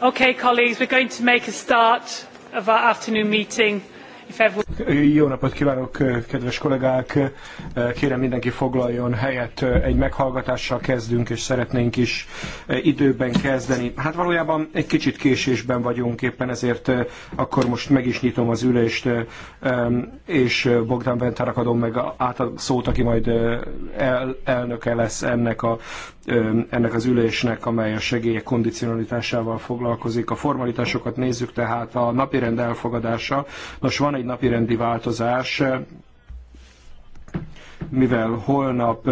Okay, colleagues, we're going to make a start of our afternoon meeting. If everyone... Jó napot kívánok, kedves kollégák! Kérem mindenki foglaljon helyet, egy meghallgatással kezdünk, és szeretnénk is időben kezdeni. Hát valójában egy kicsit késésben vagyunk, éppen ezért akkor most meg is nyitom az ülést, és Bogdan Bentárak adom meg át a szót, aki majd eh, el, elnöke lesz ennek a ennek az ülésnek, amely a segélyek kondicionalitásával foglalkozik. A formalitásokat nézzük, tehát a napirend elfogadása. Nos, van egy napirend sorrendi változás, mivel holnap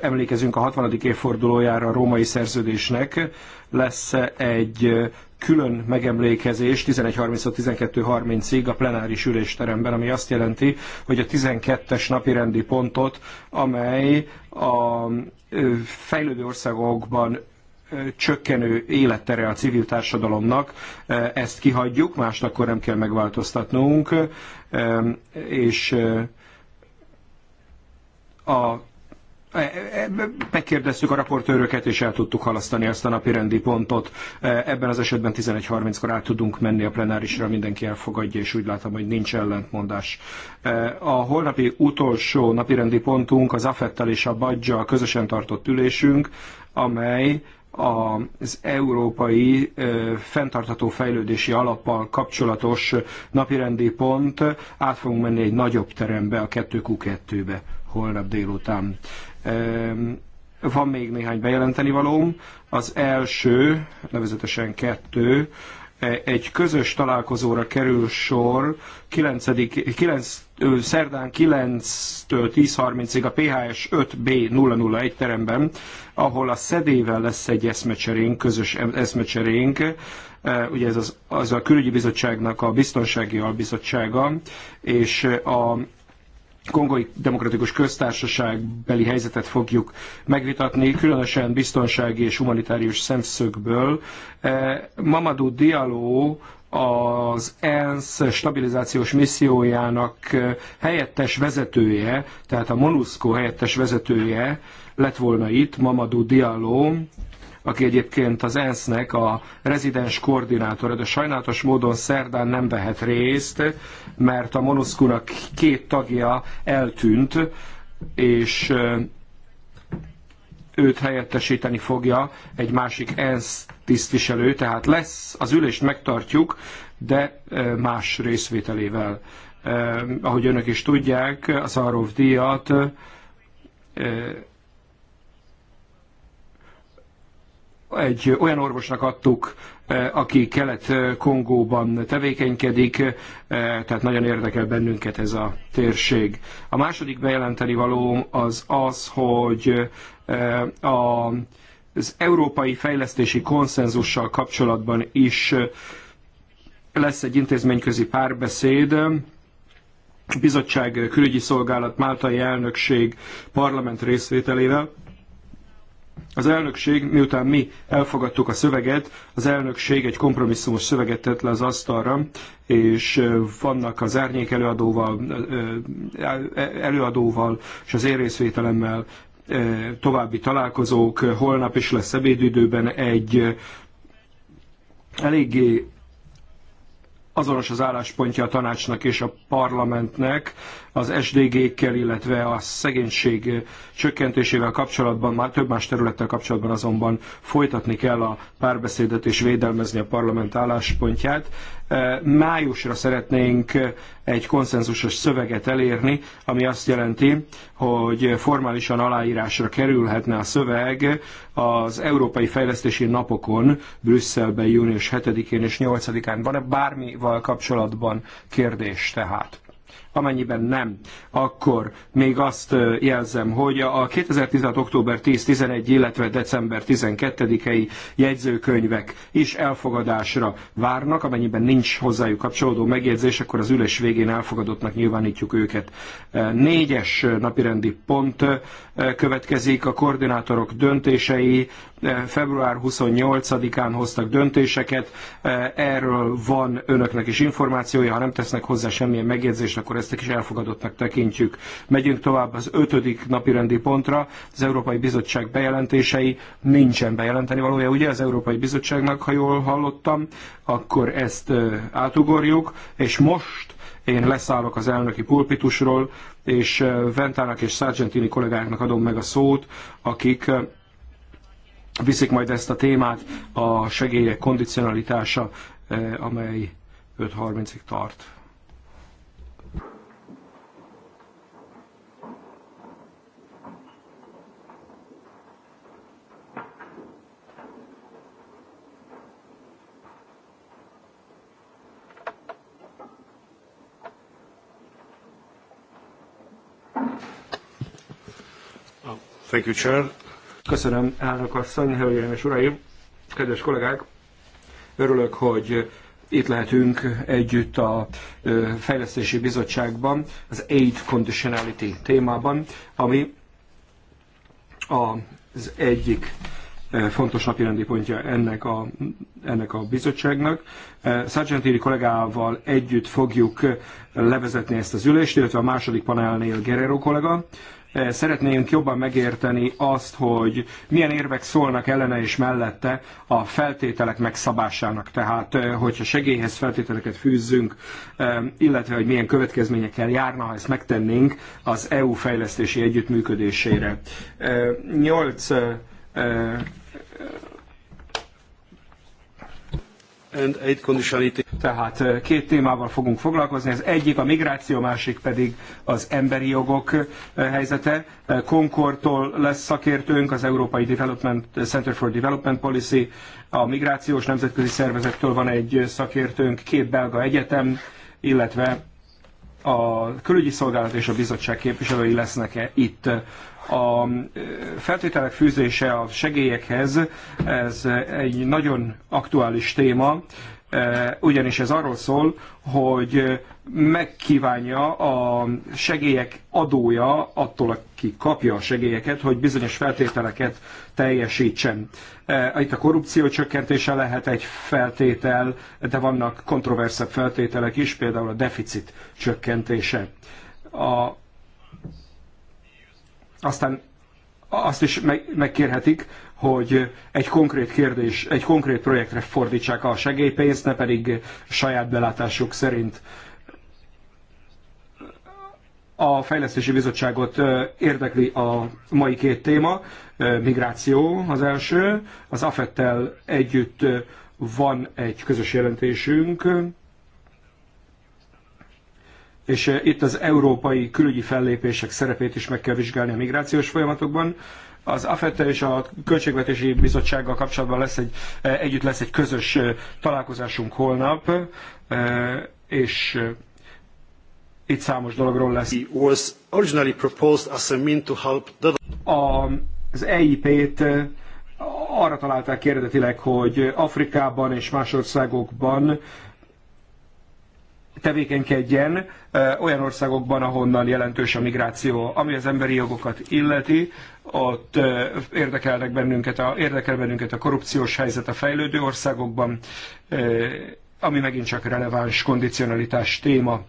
emlékezünk a 60. évfordulójára a római szerződésnek, lesz egy külön megemlékezés 11.30-12.30-ig a plenáris ülésteremben, ami azt jelenti, hogy a 12-es napi rendi pontot, amely a fejlődő országokban csökkenő élettere a civil társadalomnak, ezt kihagyjuk, mást akkor nem kell megváltoztatnunk, és a e, e, megkérdeztük a raportőröket, és el tudtuk halasztani ezt a napi rendi pontot. Ebben az esetben 11.30-kor át tudunk menni a plenárisra, mindenki elfogadja, és úgy látom, hogy nincs ellentmondás. A holnapi utolsó napi rendi pontunk az Afettel és a Badja közösen tartott ülésünk, amely az európai fenntartható fejlődési alappal kapcsolatos napirendi pont. Át fogunk menni egy nagyobb terembe, a 2Q2-be holnap délután. Van még néhány bejelenteni valóm. Az első, nevezetesen kettő, egy közös találkozóra kerül sor 9. 9 szerdán 9-től 10.30-ig a PHS 5B001 teremben, ahol a szedével lesz egy eszmecserénk, közös eszmecserénk, ugye ez az, az a külügyi bizottságnak a biztonsági albizottsága, és a Kongói Demokratikus Köztársaság beli helyzetet fogjuk megvitatni, különösen biztonsági és humanitárius szemszögből. Mamadou Diallo az ENSZ stabilizációs missziójának helyettes vezetője, tehát a MONUSCO helyettes vezetője lett volna itt, Mamadou Diallo, aki egyébként az ENSZ-nek a rezidens koordinátora, de sajnálatos módon szerdán nem vehet részt, mert a MONUSCO-nak két tagja eltűnt, és őt helyettesíteni fogja egy másik ENSZ tisztviselő, tehát lesz, az ülést megtartjuk, de más részvételével. Ahogy önök is tudják, a Szarov díjat egy olyan orvosnak adtuk, aki Kelet-Kongóban tevékenykedik, tehát nagyon érdekel bennünket ez a térség. A második bejelenteni valóm az az, hogy a az európai fejlesztési konszenzussal kapcsolatban is lesz egy intézményközi párbeszéd, bizottság külügyi szolgálat máltai elnökség parlament részvételével. Az elnökség, miután mi elfogadtuk a szöveget, az elnökség egy kompromisszumos szöveget tett le az asztalra, és vannak az árnyék előadóval, előadóval és az én részvételemmel további találkozók, holnap is lesz ebédidőben egy eléggé azonos az álláspontja a tanácsnak és a parlamentnek az SDG-kkel, illetve a szegénység csökkentésével kapcsolatban, már több más területtel kapcsolatban azonban folytatni kell a párbeszédet és védelmezni a parlament álláspontját. E, májusra szeretnénk egy konszenzusos szöveget elérni, ami azt jelenti, hogy formálisan aláírásra kerülhetne a szöveg az Európai Fejlesztési Napokon Brüsszelben június 7-én és 8-án. Van-e bármival kapcsolatban kérdés tehát? Amennyiben nem, akkor még azt jelzem, hogy a 2016. október 10-11, illetve december 12-i jegyzőkönyvek is elfogadásra várnak. Amennyiben nincs hozzájuk kapcsolódó megjegyzés, akkor az ülés végén elfogadottnak nyilvánítjuk őket. Négyes napirendi pont következik a koordinátorok döntései február 28-án hoztak döntéseket, erről van önöknek is információja, ha nem tesznek hozzá semmilyen megjegyzést, akkor ezt is elfogadottnak tekintjük. Megyünk tovább az ötödik napirendi pontra, az Európai Bizottság bejelentései nincsen bejelenteni valója, ugye az Európai Bizottságnak, ha jól hallottam, akkor ezt átugorjuk, és most én leszállok az elnöki pulpitusról, és Ventának és Sargentini kollégáknak adom meg a szót, akik viszik majd ezt a témát, a segélyek kondicionalitása, eh, amely 5.30-ig tart. Thank you, Chair. Köszönöm, elnök asszony, hölgyeim és uraim, kedves kollégák! Örülök, hogy itt lehetünk együtt a Fejlesztési Bizottságban, az Aid Conditionality témában, ami az egyik fontos napirendi pontja ennek a, ennek a bizottságnak. Sargentini kollégával együtt fogjuk levezetni ezt az ülést, illetve a második panelnél Guerrero kollega Szeretnénk jobban megérteni azt, hogy milyen érvek szólnak ellene és mellette a feltételek megszabásának. Tehát, hogyha segélyhez feltételeket fűzzünk, illetve hogy milyen következményekkel járna, ha ezt megtennénk az EU fejlesztési együttműködésére. Nyolc tehát eh, két témával fogunk foglalkozni, az egyik a migráció, másik pedig az emberi jogok eh, helyzete. Eh, Concordtól lesz szakértőnk az Európai Development, Center for Development Policy, a migrációs nemzetközi szervezettől van egy szakértőnk, két belga egyetem, illetve a külügyi szolgálat és a bizottság képviselői lesznek-e itt. A feltételek fűzése a segélyekhez, ez egy nagyon aktuális téma, Eh, ugyanis ez arról szól, hogy eh, megkívánja a segélyek adója attól, aki kapja a segélyeket, hogy bizonyos feltételeket teljesítsen. Eh, itt a korrupció csökkentése lehet egy feltétel, de vannak kontroverszebb feltételek is, például a deficit csökkentése. A... Aztán azt is megkérhetik, hogy egy konkrét kérdés, egy konkrét projektre fordítsák a segélypénzt, ne pedig saját belátásuk szerint a Fejlesztési Bizottságot érdekli a mai két téma, migráció az első, az AFET-tel együtt van egy közös jelentésünk, és itt az európai külügyi fellépések szerepét is meg kell vizsgálni a migrációs folyamatokban az afet és a Költségvetési Bizottsággal kapcsolatban lesz egy, e, együtt lesz egy közös e, találkozásunk holnap, e, és itt számos dologról lesz. Was originally proposed as a mean to help the... az EIP-t arra találták eredetileg, hogy Afrikában és más országokban tevékenykedjen, olyan országokban, ahonnan jelentős a migráció, ami az emberi jogokat illeti, ott érdekelnek bennünket a, érdekel bennünket a korrupciós helyzet a fejlődő országokban, ami megint csak releváns kondicionalitás téma.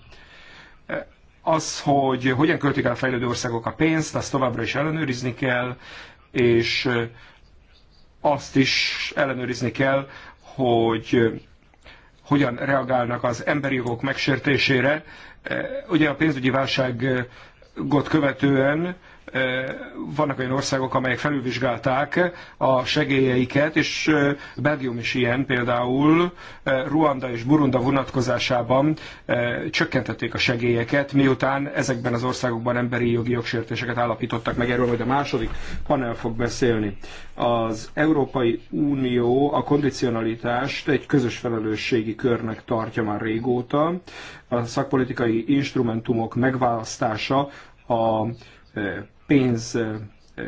Az, hogy hogyan költik el a fejlődő országok a pénzt, azt továbbra is ellenőrizni kell, és azt is ellenőrizni kell, hogy hogyan reagálnak az emberi jogok megsértésére, Ugye a pénzügyi válságot követően vannak olyan országok, amelyek felülvizsgálták a segélyeiket, és Belgium is ilyen például, Ruanda és Burunda vonatkozásában csökkentették a segélyeket, miután ezekben az országokban emberi jogi jogsértéseket állapítottak meg, erről majd a második panel fog beszélni. Az Európai Unió a kondicionalitást egy közös felelősségi körnek tartja már régóta. A szakpolitikai instrumentumok megválasztása a pénz eh,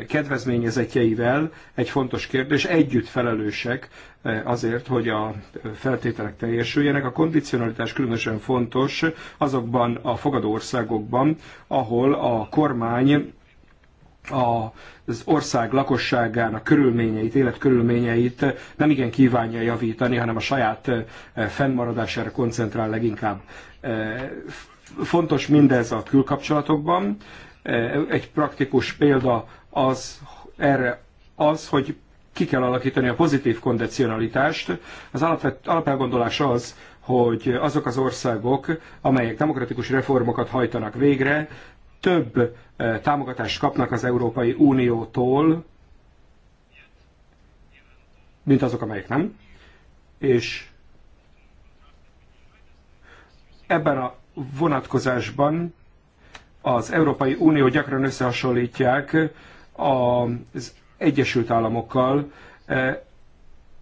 kedvezményezetjeivel egy fontos kérdés, együtt felelősek eh, azért, hogy a feltételek teljesüljenek. A kondicionalitás különösen fontos azokban a fogadó országokban, ahol a kormány az ország lakosságának körülményeit, életkörülményeit nem igen kívánja javítani, hanem a saját eh, fennmaradására koncentrál leginkább. Fontos mindez a külkapcsolatokban, E, egy praktikus példa az erre az, hogy ki kell alakítani a pozitív kondicionalitást. Az alapelgondolás az, hogy azok az országok, amelyek demokratikus reformokat hajtanak végre, több e, támogatást kapnak az Európai Uniótól, mint azok, amelyek nem. És ebben a vonatkozásban az Európai Unió gyakran összehasonlítják az Egyesült Államokkal, eh,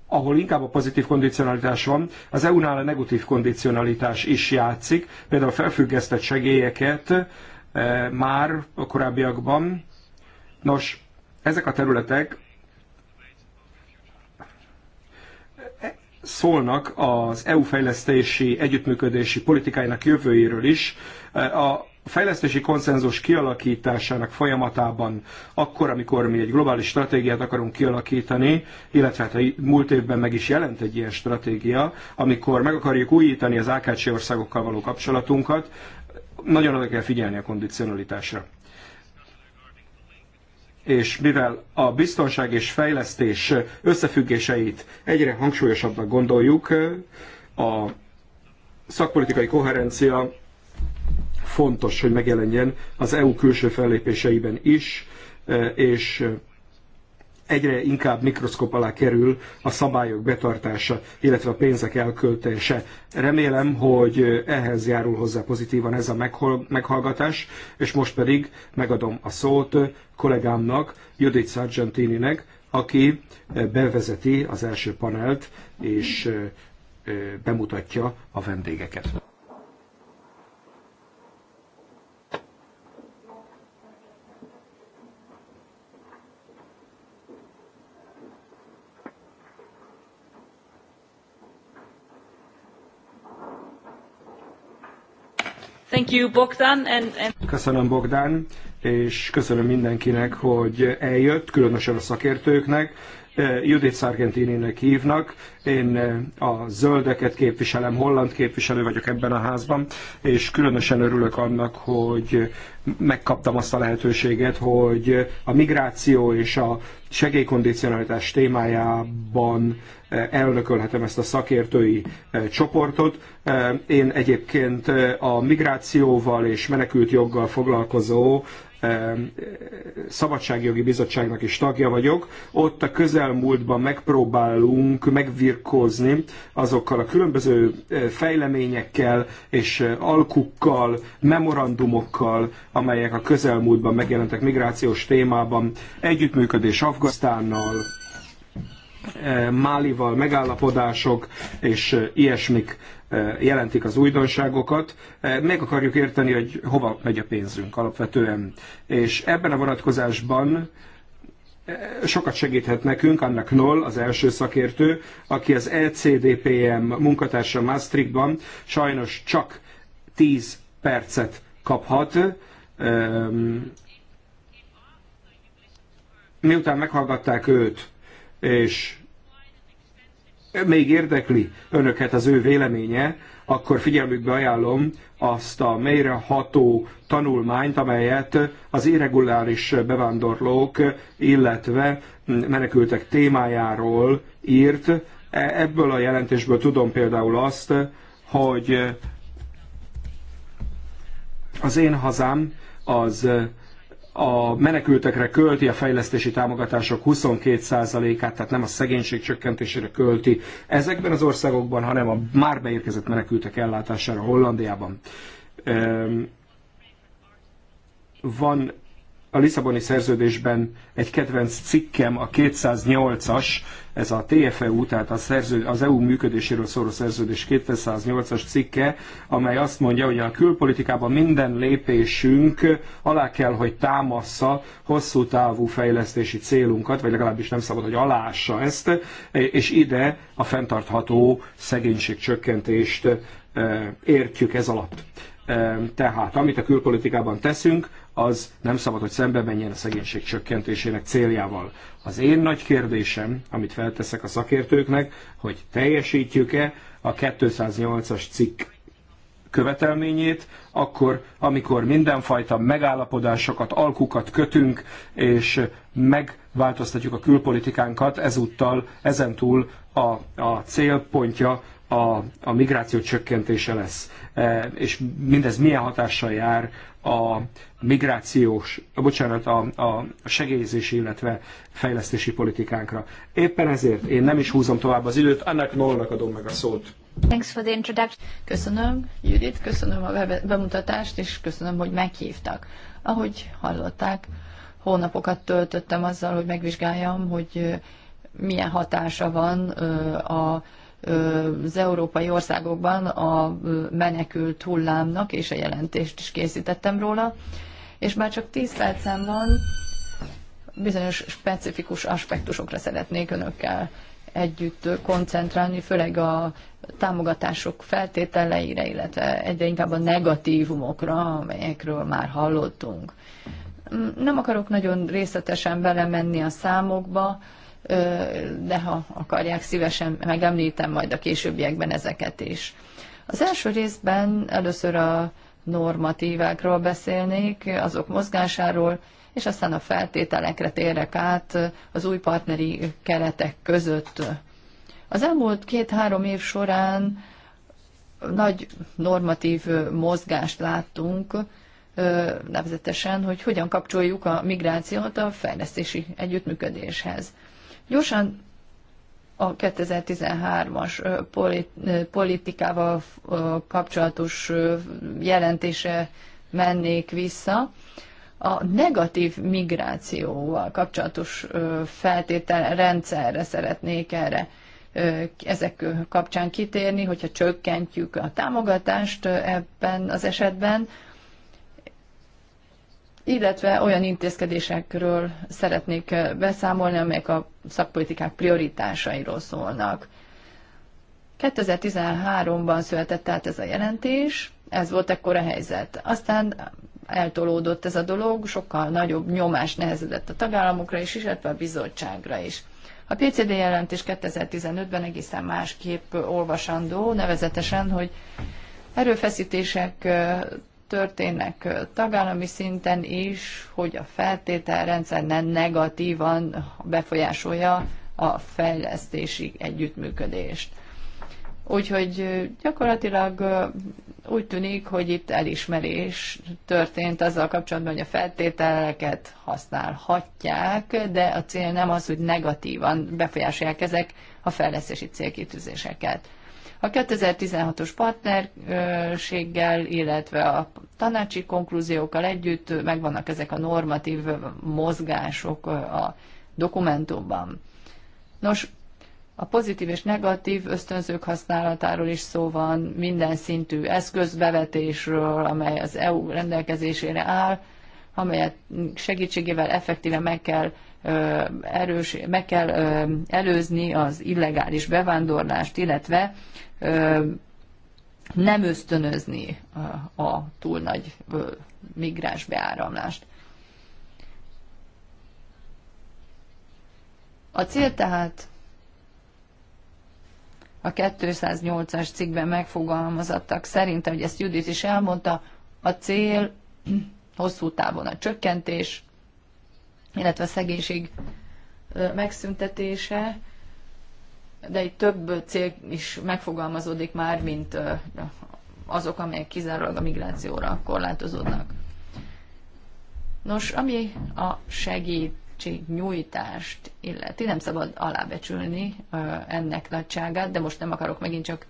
ahol inkább a pozitív kondicionalitás van, az EU-nál a negatív kondicionalitás is játszik, például felfüggesztett segélyeket eh, már a korábbiakban. Nos, ezek a területek eh, szólnak az EU fejlesztési együttműködési politikájának jövőjéről is. A a fejlesztési konszenzus kialakításának folyamatában, akkor, amikor mi egy globális stratégiát akarunk kialakítani, illetve hát múlt évben meg is jelent egy ilyen stratégia, amikor meg akarjuk újítani az AKC országokkal való kapcsolatunkat, nagyon oda kell figyelni a kondicionalitásra. És mivel a biztonság és fejlesztés összefüggéseit egyre hangsúlyosabbnak gondoljuk, a szakpolitikai koherencia fontos, hogy megjelenjen az EU külső fellépéseiben is, e, és egyre inkább mikroszkop alá kerül a szabályok betartása, illetve a pénzek elköltése. Remélem, hogy ehhez járul hozzá pozitívan ez a meghallgatás, és most pedig megadom a szót kollégámnak, Judith Sargentininek, aki bevezeti az első panelt, és e, bemutatja a vendégeket. Thank you, Bogdan. And, and... Köszönöm, Bogdan, és köszönöm mindenkinek, hogy eljött, különösen a szakértőknek. Judith Sargentininek hívnak, én a zöldeket képviselem, holland képviselő vagyok ebben a házban, és különösen örülök annak, hogy megkaptam azt a lehetőséget, hogy a migráció és a segélykondicionalitás témájában elnökölhetem ezt a szakértői csoportot. Én egyébként a migrációval és menekült joggal foglalkozó Szabadságjogi Bizottságnak is tagja vagyok. Ott a közelmúltban megpróbálunk megvirkózni azokkal a különböző eh, fejleményekkel és eh, alkukkal, memorandumokkal, amelyek a közelmúltban megjelentek migrációs témában. Együttműködés Afganisztánnal, eh, Málival megállapodások és ilyesmik jelentik az újdonságokat, meg akarjuk érteni, hogy hova megy a pénzünk alapvetően. És ebben a vonatkozásban sokat segíthet nekünk Anna Knoll, az első szakértő, aki az ECDPM munkatársa Maastrichtban sajnos csak 10 percet kaphat. Miután meghallgatták őt, és még érdekli önöket az ő véleménye, akkor figyelmükbe ajánlom azt a mélyreható tanulmányt, amelyet az irreguláris bevándorlók, illetve menekültek témájáról írt. E, ebből a jelentésből tudom például azt, hogy az én hazám az a menekültekre költi a fejlesztési támogatások 22%-át, tehát nem a szegénység csökkentésére költi ezekben az országokban, hanem a már beérkezett menekültek ellátására Hollandiában. Van a Lisszaboni szerződésben egy kedvenc cikkem, a 208-as, ez a TFEU, tehát a szerző, az EU működéséről szóló szerződés 208-as cikke, amely azt mondja, hogy a külpolitikában minden lépésünk alá kell, hogy támassza hosszú távú fejlesztési célunkat, vagy legalábbis nem szabad, hogy alássa ezt, és ide a fenntartható csökkentést eh, értjük ez alatt. Eh, tehát, amit a külpolitikában teszünk, az nem szabad, hogy szembe menjen a szegénység csökkentésének céljával. Az én nagy kérdésem, amit felteszek a szakértőknek, hogy teljesítjük-e a 208-as cikk követelményét, akkor, amikor mindenfajta megállapodásokat, alkukat kötünk, és megváltoztatjuk a külpolitikánkat, ezúttal, ezentúl a, a célpontja a, a migráció csökkentése lesz. E, és mindez milyen hatással jár a migrációs, bocsánat, a, a segélyezési, illetve fejlesztési politikánkra. Éppen ezért én nem is húzom tovább az időt, annak Nolnak adom meg a szót. Thanks for the introduction. Köszönöm, Judit, köszönöm a bemutatást, és köszönöm, hogy meghívtak. Ahogy hallották, hónapokat töltöttem azzal, hogy megvizsgáljam, hogy milyen hatása van a az európai országokban a menekült hullámnak, és a jelentést is készítettem róla, és már csak 10 percem van, bizonyos specifikus aspektusokra szeretnék önökkel együtt koncentrálni, főleg a támogatások feltételeire, illetve egyre inkább a negatívumokra, amelyekről már hallottunk. Nem akarok nagyon részletesen belemenni a számokba, de ha akarják, szívesen megemlítem majd a későbbiekben ezeket is. Az első részben először a normatívákról beszélnék, azok mozgásáról, és aztán a feltételekre térek át az új partneri keretek között. Az elmúlt két-három év során nagy normatív mozgást láttunk, nevezetesen, hogy hogyan kapcsoljuk a migrációt a fejlesztési együttműködéshez. Gyorsan a 2013-as politikával kapcsolatos jelentése mennék vissza. A negatív migrációval kapcsolatos feltétel rendszerre szeretnék erre ezek kapcsán kitérni, hogyha csökkentjük a támogatást ebben az esetben, illetve olyan intézkedésekről szeretnék beszámolni, amelyek a szakpolitikák prioritásairól szólnak. 2013-ban született tehát ez a jelentés, ez volt ekkor a helyzet. Aztán eltolódott ez a dolog, sokkal nagyobb nyomás nehezedett a tagállamokra is, illetve a bizottságra is. A PCD jelentés 2015-ben egészen másképp olvasandó, nevezetesen, hogy erőfeszítések történnek tagállami szinten is, hogy a feltételrendszer nem negatívan befolyásolja a fejlesztési együttműködést. Úgyhogy gyakorlatilag úgy tűnik, hogy itt elismerés történt azzal kapcsolatban, hogy a feltételeket használhatják, de a cél nem az, hogy negatívan befolyásolják ezek a fejlesztési célkitűzéseket. A 2016-os partnerséggel, illetve a tanácsi konklúziókkal együtt megvannak ezek a normatív mozgások a dokumentumban. Nos, a pozitív és negatív ösztönzők használatáról is szó van, minden szintű eszközbevetésről, amely az EU rendelkezésére áll, amelyet segítségével effektíven meg kell, erős, meg kell előzni az illegális bevándorlást, illetve nem ösztönözni a túl nagy migráns beáramlást. A cél tehát a 208-as cikkben megfogalmazottak szerint, hogy ezt Judit is elmondta, a cél hosszú távon a csökkentés, illetve a szegénység megszüntetése, de itt több cél is megfogalmazódik már, mint azok, amelyek kizárólag a migrációra korlátozódnak. Nos, ami a segítségnyújtást illeti, nem szabad alábecsülni ennek nagyságát, de most nem akarok megint csak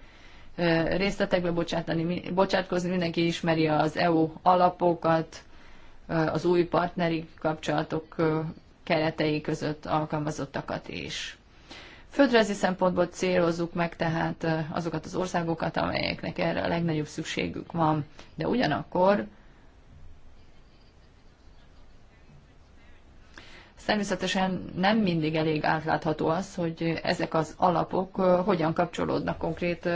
részletekbe bocsátani, bocsátkozni, mindenki ismeri az EU alapokat, az új partneri kapcsolatok keretei között alkalmazottakat is. Földrajzi szempontból célozzuk meg tehát azokat az országokat, amelyeknek erre a legnagyobb szükségük van, de ugyanakkor Természetesen nem mindig elég átlátható az, hogy ezek az alapok hogyan kapcsolódnak konkrét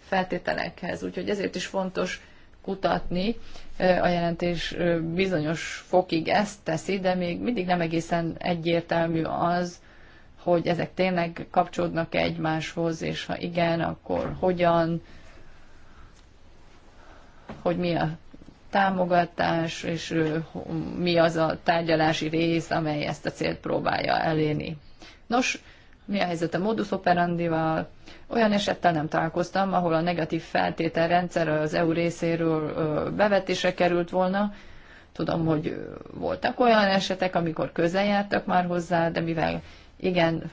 feltételekhez. Úgyhogy ezért is fontos kutatni. A jelentés bizonyos fokig ezt teszi, de még mindig nem egészen egyértelmű az, hogy ezek tényleg kapcsolódnak -e egymáshoz, és ha igen, akkor hogyan, hogy mi a támogatás, és mi az a tárgyalási rész, amely ezt a célt próbálja elérni. Nos, mi a helyzet a modus operandival? Olyan esettel nem találkoztam, ahol a negatív feltételrendszer az EU részéről bevetése került volna. Tudom, hogy voltak olyan esetek, amikor közel jártak már hozzá, de mivel igen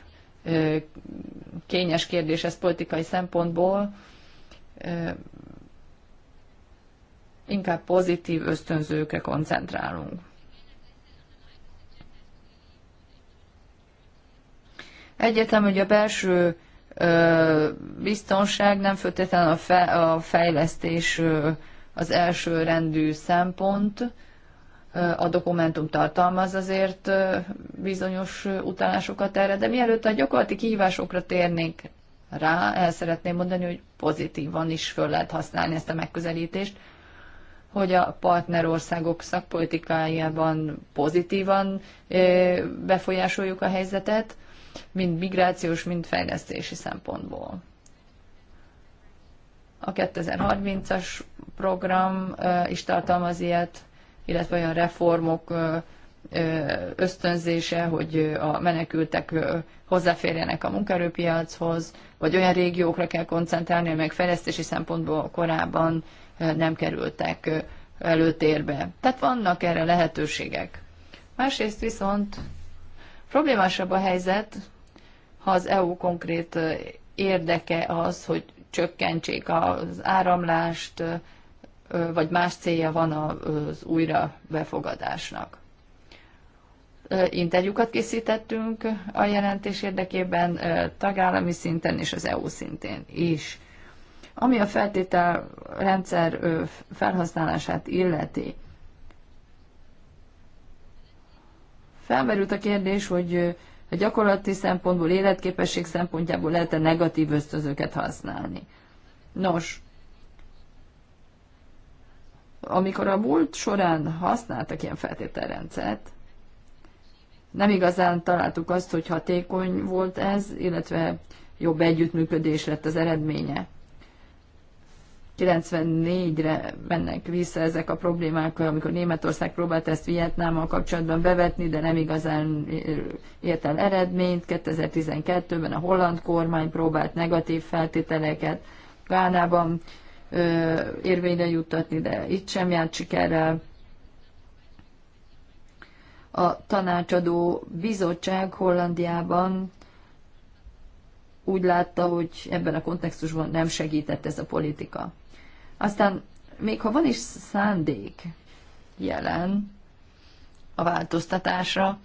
kényes kérdés ez politikai szempontból, inkább pozitív ösztönzőkre koncentrálunk. Egyetem, hogy a belső biztonság nem feltétlenül a fejlesztés az első rendű szempont, a dokumentum tartalmaz azért bizonyos utalásokat erre, de mielőtt a gyakorlati kihívásokra térnénk rá, el szeretném mondani, hogy pozitívan is föl lehet használni ezt a megközelítést, hogy a partnerországok szakpolitikájában pozitívan befolyásoljuk a helyzetet, mind migrációs, mind fejlesztési szempontból. A 2030-as program is tartalmaz ilyet, illetve olyan reformok ösztönzése, hogy a menekültek hozzáférjenek a munkaerőpiachoz, vagy olyan régiókra kell koncentrálni, amelyek fejlesztési szempontból korábban nem kerültek előtérbe. Tehát vannak erre lehetőségek. Másrészt viszont problémásabb a helyzet, ha az EU konkrét érdeke az, hogy csökkentsék az áramlást, vagy más célja van az újra befogadásnak. Interjúkat készítettünk a jelentés érdekében tagállami szinten és az EU szintén is. Ami a rendszer felhasználását illeti, felmerült a kérdés, hogy a gyakorlati szempontból, életképesség szempontjából lehet-e negatív ösztözőket használni. Nos, amikor a múlt során használtak ilyen feltételrendszert, nem igazán találtuk azt, hogy hatékony volt ez, illetve jobb együttműködés lett az eredménye. 94-re mennek vissza ezek a problémák, amikor Németország próbált ezt Vietnámmal kapcsolatban bevetni, de nem igazán ért el eredményt. 2012-ben a holland kormány próbált negatív feltételeket Gánában érvényre juttatni, de itt sem járt sikerrel. A tanácsadó bizottság Hollandiában úgy látta, hogy ebben a kontextusban nem segített ez a politika. Aztán még ha van is szándék jelen a változtatásra,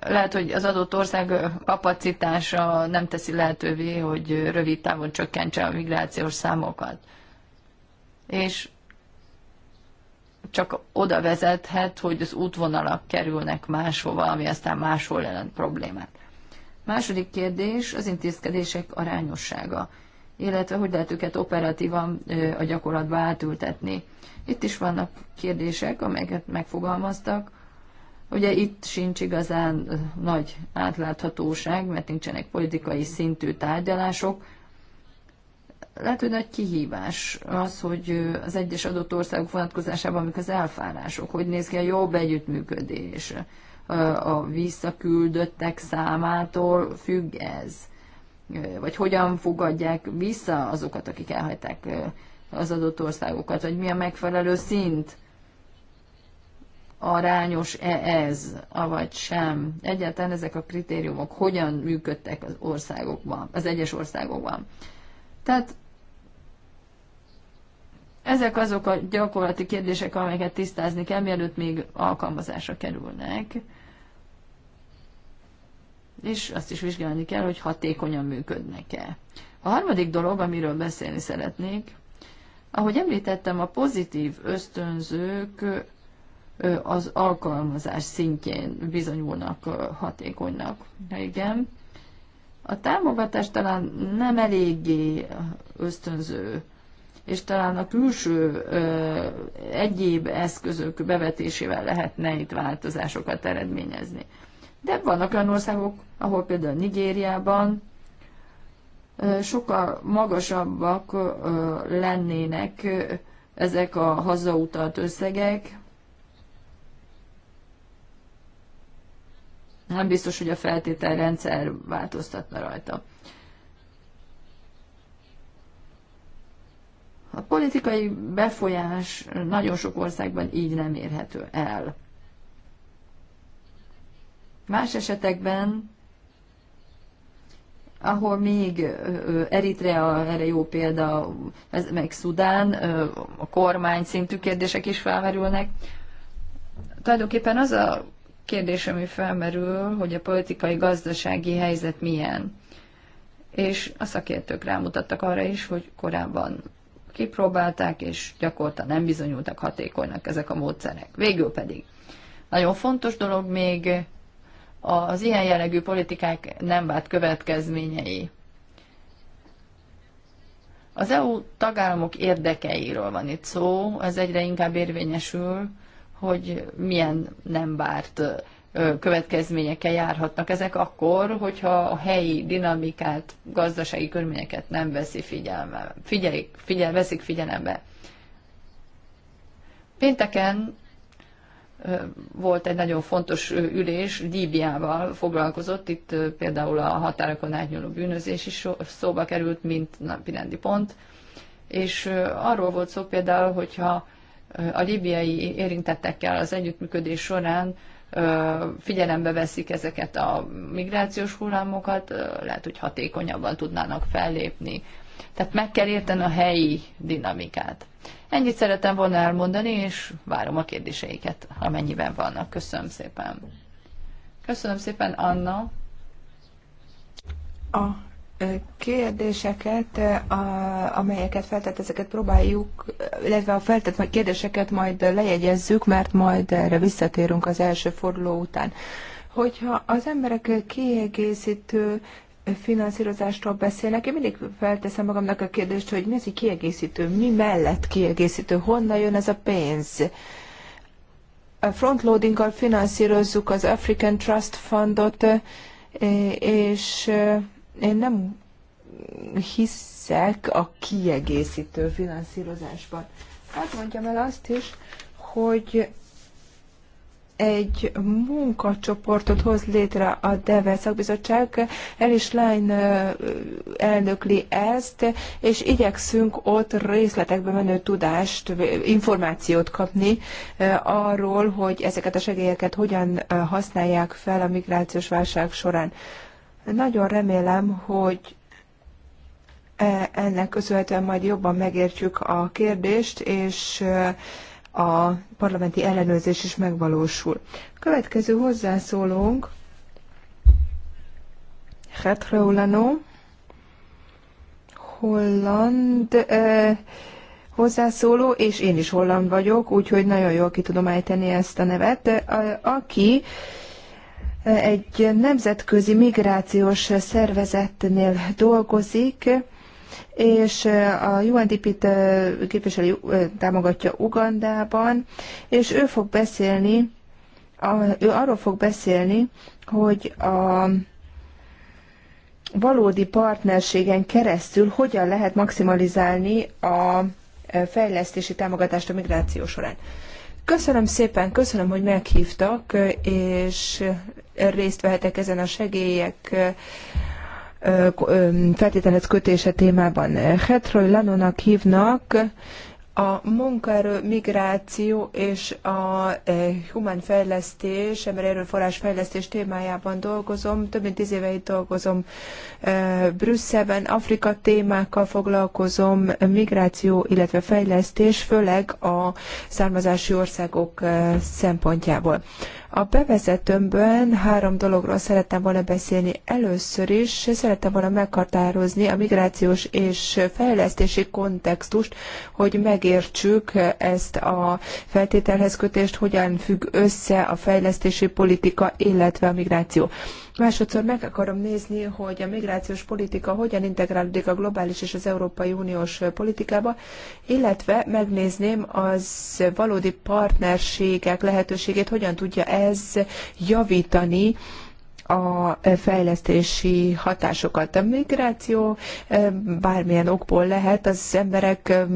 lehet, hogy az adott ország kapacitása nem teszi lehetővé, hogy rövid távon csökkentse a migrációs számokat és csak oda vezethet, hogy az útvonalak kerülnek máshova, ami aztán máshol jelent problémát. Második kérdés az intézkedések arányossága, illetve hogy lehet őket operatívan a gyakorlatba átültetni. Itt is vannak kérdések, amelyeket megfogalmaztak. Ugye itt sincs igazán nagy átláthatóság, mert nincsenek politikai szintű tárgyalások, lehet, hogy nagy kihívás az, hogy az egyes adott országok vonatkozásában amik az elfárások, hogy néz ki a jobb együttműködés, a visszaküldöttek számától függ ez, vagy hogyan fogadják vissza azokat, akik elhagyták az adott országokat, vagy mi a megfelelő szint, arányos-e ez, avagy sem. Egyáltalán ezek a kritériumok hogyan működtek az országokban, az egyes országokban. Tehát ezek azok a gyakorlati kérdések, amelyeket tisztázni kell, mielőtt még alkalmazásra kerülnek. És azt is vizsgálni kell, hogy hatékonyan működnek-e. A harmadik dolog, amiről beszélni szeretnék, ahogy említettem, a pozitív ösztönzők az alkalmazás szintjén bizonyulnak hatékonynak. igen, a támogatás talán nem eléggé ösztönző, és talán a külső ö, egyéb eszközök bevetésével lehetne itt változásokat eredményezni. De vannak olyan országok, ahol például Nigériában sokkal magasabbak lennének ezek a hazautalt összegek, nem biztos, hogy a feltételrendszer változtatna rajta. A politikai befolyás nagyon sok országban így nem érhető el. Más esetekben, ahol még Eritrea erre jó példa, ez meg Szudán, a kormány szintű kérdések is felmerülnek. Tulajdonképpen az a kérdés, ami felmerül, hogy a politikai-gazdasági helyzet milyen. És a szakértők rámutattak arra is, hogy korábban kipróbálták, és gyakorta nem bizonyultak hatékonynak ezek a módszerek. Végül pedig nagyon fontos dolog még az ilyen jellegű politikák nem vált következményei. Az EU tagállamok érdekeiről van itt szó, ez egyre inkább érvényesül, hogy milyen nem várt következményekkel járhatnak ezek akkor, hogyha a helyi dinamikát, gazdasági körülményeket nem veszi figyelme, figyelik, figyel, veszik figyelembe. Pénteken volt egy nagyon fontos ülés, Líbiával foglalkozott, itt például a határokon átnyúló bűnözés is szóba került, mint napirendi pont, és arról volt szó például, hogyha a libiai érintettekkel az együttműködés során figyelembe veszik ezeket a migrációs hullámokat, lehet, hogy hatékonyabban tudnának fellépni. Tehát meg kell érteni a helyi dinamikát. Ennyit szeretem volna elmondani, és várom a kérdéseiket, amennyiben vannak. Köszönöm szépen. Köszönöm szépen, Anna. A kérdéseket, amelyeket feltett, ezeket próbáljuk, illetve a feltett kérdéseket majd lejegyezzük, mert majd erre visszatérünk az első forduló után. Hogyha az emberek kiegészítő finanszírozástól beszélnek, én mindig felteszem magamnak a kérdést, hogy mi az, egy kiegészítő, mi mellett kiegészítő, honnan jön ez a pénz? Frontloadinggal finanszírozzuk az African Trust Fundot, és én nem hiszek a kiegészítő finanszírozásban. Hát mondjam el azt is, hogy egy munkacsoportot hoz létre a DEVE szakbizottság, el is Lein elnökli ezt, és igyekszünk ott részletekbe menő tudást, információt kapni arról, hogy ezeket a segélyeket hogyan használják fel a migrációs válság során. Nagyon remélem, hogy e, ennek köszönhetően majd jobban megértjük a kérdést, és e, a parlamenti ellenőrzés is megvalósul. Következő hozzászólónk Hetreulano, holland eh, hozzászóló, és én is holland vagyok, úgyhogy nagyon jól ki tudom ejteni ezt a nevet, e, aki egy nemzetközi migrációs szervezetnél dolgozik, és a UNDP-t képviseli támogatja Ugandában, és ő fog beszélni, ő arról fog beszélni, hogy a valódi partnerségen keresztül hogyan lehet maximalizálni a fejlesztési támogatást a migráció során. Köszönöm szépen, köszönöm, hogy meghívtak, és részt vehetek ezen a segélyek feltételez kötése témában. Hetről Lanonak hívnak, a munkaerő migráció és a e, humán fejlesztés, ember erőforrás fejlesztés témájában dolgozom. Több mint tíz éve itt dolgozom e, Brüsszelben, Afrika témákkal foglalkozom, migráció, illetve fejlesztés, főleg a származási országok e, szempontjából. A bevezetőmben három dologról szerettem volna beszélni. Először is szerettem volna meghatározni a migrációs és fejlesztési kontextust, hogy megértsük ezt a feltételhez kötést, hogyan függ össze a fejlesztési politika, illetve a migráció. Másodszor meg akarom nézni, hogy a migrációs politika hogyan integrálódik a globális és az Európai Uniós politikába, illetve megnézném az valódi partnerségek lehetőségét, hogyan tudja ez javítani a fejlesztési hatásokat. A migráció eh, bármilyen okból lehet, az emberek eh,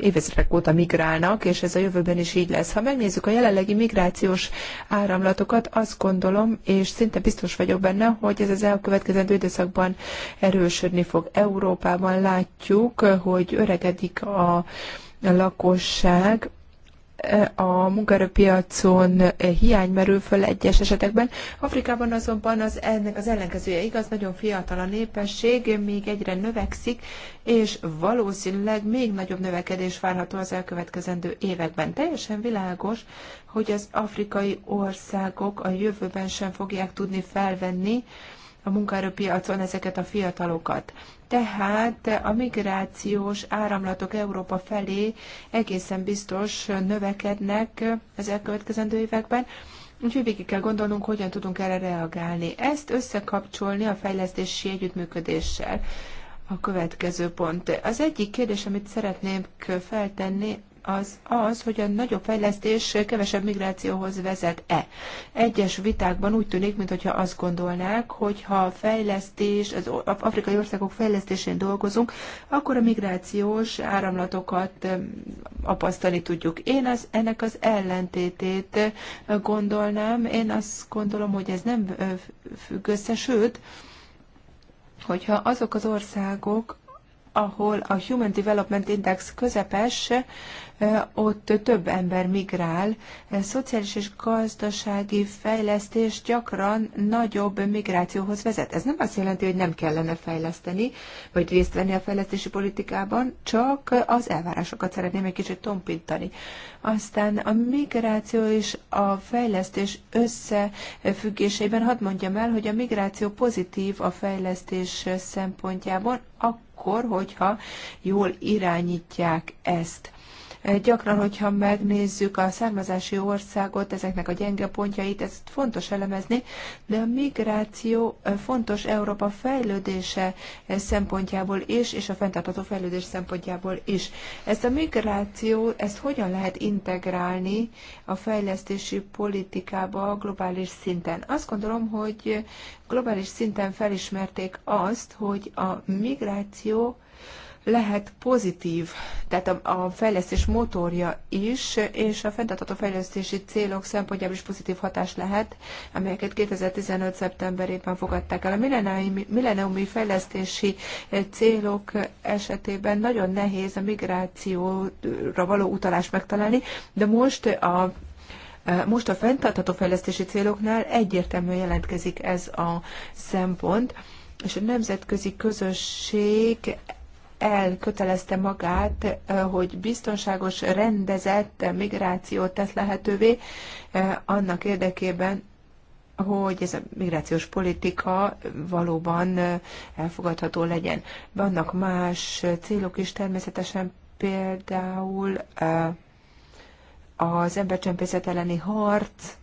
évezredek óta migrálnak, és ez a jövőben is így lesz. Ha megnézzük a jelenlegi migrációs áramlatokat, azt gondolom, és szinte biztos vagyok benne, hogy ez az elkövetkezendő időszakban erősödni fog. Európában látjuk, hogy öregedik a lakosság, a munkaerőpiacon eh, hiány merül föl egyes esetekben. Afrikában azonban az, ennek az ellenkezője igaz, nagyon fiatal a népesség, még egyre növekszik, és valószínűleg még nagyobb növekedés várható az elkövetkezendő években. Teljesen világos, hogy az afrikai országok a jövőben sem fogják tudni felvenni a munkaerőpiacon ezeket a fiatalokat. Tehát a migrációs áramlatok Európa felé egészen biztos növekednek az elkövetkezendő években, úgyhogy végig kell gondolnunk, hogyan tudunk erre reagálni. Ezt összekapcsolni a fejlesztési együttműködéssel. A következő pont. Az egyik kérdés, amit szeretnék feltenni, az az, hogy a nagyobb fejlesztés kevesebb migrációhoz vezet-e. Egyes vitákban úgy tűnik, mintha azt gondolnák, hogy ha fejlesztés, az afrikai országok fejlesztésén dolgozunk, akkor a migrációs áramlatokat apasztani tudjuk. Én az, ennek az ellentétét eh, gondolnám. Én azt gondolom, hogy ez nem függ össze, sőt, hogyha azok az országok, ahol a Human Development Index közepes, Eh, ott több ember migrál. Eh, szociális és gazdasági fejlesztés gyakran nagyobb migrációhoz vezet. Ez nem azt jelenti, hogy nem kellene fejleszteni, vagy részt venni a fejlesztési politikában, csak az elvárásokat szeretném egy kicsit tompítani. Aztán a migráció és a fejlesztés összefüggésében hadd mondjam el, hogy a migráció pozitív a fejlesztés szempontjából, akkor, hogyha jól irányítják ezt. Gyakran, hogyha megnézzük a származási országot, ezeknek a gyenge pontjait, ezt fontos elemezni, de a migráció fontos Európa fejlődése szempontjából is, és a fenntartható fejlődés szempontjából is. Ezt a migráció, ezt hogyan lehet integrálni a fejlesztési politikába globális szinten? Azt gondolom, hogy globális szinten felismerték azt, hogy a migráció lehet pozitív, tehát a, a fejlesztés motorja is, és a fenntartható fejlesztési célok szempontjából is pozitív hatás lehet, amelyeket 2015. szeptemberében fogadták el. A milleniumi fejlesztési eh, célok esetében nagyon nehéz a migrációra való utalást megtalálni, de most a eh, most a fenntartható fejlesztési céloknál egyértelműen jelentkezik ez a szempont és a nemzetközi közösség elkötelezte magát, hogy biztonságos, rendezett migrációt tesz lehetővé annak érdekében, hogy ez a migrációs politika valóban elfogadható legyen. Vannak más célok is természetesen, például az embercsempészet elleni harc,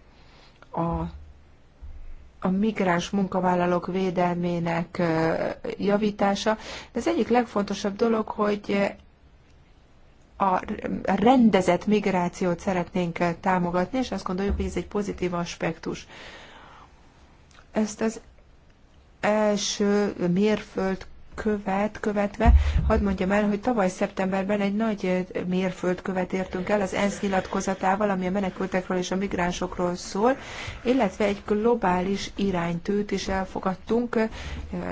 a a migráns munkavállalók védelmének javítása. De az egyik legfontosabb dolog, hogy a rendezett migrációt szeretnénk támogatni, és azt gondoljuk, hogy ez egy pozitív aspektus. Ezt az első mérföld követ, követve, hadd mondjam el, hogy tavaly szeptemberben egy nagy mérföldkövet értünk el az ENSZ nyilatkozatával, ami a menekültekről és a migránsokról szól, illetve egy globális iránytűt is elfogadtunk,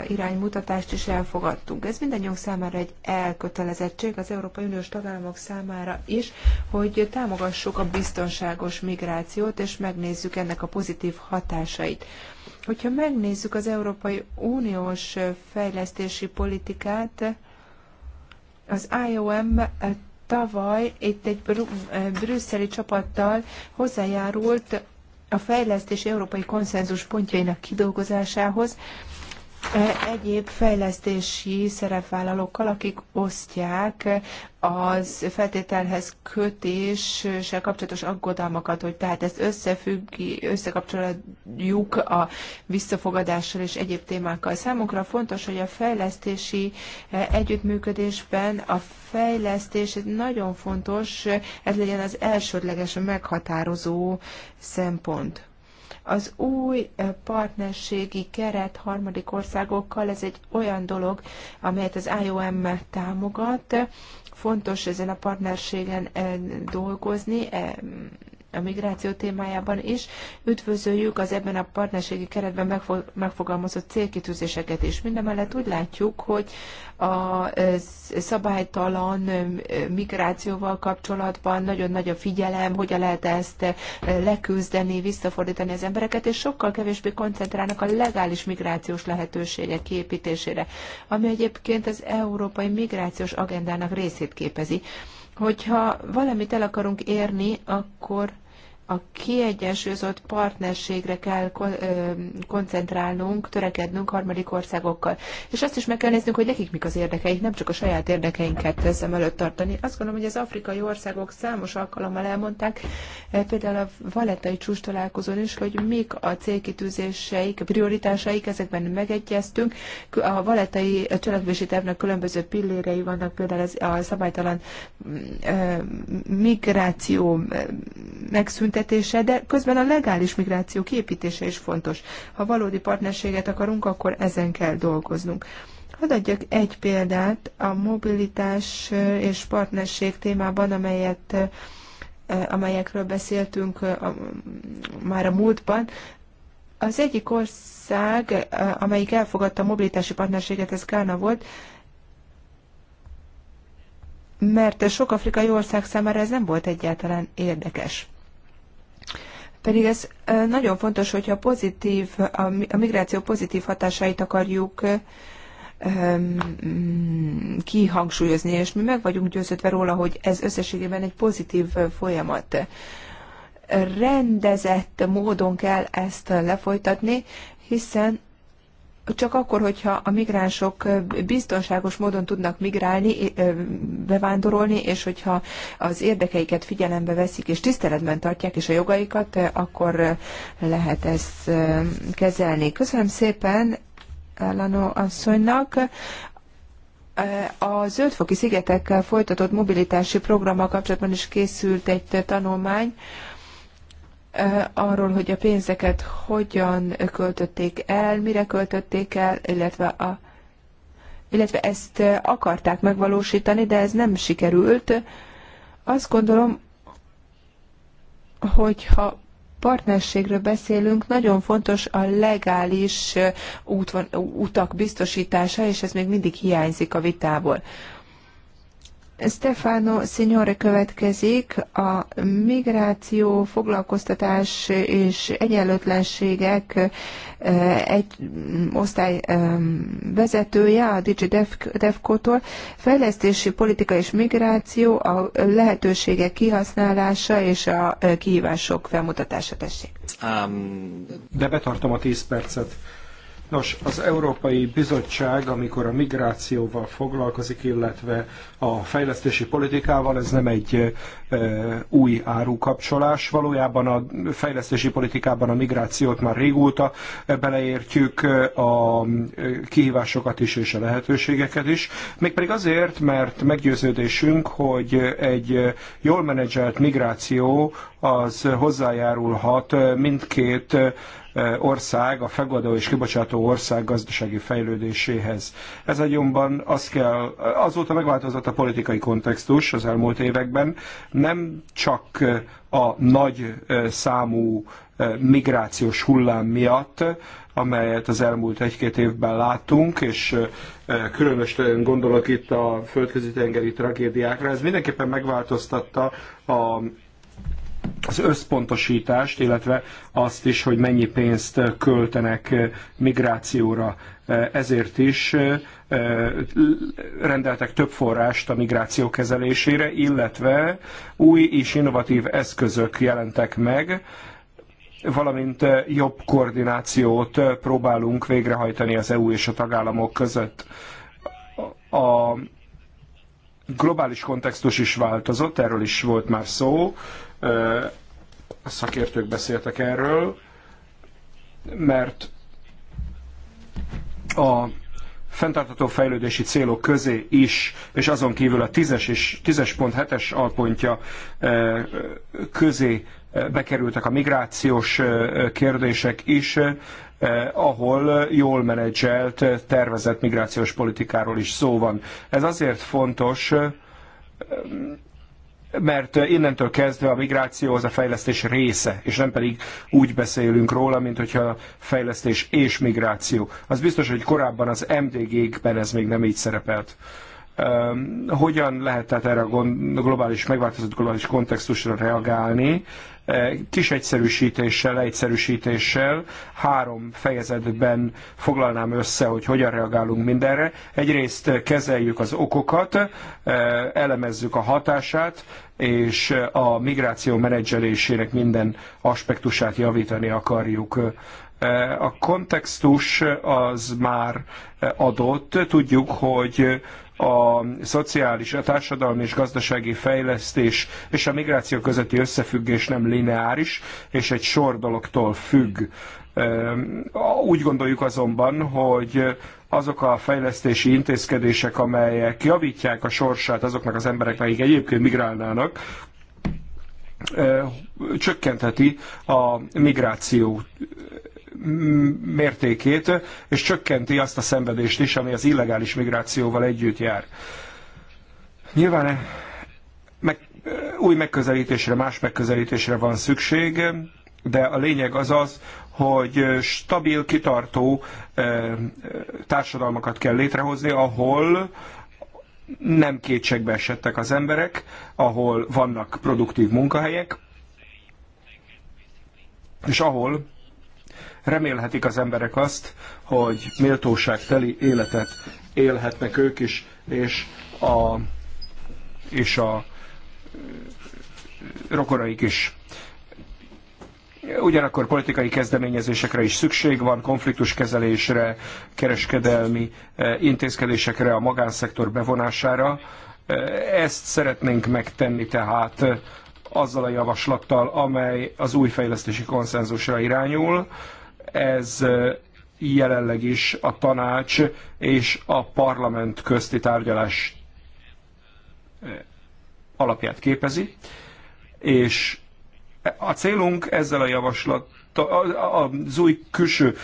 iránymutatást is elfogadtunk. Ez mindannyiunk számára egy elkötelezettség, az Európai Uniós tagállamok számára is, hogy támogassuk a biztonságos migrációt, és megnézzük ennek a pozitív hatásait. Hogyha megnézzük az Európai Uniós fejlesztési politikát, az IOM tavaly itt egy brüsszeli csapattal hozzájárult a fejlesztés európai konszenzus pontjainak kidolgozásához, egyéb fejlesztési szerepvállalókkal, akik osztják az feltételhez kötéssel kapcsolatos aggodalmakat, hogy tehát ezt összefügg, összekapcsoljuk a visszafogadással és egyéb témákkal. Számunkra fontos, hogy a fejlesztési együttműködésben a fejlesztés nagyon fontos, ez legyen az elsődleges, meghatározó szempont. Az új eh, partnerségi keret harmadik országokkal, ez egy olyan dolog, amelyet az IOM támogat. Fontos ezen a partnerségen eh, dolgozni, eh, a migráció témájában is. Üdvözöljük az ebben a partnerségi keretben megfogalmazott célkitűzéseket is. Mindemellett úgy látjuk, hogy a szabálytalan migrációval kapcsolatban nagyon nagy a figyelem, hogyan lehet ezt leküzdeni, visszafordítani az embereket, és sokkal kevésbé koncentrálnak a legális migrációs lehetőségek kiépítésére, ami egyébként az európai migrációs agendának részét képezi. Hogyha valamit el akarunk érni, akkor a kiegyensúlyozott partnerségre kell koncentrálnunk, törekednünk harmadik országokkal. És azt is meg kell néznünk, hogy nekik mik az érdekeik, nem csak a saját érdekeinket szem előtt tartani. Azt gondolom, hogy az afrikai országok számos alkalommal elmondták, például a valettai csúcs találkozón is, hogy mik a célkitűzéseik, a prioritásaik, ezekben megegyeztünk. A valettai cselekvési tervnek különböző pillérei vannak, például a szabálytalan mm, migráció megszüntetése, megszüntetése, de közben a legális migráció kiépítése is fontos. Ha valódi partnerséget akarunk, akkor ezen kell dolgoznunk. Hadd adjak egy példát a mobilitás eh, és partnerség témában, amelyet eh, amelyekről beszéltünk eh, már a múltban. Az egyik ország, amelyik elfogadta a mobilitási partnerséget, ez Kána volt, mert sok afrikai ország számára ez nem volt egyáltalán érdekes. Pedig ez nagyon fontos, hogyha pozitív, a migráció pozitív hatásait akarjuk mm, kihangsúlyozni, és mi meg vagyunk győződve róla, hogy ez összességében egy pozitív folyamat. Rendezett módon kell ezt lefolytatni, hiszen csak akkor, hogyha a migránsok biztonságos módon tudnak migrálni, bevándorolni, és hogyha az érdekeiket figyelembe veszik, és tiszteletben tartják is a jogaikat, akkor lehet ezt kezelni. Köszönöm szépen Lano asszonynak. A zöldfoki szigetekkel folytatott mobilitási programmal kapcsolatban is készült egy tanulmány, arról, hogy a pénzeket hogyan költötték el, mire költötték el, illetve a illetve ezt akarták megvalósítani, de ez nem sikerült. Azt gondolom, hogyha partnerségről beszélünk, nagyon fontos a legális útvon, utak biztosítása, és ez még mindig hiányzik a vitából. Stefano Signore következik a migráció, foglalkoztatás és egyenlőtlenségek eh, egy osztály eh, vezetője a Digi Defco-tól. Fejlesztési politika és migráció, a lehetőségek kihasználása és a eh, kihívások felmutatása tessék. Um, De betartom a 10 percet. Nos, az Európai Bizottság, amikor a migrációval foglalkozik, illetve a fejlesztési politikával, ez nem egy e, új árukapcsolás. Valójában a fejlesztési politikában a migrációt már régóta beleértjük a kihívásokat is és a lehetőségeket is. Mégpedig azért, mert meggyőződésünk, hogy egy jól menedzselt migráció az hozzájárulhat mindkét Eh, ország, a fegadó és kibocsátó ország gazdasági fejlődéséhez. Ez agyonban az kell, azóta megváltozott a politikai kontextus az elmúlt években, nem csak eh, a nagy eh, számú migrációs hullám miatt, amelyet az elmúlt egy-két évben láttunk, és különösen gondolok itt a földközi-tengeri tragédiákra. Ez mindenképpen megváltoztatta a az összpontosítást, illetve azt is, hogy mennyi pénzt költenek migrációra. Ezért is rendeltek több forrást a migráció kezelésére, illetve új és innovatív eszközök jelentek meg, valamint jobb koordinációt próbálunk végrehajtani az EU és a tagállamok között. A globális kontextus is változott, erről is volt már szó a szakértők beszéltek erről, mert a fenntartató fejlődési célok közé is, és azon kívül a 10-es és 10.7-es alpontja közé bekerültek a migrációs kérdések is, ahol jól menedzselt, tervezett migrációs politikáról is szó van. Ez azért fontos, mert eh, innentől kezdve a migráció az a fejlesztés része, és nem pedig úgy beszélünk róla, mint hogyha fejlesztés és migráció. Az biztos, hogy korábban az MDG-kben ez még nem így szerepelt. Ehm, hogyan lehet tehát erre a globális, megváltozott globális kontextusra reagálni? E, kis egyszerűsítéssel, egyszerűsítéssel három fejezetben foglalnám össze, hogy hogyan reagálunk mindenre. Egyrészt kezeljük az okokat, e, elemezzük a hatását, és a migráció menedzselésének minden aspektusát javítani akarjuk. E, a kontextus az már adott. Tudjuk, hogy a szociális, a társadalmi és gazdasági fejlesztés és a migráció közötti összefüggés nem lineáris, és egy sor dologtól függ. Úgy gondoljuk azonban, hogy azok a fejlesztési intézkedések, amelyek javítják a sorsát azoknak az embereknek, akik egyébként migrálnának, csökkentheti a migráció mértékét, és csökkenti azt a szenvedést is, ami az illegális migrációval együtt jár. Nyilván meg, új megközelítésre, más megközelítésre van szükség, de a lényeg az az, hogy stabil, kitartó eh, társadalmakat kell létrehozni, ahol nem kétségbe esettek az emberek, ahol vannak produktív munkahelyek, és ahol remélhetik az emberek azt, hogy méltóságteli életet élhetnek ők is, és a, és a rokoraik is. Ugyanakkor politikai kezdeményezésekre is szükség van, konfliktuskezelésre, kereskedelmi intézkedésekre, a magánszektor bevonására. Ezt szeretnénk megtenni tehát azzal a javaslattal, amely az új fejlesztési konszenzusra irányul. Ez jelenleg is a tanács és a parlament közti tárgyalás alapját képezi, és a célunk ezzel a javaslat, az új külső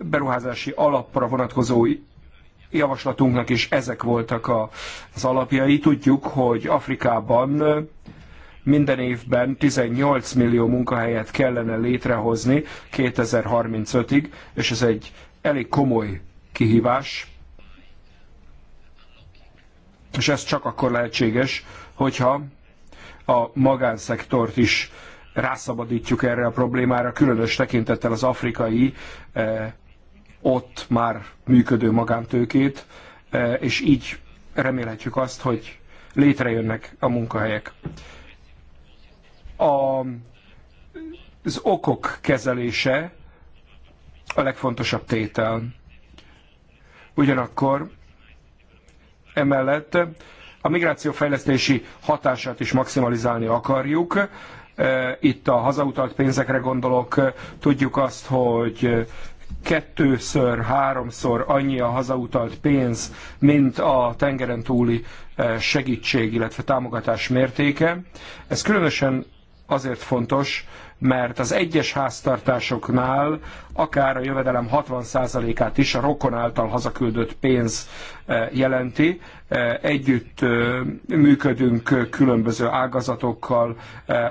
beruházási alapra vonatkozó javaslatunknak is ezek voltak az alapjai. Tudjuk, hogy Afrikában minden évben 18 millió munkahelyet kellene létrehozni 2035-ig, és ez egy elég komoly kihívás, és ez csak akkor lehetséges, hogyha a magánszektort is rászabadítjuk erre a problémára, különös tekintettel az afrikai eh, ott már működő magántőkét, eh, és így remélhetjük azt, hogy létrejönnek a munkahelyek. A, az okok kezelése a legfontosabb tétel. Ugyanakkor emellett a migrációfejlesztési hatását is maximalizálni akarjuk. E, itt a hazautalt pénzekre gondolok, tudjuk azt, hogy kettőször, háromszor annyi a hazautalt pénz, mint a tengeren túli e, segítség, illetve támogatás mértéke. Ez különösen azért fontos, mert az egyes háztartásoknál akár a jövedelem 60%-át is a rokon által hazaküldött pénz e, jelenti. E, együtt e, működünk különböző ágazatokkal,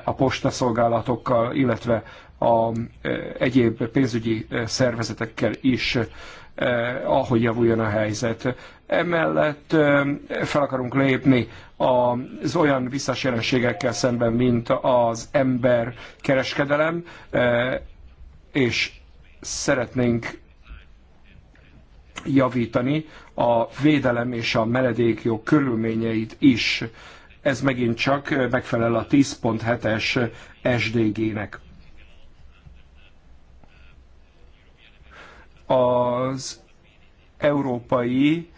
a postaszolgálatokkal, illetve a egyéb pénzügyi szervezetekkel is, ahogy javuljon a helyzet. Emellett fel akarunk lépni az olyan visszás jelenségekkel szemben, mint az ember kereskedelem, és szeretnénk javítani a védelem és a menedékjog körülményeit is. Ez megint csak megfelel a 10.7-es SDG-nek. Az európai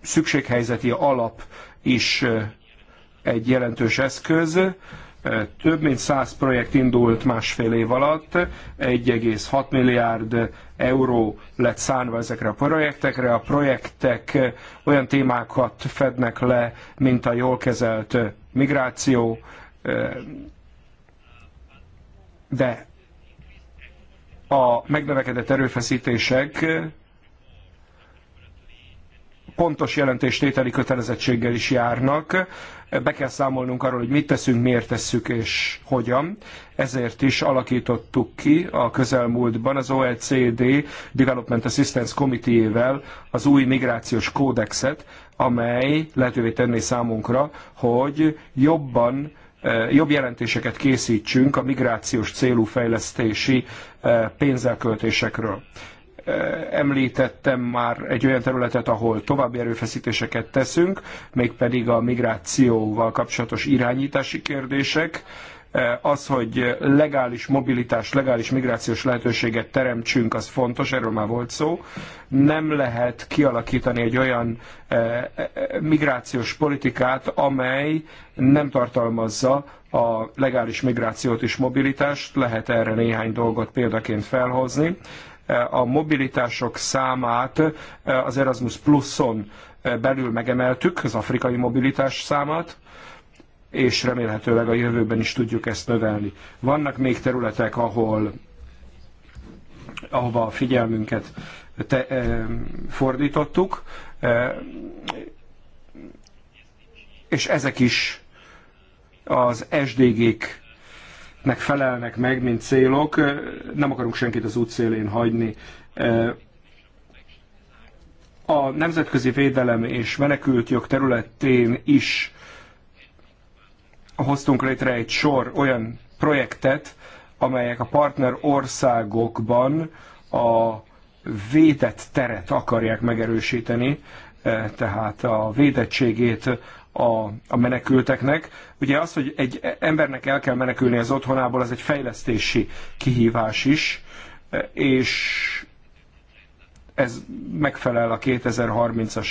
szükséghelyzeti alap is egy jelentős eszköz. Több mint 100 projekt indult másfél év alatt, 1,6 milliárd euró lett szánva ezekre a projektekre. A projektek olyan témákat fednek le, mint a jól kezelt migráció, de a megnövekedett erőfeszítések pontos jelentéstételi kötelezettséggel is járnak. Be kell számolnunk arról, hogy mit teszünk, miért tesszük és hogyan. Ezért is alakítottuk ki a közelmúltban az OECD Development Assistance Committee-vel az új migrációs kódexet, amely lehetővé tenné számunkra, hogy jobban eh, jobb jelentéseket készítsünk a migrációs célú fejlesztési eh, pénzelköltésekről. Eh, említettem már egy olyan területet, ahol további erőfeszítéseket teszünk, mégpedig a migrációval kapcsolatos irányítási kérdések, eh, az, hogy legális mobilitás, legális migrációs lehetőséget teremtsünk, az fontos, erről már volt szó. Nem lehet kialakítani egy olyan eh, migrációs politikát, amely nem tartalmazza a legális migrációt és mobilitást, lehet erre néhány dolgot példaként felhozni a mobilitások számát az Erasmus pluszon belül megemeltük, az afrikai mobilitás számát, és remélhetőleg a jövőben is tudjuk ezt növelni. Vannak még területek, ahol ahova a figyelmünket te, e, fordítottuk, e, és ezek is az SDG-k nek felelnek meg, mint célok. Nem akarunk senkit az útszélén hagyni. A nemzetközi védelem és menekültjog területén is hoztunk létre egy sor olyan projektet, amelyek a partner országokban a védett teret akarják megerősíteni, tehát a védettségét a, a menekülteknek. Ugye az, hogy egy embernek el kell menekülni az otthonából, az egy fejlesztési kihívás is, és ez megfelel a 2030-as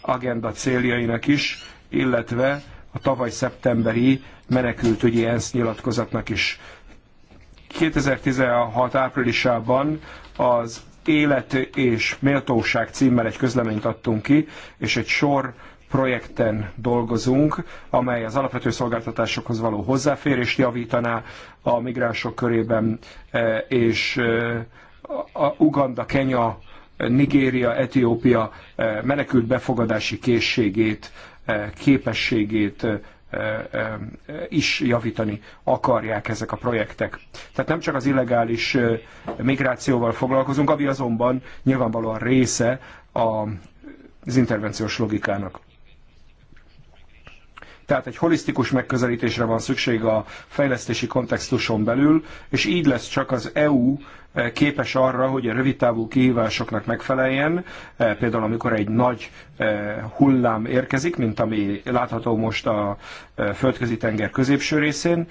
agenda céljainak is, illetve a tavaly szeptemberi menekültügyi ENSZ nyilatkozatnak is. 2016 áprilisában az Élet és Méltóság címmel egy közleményt adtunk ki, és egy sor projekten dolgozunk, amely az alapvető szolgáltatásokhoz való hozzáférést javítaná a migránsok körében, e, és e, a Uganda, Kenya, Nigéria, Etiópia e, menekült befogadási készségét, képességét is javítani akarják ezek a projektek. Tehát nem csak az illegális migrációval foglalkozunk, ami azonban nyilvánvalóan része az intervenciós logikának. Tehát egy holisztikus megközelítésre van szükség a fejlesztési kontextuson belül, és így lesz csak az EU eh, képes arra, hogy a rövidtávú kihívásoknak megfeleljen, eh, például amikor egy nagy eh, hullám érkezik, mint ami látható most a földközi tenger középső részén,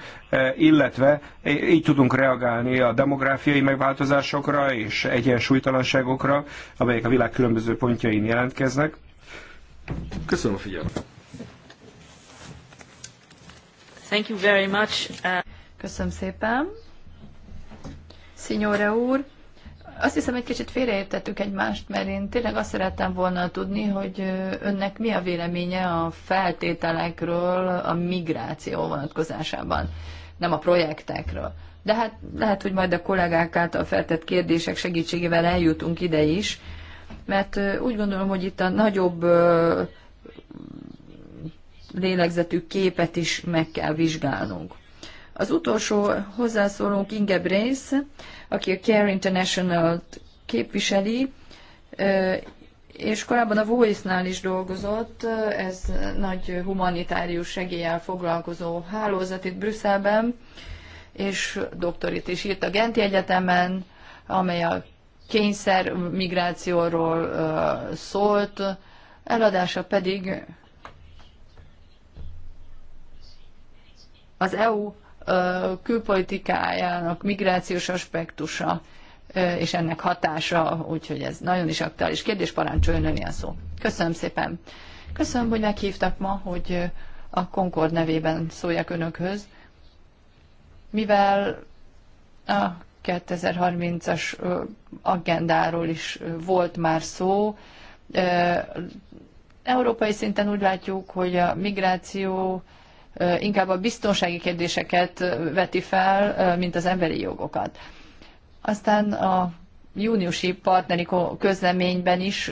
illetve így tudunk reagálni a demográfiai megváltozásokra és egyensúlytalanságokra, amelyek a világ különböző pontjain jelentkeznek. Köszönöm a figyelmet! Thank you very much. Köszönöm szépen. Signora úr, azt hiszem, egy kicsit félreértettük egymást, mert én tényleg azt szerettem volna tudni, hogy önnek mi a véleménye a feltételekről a migráció vonatkozásában, nem a projektekről. De hát lehet, hogy majd a kollégák által feltett kérdések segítségével eljutunk ide is, mert úgy gondolom, hogy itt a nagyobb lélegzetű képet is meg kell vizsgálnunk. Az utolsó hozzászólónk Inge Brace, aki a Care international képviseli, és korábban a Voice-nál is dolgozott, ez nagy humanitárius segéllyel foglalkozó hálózat itt Brüsszelben, és doktorit is írt a Genti Egyetemen, amely a kényszer migrációról szólt, eladása pedig az EU külpolitikájának migrációs aspektusa és ennek hatása, úgyhogy ez nagyon is aktuális kérdés, parancsoljon ön a szó. Köszönöm szépen. Köszönöm, hogy meghívtak ma, hogy a Concord nevében szóljak önökhöz, mivel a 2030-as agendáról is volt már szó, európai szinten úgy látjuk, hogy a migráció inkább a biztonsági kérdéseket veti fel, mint az emberi jogokat. Aztán a júniusi partneri közleményben is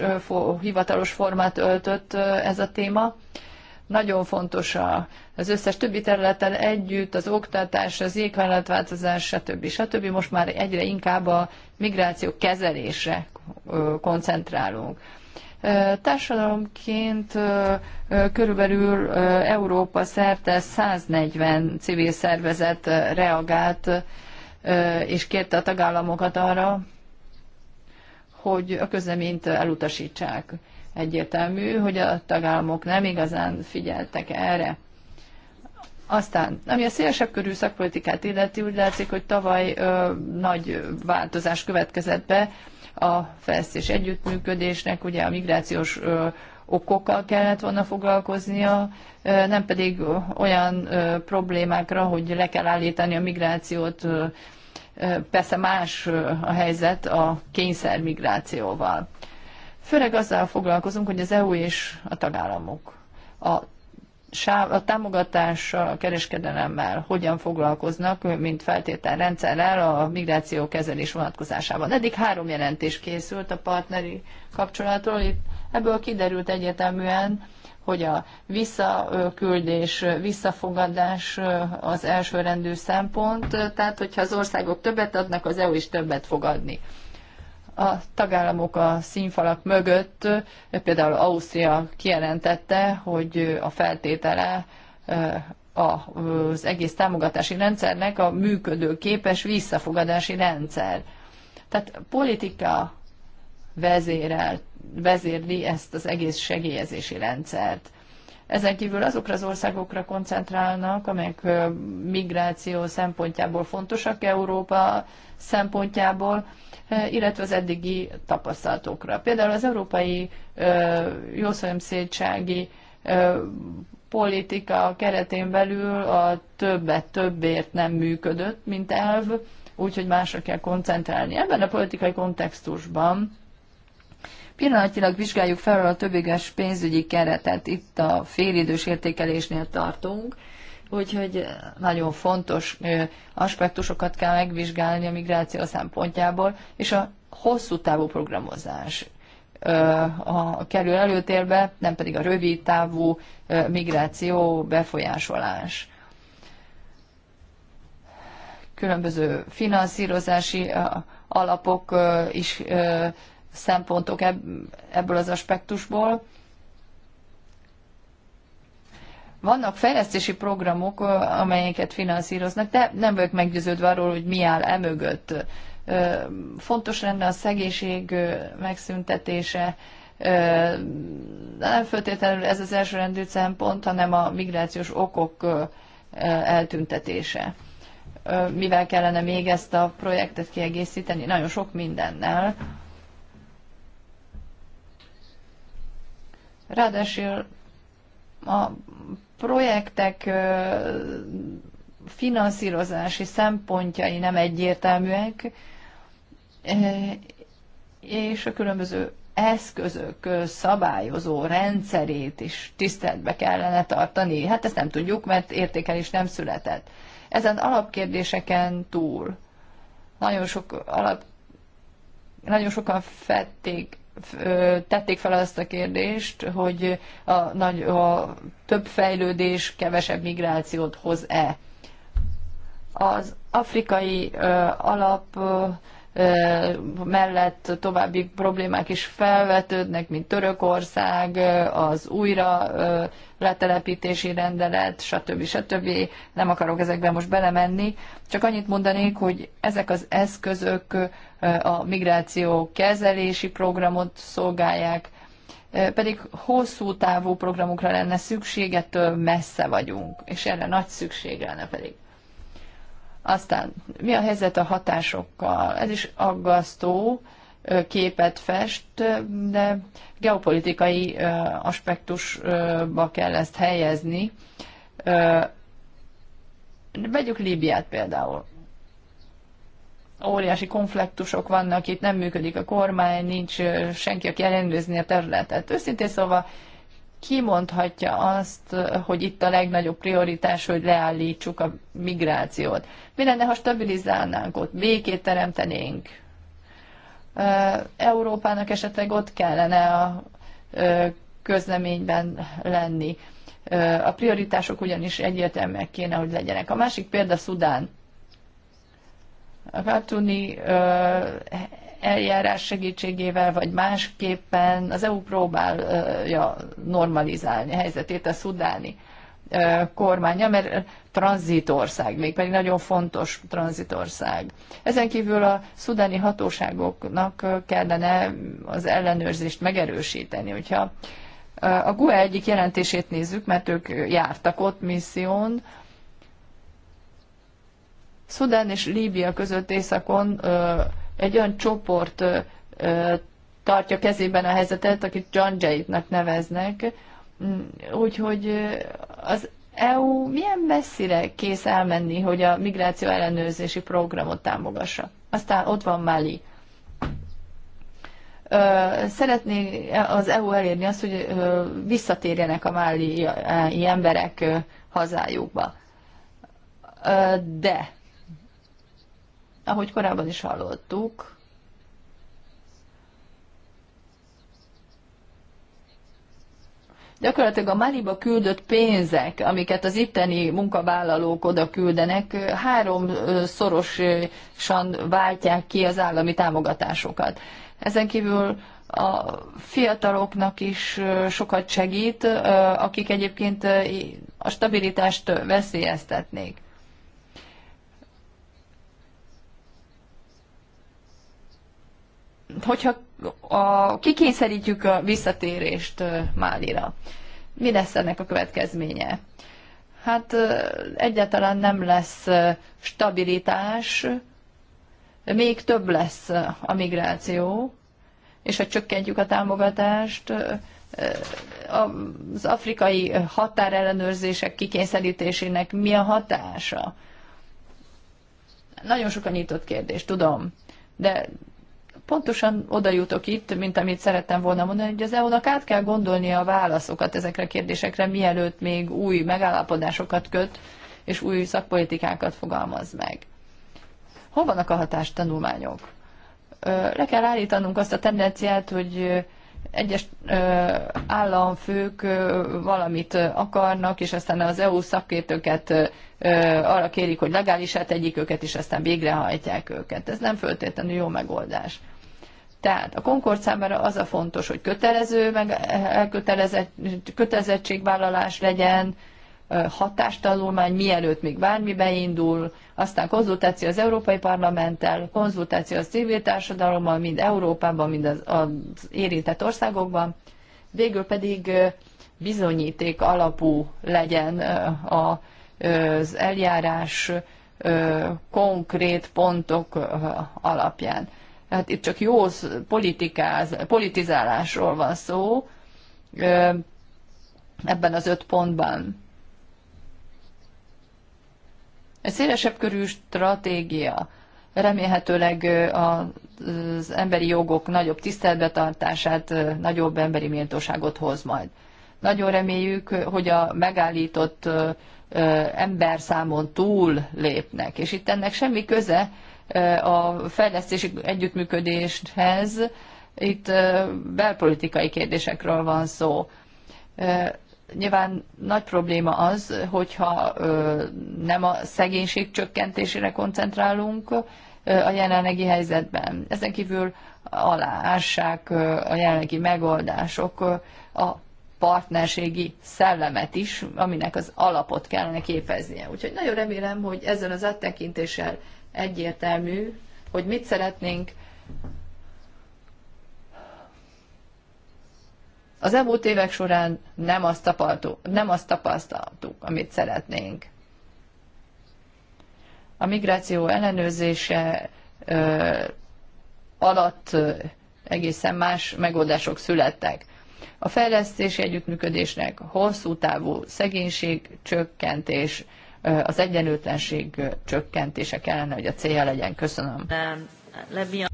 hivatalos formát öltött ez a téma. Nagyon fontos az összes többi területen együtt, az oktatás, az éghajlatváltozás, stb. stb. Most már egyre inkább a migráció kezelésre koncentrálunk. Társadalomként körülbelül Európa szerte 140 civil szervezet reagált és kérte a tagállamokat arra, hogy a közleményt elutasítsák. Egyértelmű, hogy a tagállamok nem igazán figyeltek erre. Aztán, ami a szélesebb körű szakpolitikát illeti, úgy látszik, hogy tavaly ö, nagy változás következett be, a és együttműködésnek, ugye a migrációs okokkal kellett volna foglalkoznia, nem pedig olyan problémákra, hogy le kell állítani a migrációt. Persze más a helyzet a kényszermigrációval. Főleg azzal foglalkozunk, hogy az EU és a tagállamok a a támogatás a kereskedelemmel hogyan foglalkoznak, mint rendszerrel a migráció kezelés vonatkozásában. Eddig három jelentés készült a partneri kapcsolatról, itt ebből kiderült egyeteműen, hogy a visszaküldés, visszafogadás az elsőrendű szempont, tehát hogyha az országok többet adnak, az EU is többet fogadni a tagállamok a színfalak mögött, például Ausztria kijelentette, hogy a feltétele eh, az egész támogatási rendszernek a működő képes visszafogadási rendszer. Tehát politika vezérel, vezérli ezt az egész segélyezési rendszert. Ezen kívül azokra az országokra koncentrálnak, amelyek migráció szempontjából fontosak Európa szempontjából, illetve az eddigi tapasztalatokra. Például az európai jószomszédsági politika keretén belül a többet többért nem működött, mint elv, úgyhogy másra kell koncentrálni. Ebben a politikai kontextusban Pillanatilag vizsgáljuk fel a többéges pénzügyi keretet, itt a félidős értékelésnél tartunk, úgyhogy nagyon fontos aspektusokat kell megvizsgálni a migráció szempontjából, és a hosszú távú programozás a kerül előtérbe, nem pedig a rövid távú migráció befolyásolás. Különböző finanszírozási alapok is szempontok ebből az aspektusból. Vannak fejlesztési programok, amelyeket finanszíroznak, de nem vagyok meggyőződve arról, hogy mi áll emögött. Fontos lenne a szegénység megszüntetése, de nem feltétlenül ez az első rendű szempont, hanem a migrációs okok eltüntetése. Mivel kellene még ezt a projektet kiegészíteni? Nagyon sok mindennel. Ráadásul a projektek finanszírozási szempontjai nem egyértelműek, és a különböző eszközök szabályozó rendszerét is tiszteletbe kellene tartani. Hát ezt nem tudjuk, mert értékelés nem született. Ezen alapkérdéseken túl nagyon sok alap nagyon sokan fették tették fel azt a kérdést, hogy a, nagy, a több fejlődés kevesebb migrációt hoz-e. Az afrikai ö, alap ö, mellett további problémák is felvetődnek, mint Törökország, az újra letelepítési rendelet, stb. stb. Nem akarok ezekbe most belemenni, csak annyit mondanék, hogy ezek az eszközök a migráció kezelési programot szolgálják, pedig hosszú távú programokra lenne szükség, ettől messze vagyunk, és erre nagy szükség lenne pedig. Aztán mi a helyzet a hatásokkal? Ez is aggasztó, képet fest, de geopolitikai aspektusba kell ezt helyezni. Vegyük Líbiát például. Óriási konfliktusok vannak itt, nem működik a kormány, nincs senki, aki ellenőrizni a területet. Őszintén szóval kimondhatja azt, hogy itt a legnagyobb prioritás, hogy leállítsuk a migrációt. Mi lenne, ha stabilizálnánk ott, békét teremtenénk, Európának esetleg ott kellene a közleményben lenni. A prioritások ugyanis egyértelműek kéne, hogy legyenek. A másik példa Szudán. A Katuni eljárás segítségével, vagy másképpen az EU próbálja normalizálni a helyzetét a szudáni kormánya, mert tranzitország, mégpedig nagyon fontos tranzitország. Ezen kívül a szudáni hatóságoknak kellene az ellenőrzést megerősíteni, hogyha a GUE egyik jelentését nézzük, mert ők jártak ott misszión, Szudán és Líbia között északon egy olyan csoport tartja kezében a helyzetet, akit Janjaitnak neveznek, Mm, úgyhogy az EU milyen messzire kész elmenni, hogy a migráció ellenőrzési programot támogassa. Aztán ott van Mali. Szeretné az EU elérni azt, hogy visszatérjenek a máli emberek hazájukba. De, ahogy korábban is hallottuk, gyakorlatilag a Maliba küldött pénzek, amiket az itteni munkavállalók oda küldenek, háromszorosan váltják ki az állami támogatásokat. Ezen kívül a fiataloknak is sokat segít, akik egyébként a stabilitást veszélyeztetnék. Hogyha a, kikényszerítjük a visszatérést Málira. Mi lesz ennek a következménye? Hát egyáltalán nem lesz stabilitás, még több lesz a migráció, és ha csökkentjük a támogatást, az afrikai határellenőrzések kikényszerítésének mi a hatása? Nagyon sok a nyitott kérdés, tudom, de pontosan oda jutok itt, mint amit szerettem volna mondani, hogy az EU-nak át kell gondolnia a válaszokat ezekre a kérdésekre, mielőtt még új megállapodásokat köt, és új szakpolitikákat fogalmaz meg. Hol vannak a hatástanulmányok? Le kell állítanunk azt a tendenciát, hogy egyes államfők valamit akarnak, és aztán az EU szakértőket arra kérik, hogy legálisát tegyék őket, és aztán végrehajtják őket. Ez nem föltétlenül jó megoldás. Tehát a Concord számára az a fontos, hogy kötelező, meg eh, elkötelezett, kötelezettségvállalás legyen, eh, hatástanulmány, mielőtt még bármi beindul, aztán konzultáció az Európai Parlamenttel, konzultáció a civil társadalommal, mind Európában, mind az, az érintett országokban, végül pedig eh, bizonyíték alapú legyen az eljárás konkrét pontok alapján hát itt csak jó politikáz, politizálásról van szó ebben az öt pontban. Egy szélesebb körű stratégia remélhetőleg az emberi jogok nagyobb tiszteletbetartását, nagyobb emberi méltóságot hoz majd. Nagyon reméljük, hogy a megállított ember számon túl lépnek, és itt ennek semmi köze a fejlesztési együttműködéshez. Itt belpolitikai kérdésekről van szó. Nyilván nagy probléma az, hogyha nem a szegénység csökkentésére koncentrálunk a jelenlegi helyzetben. Ezen kívül aláássák a jelenlegi megoldások a partnerségi szellemet is, aminek az alapot kellene képeznie. Úgyhogy nagyon remélem, hogy ezzel az áttekintéssel egyértelmű, hogy mit szeretnénk Az elmúlt évek során nem azt, tapaltuk, nem azt tapasztaltuk, amit szeretnénk. A migráció ellenőrzése ö, alatt ö, egészen más megoldások születtek. A fejlesztési együttműködésnek hosszú távú szegénység, csökkentés, az egyenlőtlenség csökkentése kellene, hogy a célja legyen. Köszönöm.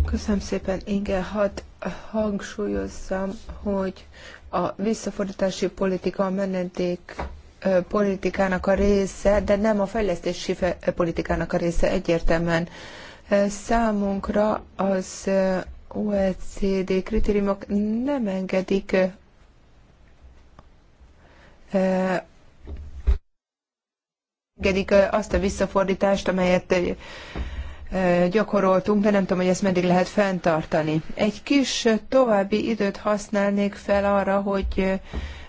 Köszönöm szépen, Inge. Hadd hangsúlyozzam, hogy a visszafordítási politika a menedék politikának a része, de nem a fejlesztési politikának a része egyértelműen. Számunkra az OECD kritériumok nem engedik engedik azt a visszafordítást, amelyet gyakoroltunk, de nem tudom, hogy ezt meddig lehet fenntartani. Egy kis további időt használnék fel arra, hogy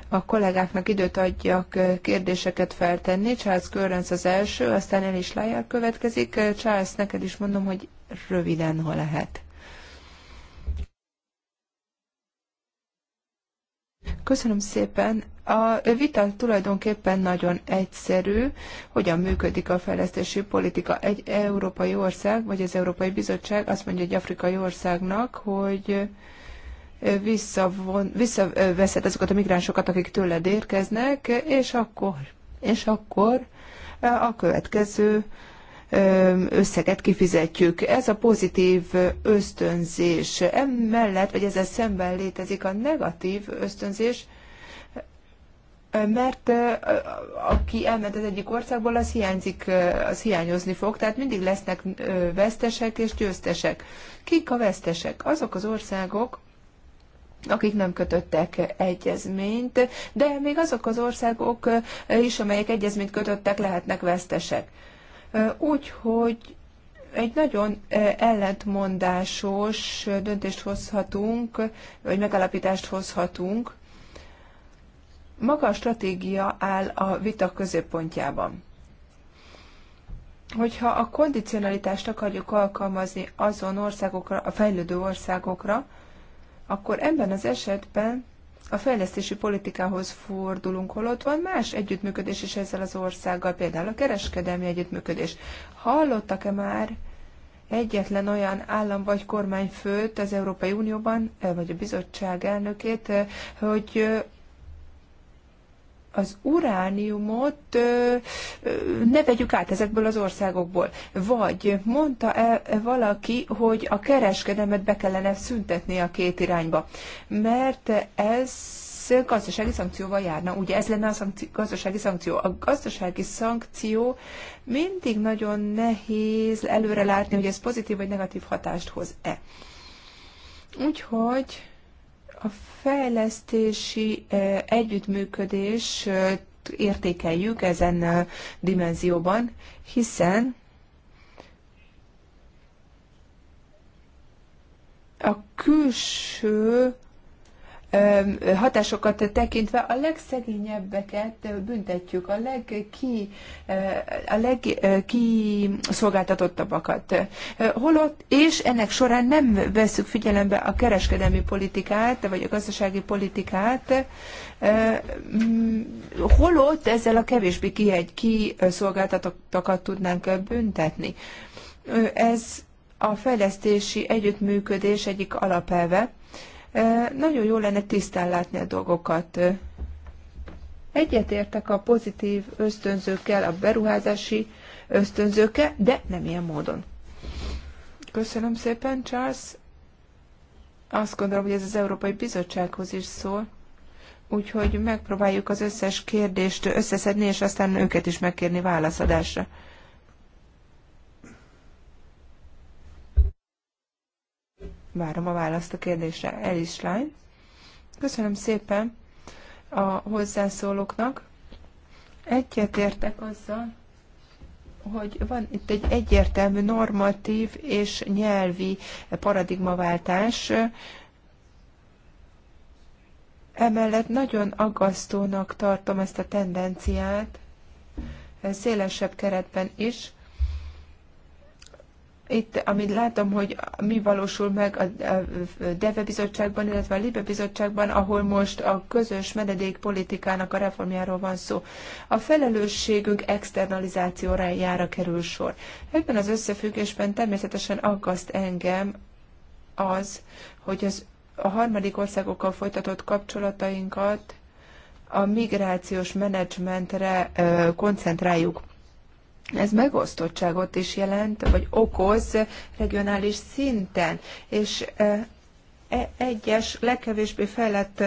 a kollégáknak időt adjak kérdéseket feltenni. Charles Körrenc az első, aztán el is Lajár következik. Charles, neked is mondom, hogy röviden, ha lehet. Köszönöm szépen, a vita tulajdonképpen nagyon egyszerű, hogyan működik a fejlesztési politika. Egy európai ország, vagy az Európai Bizottság azt mondja egy afrikai országnak, hogy visszavon, visszaveszed azokat a migránsokat, akik tőled érkeznek, és akkor, és akkor a következő összeget kifizetjük. Ez a pozitív ösztönzés. Emellett, vagy ezzel szemben létezik a negatív ösztönzés, mert aki elment az egyik országból, az, hiányzik, az hiányozni fog, tehát mindig lesznek vesztesek és győztesek. Kik a vesztesek? Azok az országok, akik nem kötöttek egyezményt, de még azok az országok is, amelyek egyezményt kötöttek, lehetnek vesztesek. Úgyhogy egy nagyon ellentmondásos döntést hozhatunk, vagy megállapítást hozhatunk, maga a stratégia áll a vita középpontjában. Hogyha a kondicionalitást akarjuk alkalmazni azon országokra, a fejlődő országokra, akkor ebben az esetben a fejlesztési politikához fordulunk, holott van más együttműködés is ezzel az országgal, például a kereskedelmi együttműködés. Hallottak-e már egyetlen olyan állam vagy kormányfőt az Európai Unióban, vagy a bizottság elnökét, hogy az urániumot ö, ö, ne vegyük át ezekből az országokból. Vagy mondta -e valaki, hogy a kereskedelmet be kellene szüntetni a két irányba, mert ez gazdasági szankcióval járna. Ugye ez lenne a szankci gazdasági szankció. A gazdasági szankció mindig nagyon nehéz előre látni, hogy ez pozitív vagy negatív hatást hoz-e. Úgyhogy a fejlesztési együttműködés értékeljük ezen dimenzióban, hiszen a külső hatásokat tekintve a legszegényebbeket büntetjük, a, legki, a legkiszolgáltatottabbakat. Holott, és ennek során nem veszük figyelembe a kereskedelmi politikát, vagy a gazdasági politikát, holott ezzel a kevésbé kihegy kiszolgáltatottakat tudnánk büntetni. Ez a fejlesztési együttműködés egyik alapelve nagyon jó lenne tisztán látni a dolgokat. Egyetértek a pozitív ösztönzőkkel, a beruházási ösztönzőkkel, de nem ilyen módon. Köszönöm szépen, Charles. Azt gondolom, hogy ez az Európai Bizottsághoz is szól, úgyhogy megpróbáljuk az összes kérdést összeszedni, és aztán őket is megkérni válaszadásra. várom a választ a kérdésre. Elis Lány. Köszönöm szépen a hozzászólóknak. Egyetértek azzal, hogy van itt egy egyértelmű normatív és nyelvi paradigmaváltás, Emellett nagyon aggasztónak tartom ezt a tendenciát, szélesebb keretben is, itt, amit látom, hogy mi valósul meg a DEVE bizottságban, illetve a LIBE bizottságban, ahol most a közös menedékpolitikának a reformjáról van szó. A felelősségünk externalizációra jára kerül sor. Ebben az összefüggésben természetesen aggaszt engem az, hogy az a harmadik országokkal folytatott kapcsolatainkat a migrációs menedzsmentre koncentráljuk ez megosztottságot is jelent, vagy okoz regionális szinten, és e, e, egyes legkevésbé fejlett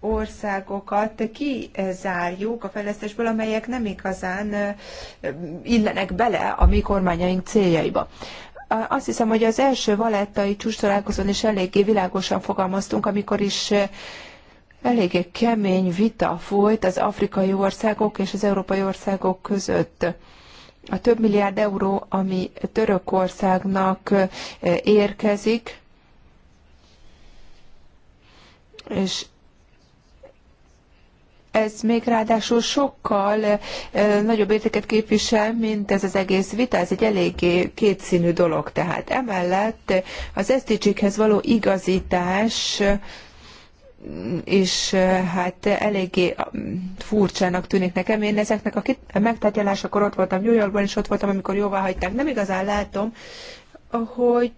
országokat kizárjuk a fejlesztésből, amelyek nem igazán e, illenek bele a mi kormányaink céljaiba. Azt hiszem, hogy az első valettai csúcs is eléggé világosan fogalmaztunk, amikor is eléggé kemény vita folyt az afrikai országok és az európai országok között a több milliárd euró, ami Törökországnak érkezik, és ez még ráadásul sokkal nagyobb értéket képvisel, mint ez az egész vita. Ez egy eléggé kétszínű dolog. Tehát emellett az SDG-khez való igazítás és hát eléggé furcsának tűnik nekem. Én ezeknek a, megtárgyalásakor ott voltam New Yorkban, és ott voltam, amikor jóvá hagyták. Nem igazán látom, hogy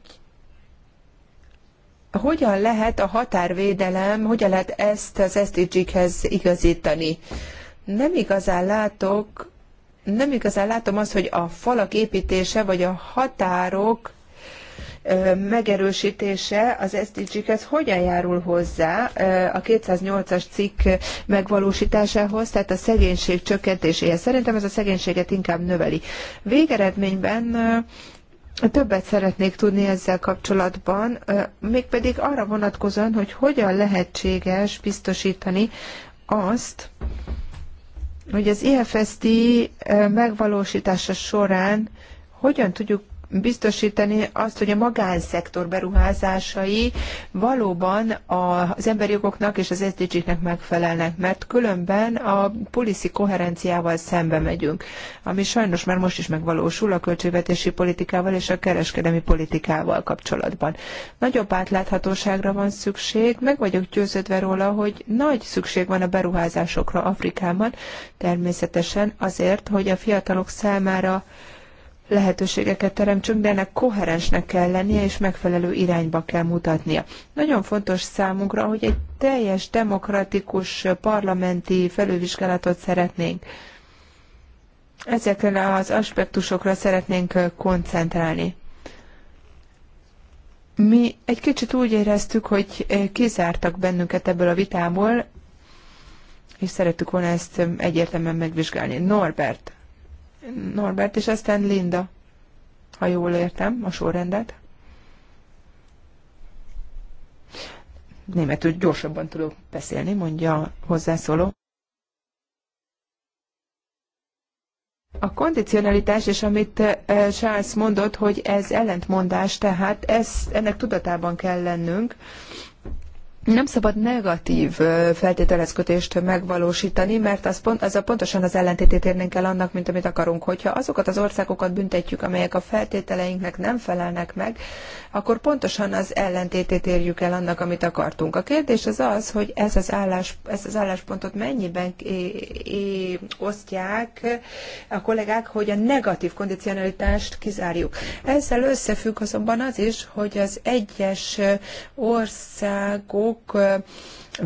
hogyan lehet a határvédelem, hogyan lehet ezt az SDG-khez igazítani. Nem igazán látok, nem igazán látom azt, hogy a falak építése, vagy a határok megerősítése az SDG-khez hogyan járul hozzá a 208-as cikk megvalósításához, tehát a szegénység csökkentéséhez. Szerintem ez a szegénységet inkább növeli. Végeredményben Többet szeretnék tudni ezzel kapcsolatban, mégpedig arra vonatkozóan, hogy hogyan lehetséges biztosítani azt, hogy az IFSD megvalósítása során hogyan tudjuk biztosítani azt, hogy a magánszektor beruházásai valóban az emberi jogoknak és az SDG-knek megfelelnek, mert különben a policy koherenciával szembe megyünk, ami sajnos már most is megvalósul a költségvetési politikával és a kereskedelmi politikával kapcsolatban. Nagyobb átláthatóságra van szükség, meg vagyok győződve róla, hogy nagy szükség van a beruházásokra Afrikában, természetesen azért, hogy a fiatalok számára lehetőségeket teremtsünk, de ennek koherensnek kell lennie, és megfelelő irányba kell mutatnia. Nagyon fontos számunkra, hogy egy teljes demokratikus parlamenti felülvizsgálatot szeretnénk. Ezekre az aspektusokra szeretnénk koncentrálni. Mi egy kicsit úgy éreztük, hogy kizártak bennünket ebből a vitából, és szerettük volna ezt egyértelműen megvizsgálni. Norbert, Norbert, és aztán Linda, ha jól értem a sorrendet. Németül gyorsabban tudok beszélni, mondja a hozzászóló. A kondicionalitás, és amit eh, Charles mondott, hogy ez ellentmondás, tehát ez, ennek tudatában kell lennünk, nem szabad negatív feltételezkötést megvalósítani, mert az, pont, az a pontosan az ellentétét érnénk el annak, mint amit akarunk. Hogyha azokat az országokat büntetjük, amelyek a feltételeinknek nem felelnek meg, akkor pontosan az ellentétét érjük el annak, amit akartunk. A kérdés az az, hogy ez az, állás, ez az álláspontot mennyiben é, é, osztják a kollégák, hogy a negatív kondicionalitást kizárjuk. Ezzel összefügg azonban az is, hogy az egyes országok, sok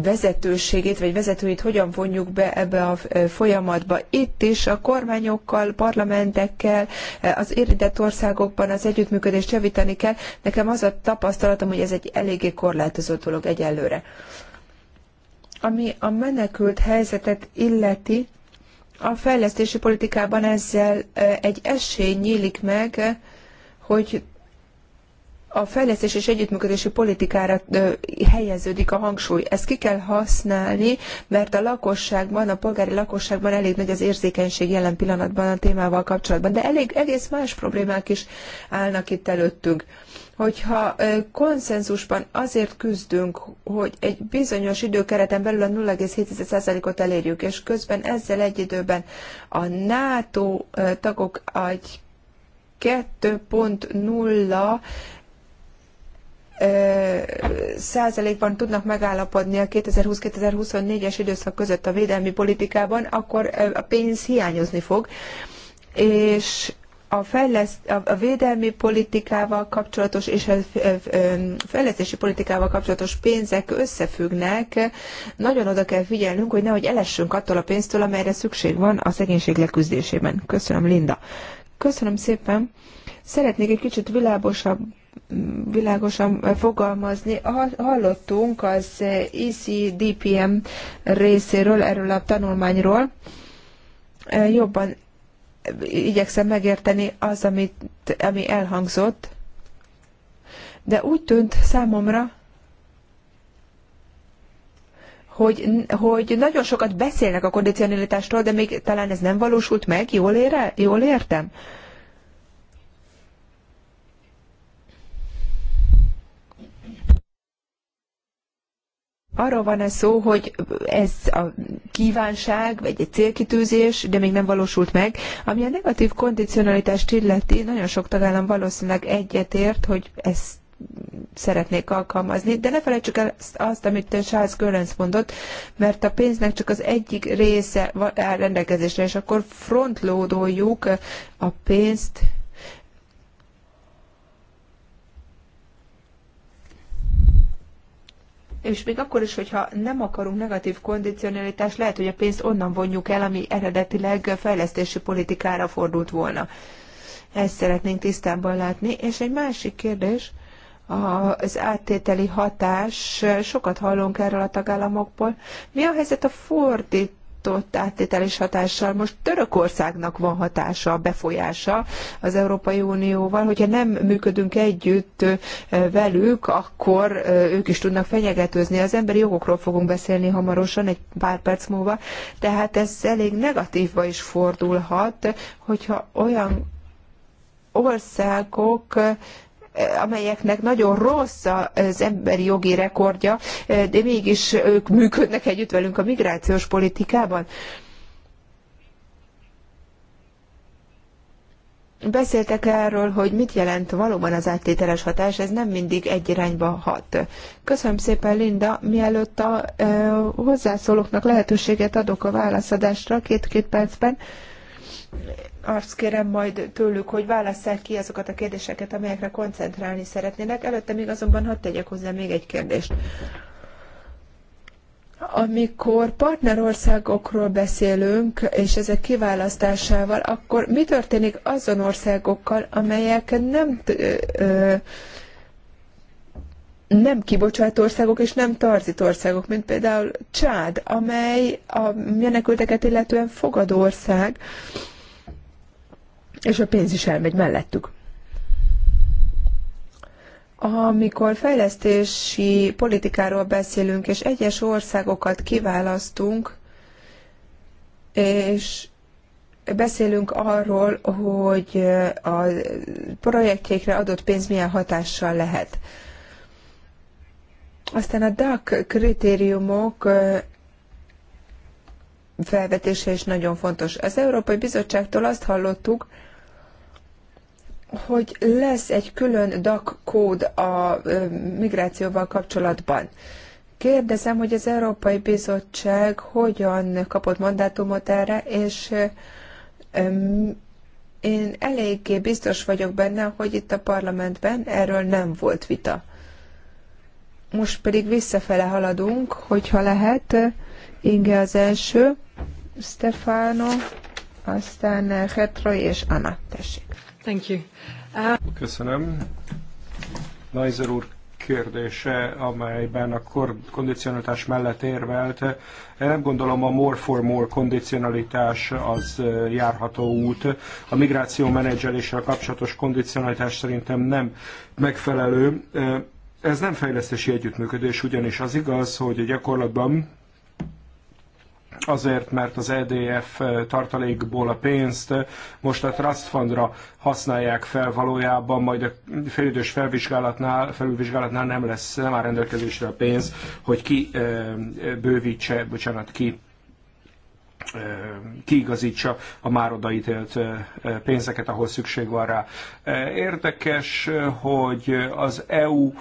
vezetőségét vagy vezetőit hogyan vonjuk be ebbe a folyamatba. Itt is a kormányokkal, parlamentekkel, az érintett országokban az együttműködést javítani kell. Nekem az a tapasztalatom, hogy ez egy eléggé korlátozott dolog egyelőre. Ami a menekült helyzetet illeti, a fejlesztési politikában ezzel egy esély nyílik meg, hogy a fejlesztés és együttműködési politikára helyeződik a hangsúly. Ezt ki kell használni, mert a lakosságban, a polgári lakosságban elég nagy az érzékenység jelen pillanatban a témával kapcsolatban, de elég egész más problémák is állnak itt előttünk. Hogyha konszenzusban azért küzdünk, hogy egy bizonyos időkereten belül a 0,7%-ot elérjük, és közben ezzel egy időben a NATO tagok egy 2.0 százalékban tudnak megállapodni a 2020-2024-es időszak között a védelmi politikában, akkor a pénz hiányozni fog, és a, fejleszt, a védelmi politikával kapcsolatos és a fejlesztési politikával kapcsolatos pénzek összefüggnek. Nagyon oda kell figyelnünk, hogy nehogy elessünk attól a pénztől, amelyre szükség van a szegénység leküzdésében. Köszönöm, Linda. Köszönöm szépen. Szeretnék egy kicsit világosabb, világosan fogalmazni. Hallottunk az ECDPM részéről, erről a tanulmányról. Jobban igyekszem megérteni az, amit, ami elhangzott, de úgy tűnt számomra, hogy, hogy nagyon sokat beszélnek a kondicionalitástól, de még talán ez nem valósult meg, jól, ére, jól értem? értem? arról van ez szó, hogy ez a kívánság, vagy egy célkitűzés, de még nem valósult meg, ami a negatív kondicionalitást illeti, nagyon sok tagállam valószínűleg egyetért, hogy ezt szeretnék alkalmazni, de ne felejtsük el azt, amit Charles Görens mondott, mert a pénznek csak az egyik része áll rendelkezésre, és akkor frontlódoljuk a pénzt és még akkor is, hogyha nem akarunk negatív kondicionalitást, lehet, hogy a pénzt onnan vonjuk el, ami eredetileg fejlesztési politikára fordult volna. Ezt szeretnénk tisztában látni. És egy másik kérdés, az áttételi hatás, sokat hallunk erről a tagállamokból. Mi a helyzet a fordít megosztott áttételes hatással. Most Törökországnak van hatása, befolyása az Európai Unióval, hogyha nem működünk együtt velük, akkor ők is tudnak fenyegetőzni. Az emberi jogokról fogunk beszélni hamarosan, egy pár perc múlva, tehát ez elég negatívba is fordulhat, hogyha olyan országok amelyeknek nagyon rossz az emberi jogi rekordja, de mégis ők működnek együtt velünk a migrációs politikában. Beszéltek erről, hogy mit jelent valóban az áttételes hatás, ez nem mindig egy irányba hat. Köszönöm szépen, Linda, mielőtt a ö, hozzászólóknak lehetőséget adok a válaszadásra két-két percben azt kérem majd tőlük, hogy válasszák ki azokat a kérdéseket, amelyekre koncentrálni szeretnének. Előtte még azonban hadd tegyek hozzá még egy kérdést. Amikor partnerországokról beszélünk, és ezek kiválasztásával, akkor mi történik azon országokkal, amelyek nem nem kibocsátó országok és nem tarzit országok, mint például Csád, amely a menekülteket illetően fogadó ország, és a pénz is elmegy mellettük. Amikor fejlesztési politikáról beszélünk, és egyes országokat kiválasztunk, és beszélünk arról, hogy a projektjékre adott pénz milyen hatással lehet. Aztán a DAC kritériumok felvetése is nagyon fontos. Az Európai Bizottságtól azt hallottuk, hogy lesz egy külön DAC kód a migrációval kapcsolatban. Kérdezem, hogy az Európai Bizottság hogyan kapott mandátumot erre, és én eléggé biztos vagyok benne, hogy itt a parlamentben erről nem volt vita. Most pedig visszafele haladunk, hogyha lehet. Inge az első, Stefano, aztán Hetroy és Anna. Tessék. Thank you. Uh... Köszönöm. Neiser úr kérdése, amelyben a kondicionalitás mellett érvelt. Én nem gondolom a more for more kondicionalitás az járható út. A migráció menedzseléssel kapcsolatos kondicionalitás szerintem nem megfelelő. Ez nem fejlesztési együttműködés, ugyanis az igaz, hogy gyakorlatban azért, mert az EDF eh, tartalékból a pénzt eh, most a Trust Fundra használják fel valójában, majd a félidős felvizsgálatnál, felülvizsgálatnál nem lesz, nem áll rendelkezésre a pénz, hogy ki eh, bővítse, bocsánat, ki kiigazítsa a már odaítélt pénzeket, ahol szükség van rá. Érdekes, hogy az EU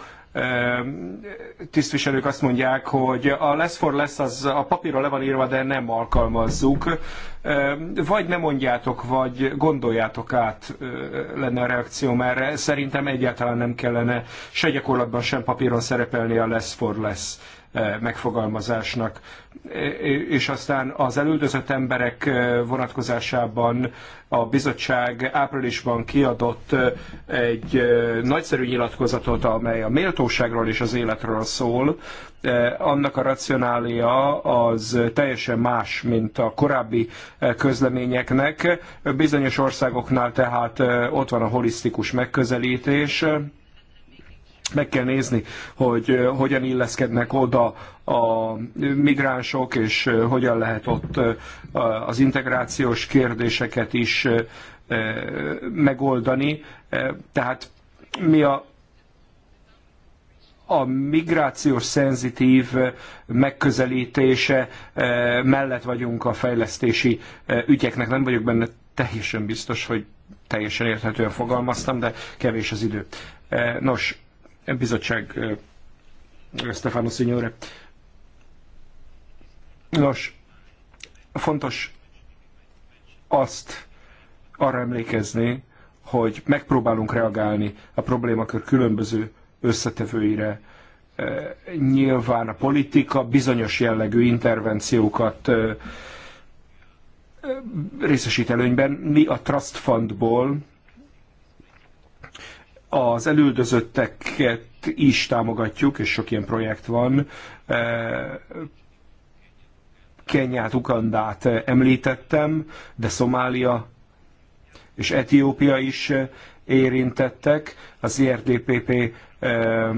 tisztviselők azt mondják, hogy a lesz for lesz az a papírra le van írva, de nem alkalmazzuk. Vagy nem mondjátok, vagy gondoljátok át, lenne a reakcióm erre. Szerintem egyáltalán nem kellene se gyakorlatban, sem papíron szerepelni a lesz for lesz megfogalmazásnak. És aztán az elüldözött emberek vonatkozásában a bizottság áprilisban kiadott egy nagyszerű nyilatkozatot, amely a méltóságról és az életről szól. Annak a racionália az teljesen más, mint a korábbi közleményeknek. Bizonyos országoknál tehát ott van a holisztikus megközelítés, meg kell nézni, hogy hogyan illeszkednek oda a migránsok, és hogyan lehet ott az integrációs kérdéseket is megoldani. Tehát mi a, a migrációs szenzitív megközelítése mellett vagyunk a fejlesztési ügyeknek. Nem vagyok benne teljesen biztos, hogy teljesen érthetően fogalmaztam, de kevés az idő. Nos, bizottság Stefano Signore. Nos, fontos azt arra emlékezni, hogy megpróbálunk reagálni a problémakör különböző összetevőire. Nyilván a politika bizonyos jellegű intervenciókat részesít előnyben. Mi a Trust Fundból az elüldözötteket is támogatjuk, és sok ilyen projekt van. E, Kenyát, Ugandát említettem, de Szomália és Etiópia is érintettek. Az IRDPP e,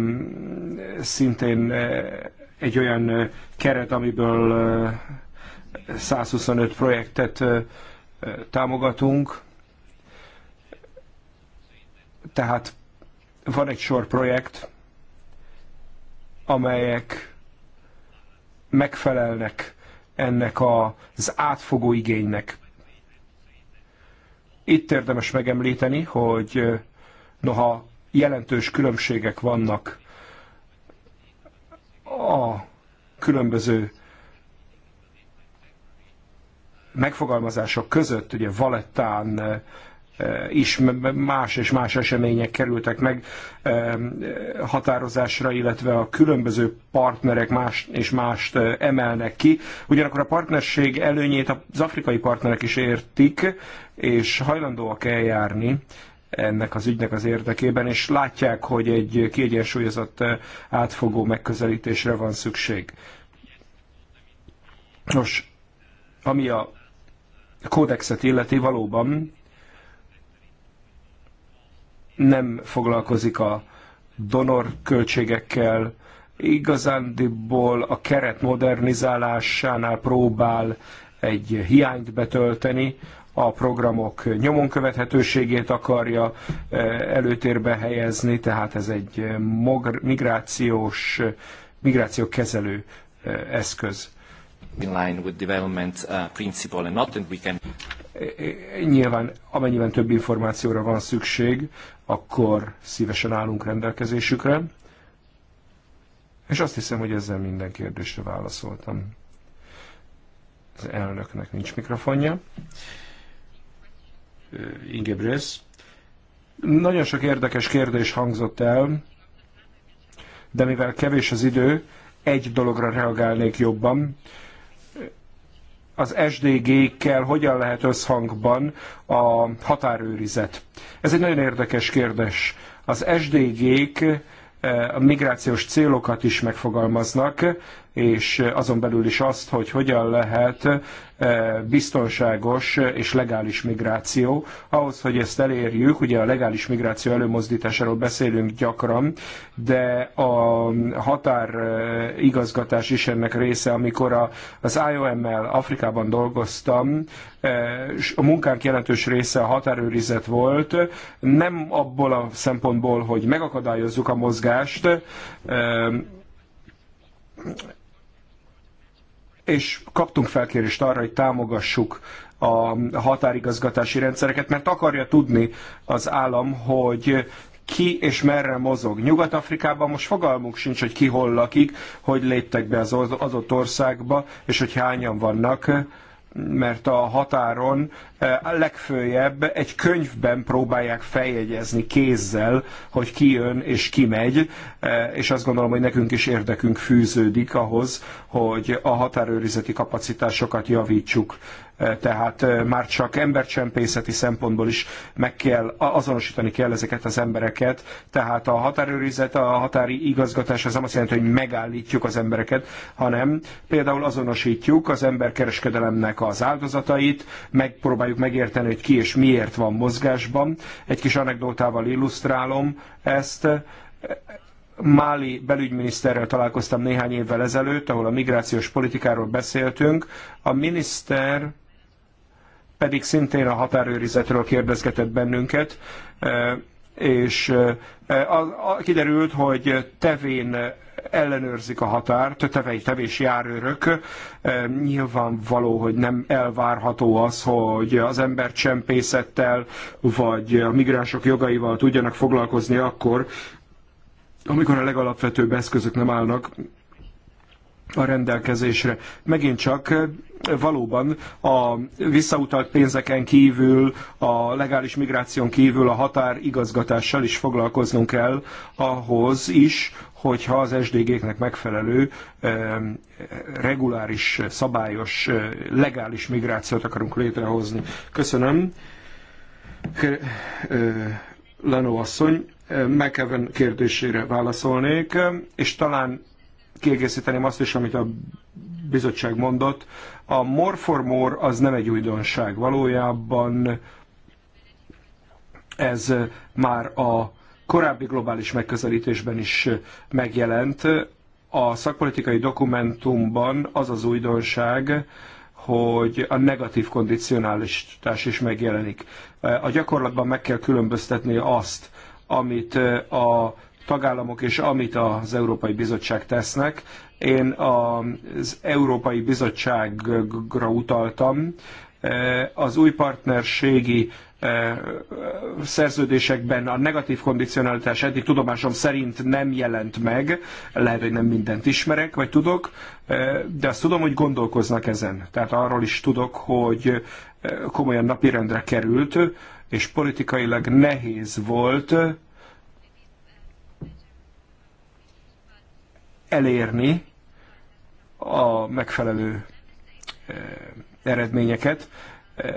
szintén e, egy olyan keret, amiből 125 projektet támogatunk. Tehát van egy sor projekt, amelyek megfelelnek ennek az átfogó igénynek. Itt érdemes megemlíteni, hogy noha jelentős különbségek vannak a különböző megfogalmazások között, ugye Valettán is más és más események kerültek meg határozásra, illetve a különböző partnerek más és mást emelnek ki. Ugyanakkor a partnerség előnyét az afrikai partnerek is értik, és hajlandóak eljárni ennek az ügynek az érdekében, és látják, hogy egy kiegyensúlyozott átfogó megközelítésre van szükség. Nos, ami a kódexet illeti, valóban nem foglalkozik a donor költségekkel, igazándiból a keret modernizálásánál próbál egy hiányt betölteni, a programok nyomon követhetőségét akarja eh, előtérbe helyezni, tehát ez egy migrációs, eh, migrációkezelő eh, eszköz in line with development uh, principle and not, and we can... E, e, nyilván, amennyiben több információra van szükség, akkor szívesen állunk rendelkezésükre. És azt hiszem, hogy ezzel minden kérdésre válaszoltam. Az elnöknek nincs mikrofonja. E, Ingebrész. Nagyon sok érdekes kérdés hangzott el, de mivel kevés az idő, egy dologra reagálnék jobban az SDG-kkel hogyan lehet összhangban a határőrizet. Ez egy nagyon érdekes kérdés. Az SDG-k eh, a migrációs célokat is megfogalmaznak, és azon belül is azt, hogy hogyan lehet eh, biztonságos és legális migráció. Ahhoz, hogy ezt elérjük, ugye a legális migráció előmozdításáról beszélünk gyakran, de a határigazgatás eh, is ennek része, amikor az IOM-mel Afrikában dolgoztam, eh, a munkánk jelentős része a határőrizet volt, nem abból a szempontból, hogy megakadályozzuk a mozgást, és kaptunk felkérést arra, hogy támogassuk a határigazgatási rendszereket, mert akarja tudni az állam, hogy ki és merre mozog. Nyugat-Afrikában most fogalmuk sincs, hogy ki hol lakik, hogy léptek be az adott országba, és hogy hányan vannak mert a határon a eh, legfőjebb egy könyvben próbálják feljegyezni kézzel, hogy ki jön és ki megy, eh, és azt gondolom, hogy nekünk is érdekünk fűződik ahhoz, hogy a határőrizeti kapacitásokat javítsuk tehát már csak embercsempészeti szempontból is meg kell, azonosítani kell ezeket az embereket, tehát a határőrizet, a határi igazgatás az nem azt jelenti, hogy megállítjuk az embereket, hanem például azonosítjuk az emberkereskedelemnek az áldozatait, megpróbáljuk megérteni, hogy ki és miért van mozgásban. Egy kis anekdotával illusztrálom ezt. Máli belügyminiszterrel találkoztam néhány évvel ezelőtt, ahol a migrációs politikáról beszéltünk. A miniszter pedig szintén a határőrizetről kérdezgetett bennünket, e, és e, kiderült, hogy tevén ellenőrzik a határt, tevei, tevés járőrök. E, nyilvánvaló, hogy nem elvárható az, hogy az ember csempészettel vagy a migránsok jogaival tudjanak foglalkozni akkor, amikor a legalapvetőbb eszközök nem állnak a rendelkezésre. Megint csak valóban a visszautalt pénzeken kívül, a legális migráción kívül a határ igazgatással is foglalkoznunk kell ahhoz is, hogyha az SDG-knek megfelelő reguláris, szabályos, legális migrációt akarunk létrehozni. Köszönöm. Lenó asszony, McEwen kérdésére válaszolnék, és talán kiegészíteném azt is, amit a bizottság mondott. A more for more az nem egy újdonság. Valójában ez már a korábbi globális megközelítésben is megjelent. A szakpolitikai dokumentumban az az újdonság, hogy a negatív kondicionálistás is megjelenik. A gyakorlatban meg kell különböztetni azt, amit a tagállamok és amit az Európai Bizottság tesznek. Én az Európai Bizottságra utaltam, az új partnerségi eh, szerződésekben a negatív kondicionalitás eddig tudomásom szerint nem jelent meg, lehet, hogy nem mindent ismerek, vagy tudok, eh, de azt tudom, hogy gondolkoznak ezen. Tehát arról is tudok, hogy eh, komolyan napirendre került, és politikailag nehéz volt elérni a megfelelő eh, eredményeket. Eh,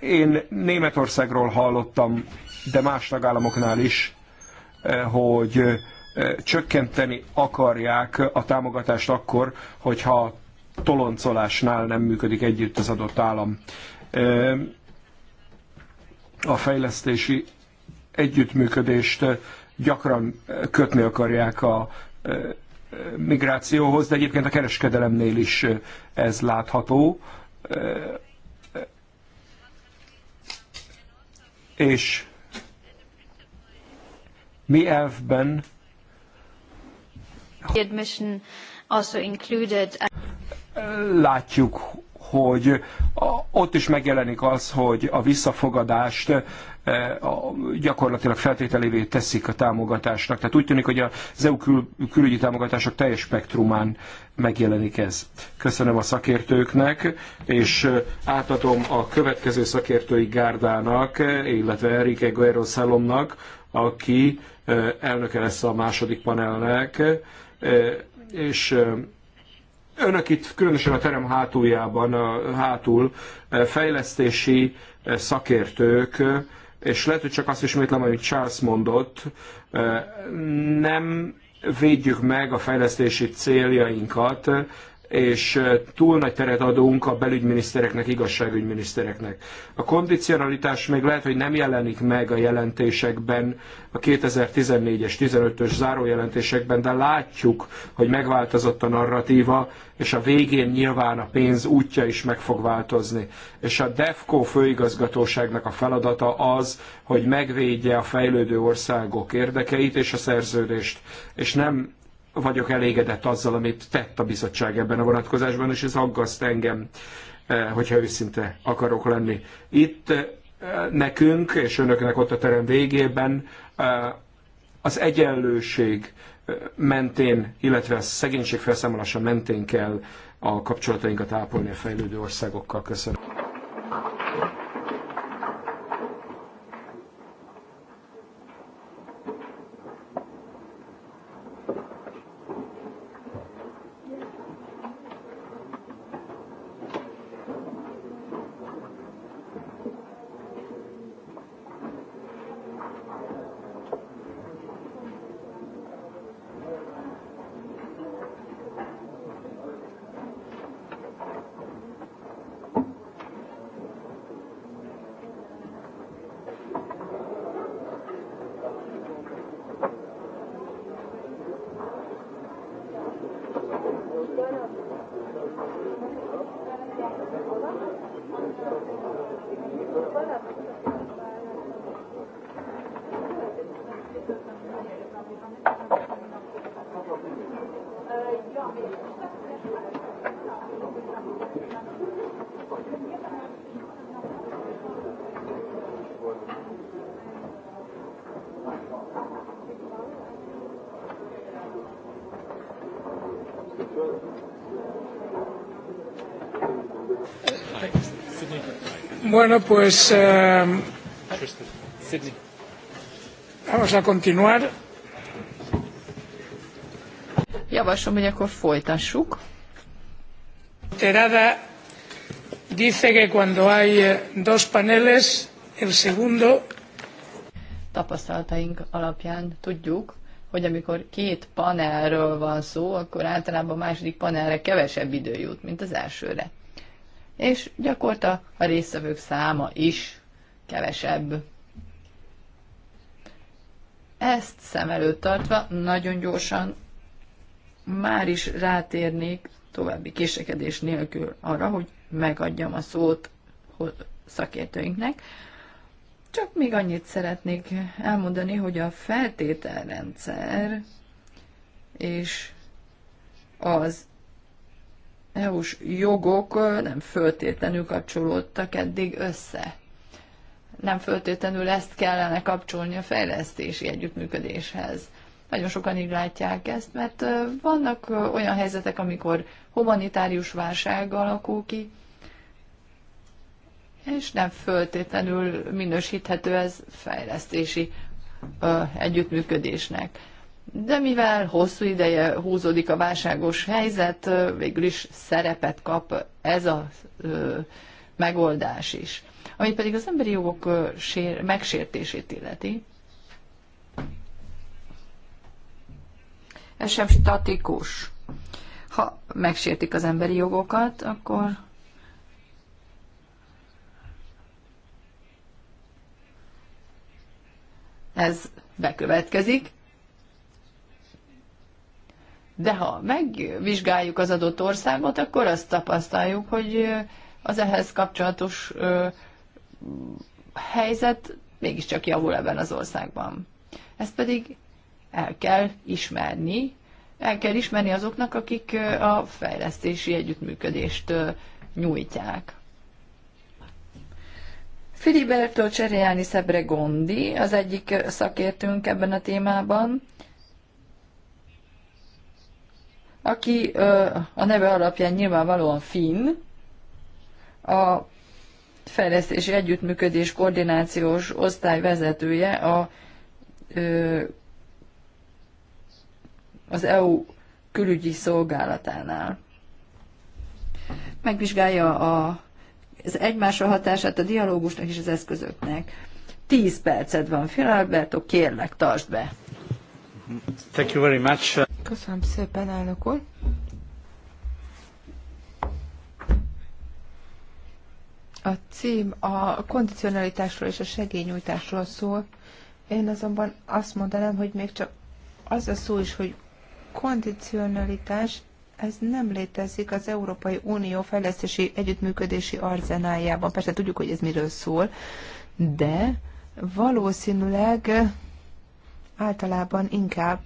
én Németországról hallottam, de más tagállamoknál is, eh, hogy csökkenteni akarják a támogatást akkor, hogyha toloncolásnál nem működik együtt az adott állam. A fejlesztési együttműködést gyakran kötni akarják a migrációhoz, de egyébként a kereskedelemnél is ez látható. És mi elfben látjuk, hogy ott is megjelenik az, hogy a visszafogadást E, gyakorlatilag feltételévé teszik a támogatásnak. Tehát úgy tűnik, hogy az EU kül- külügyi támogatások teljes spektrumán megjelenik ez. Köszönöm a szakértőknek, és e, átadom a következő szakértői gárdának, e, illetve Enrique Guerrero Szalomnak, aki elnöke lesz a második panelnek, és önök itt, különösen a terem hátuljában, a, hátul fejlesztési szakértők, és lehet, hogy csak azt ismétlem, amit Charles mondott, nem védjük meg a fejlesztési céljainkat és túl nagy teret adunk a belügyminisztereknek, igazságügyminisztereknek. A kondicionalitás még lehet, hogy nem jelenik meg a jelentésekben, a 2014-es, 15-ös zárójelentésekben, de látjuk, hogy megváltozott a narratíva, és a végén nyilván a pénz útja is meg fog változni. És a DEFCO főigazgatóságnak a feladata az, hogy megvédje a fejlődő országok érdekeit és a szerződést, és nem vagyok elégedett azzal, amit tett a bizottság ebben a vonatkozásban, és ez aggaszt engem, eh, hogyha őszinte akarok lenni. Itt eh, nekünk és önöknek ott a terem végében eh, az egyenlőség mentén, illetve a szegénység felszámolása mentén kell a kapcsolatainkat ápolni a fejlődő országokkal. Köszönöm. Bueno, pues eh, vamos a continuar. Javaslom, hogy akkor folytassuk. Terada dice que cuando hay eh, dos paneles, el segundo tapasztalataink alapján tudjuk, hogy amikor két panelről van szó, akkor általában a második panelre kevesebb idő jut, mint az elsőre és gyakorta a résztvevők száma is kevesebb. Ezt szem előtt tartva nagyon gyorsan már is rátérnék további késekedés nélkül arra, hogy megadjam a szót szakértőinknek. Csak még annyit szeretnék elmondani, hogy a feltételrendszer és az EU-s jogok nem föltétlenül kapcsolódtak eddig össze. Nem föltétlenül ezt kellene kapcsolni a fejlesztési együttműködéshez. Nagyon sokan így látják ezt, mert vannak olyan helyzetek, amikor humanitárius válság alakul ki, és nem föltétlenül minősíthető ez fejlesztési együttműködésnek de mivel hosszú ideje húzódik a válságos helyzet, végül is szerepet kap ez a megoldás is. Ami pedig az emberi jogok megsértését illeti, ez sem statikus. Ha megsértik az emberi jogokat, akkor ez bekövetkezik, de ha megvizsgáljuk az adott országot, akkor azt tapasztaljuk, hogy az ehhez kapcsolatos helyzet mégiscsak javul ebben az országban. Ezt pedig el kell ismerni, el kell ismerni azoknak, akik a fejlesztési együttműködést nyújtják. Filiberto Cserejáni Szebregondi az egyik szakértőnk ebben a témában, aki a neve alapján nyilvánvalóan finn, a fejlesztési együttműködés koordinációs osztály vezetője a, az EU külügyi szolgálatánál. Megvizsgálja a, az egymásra hatását a dialógusnak és az eszközöknek. Tíz percet van, Filalberto, kérlek, tartsd be! Thank you very much. Köszönöm szépen, elnök úr. A cím a kondicionalitásról és a segélynyújtásról szól. Én azonban azt mondanám, hogy még csak az a szó is, hogy kondicionalitás, ez nem létezik az Európai Unió fejlesztési együttműködési arzenájában. Persze tudjuk, hogy ez miről szól, de valószínűleg általában inkább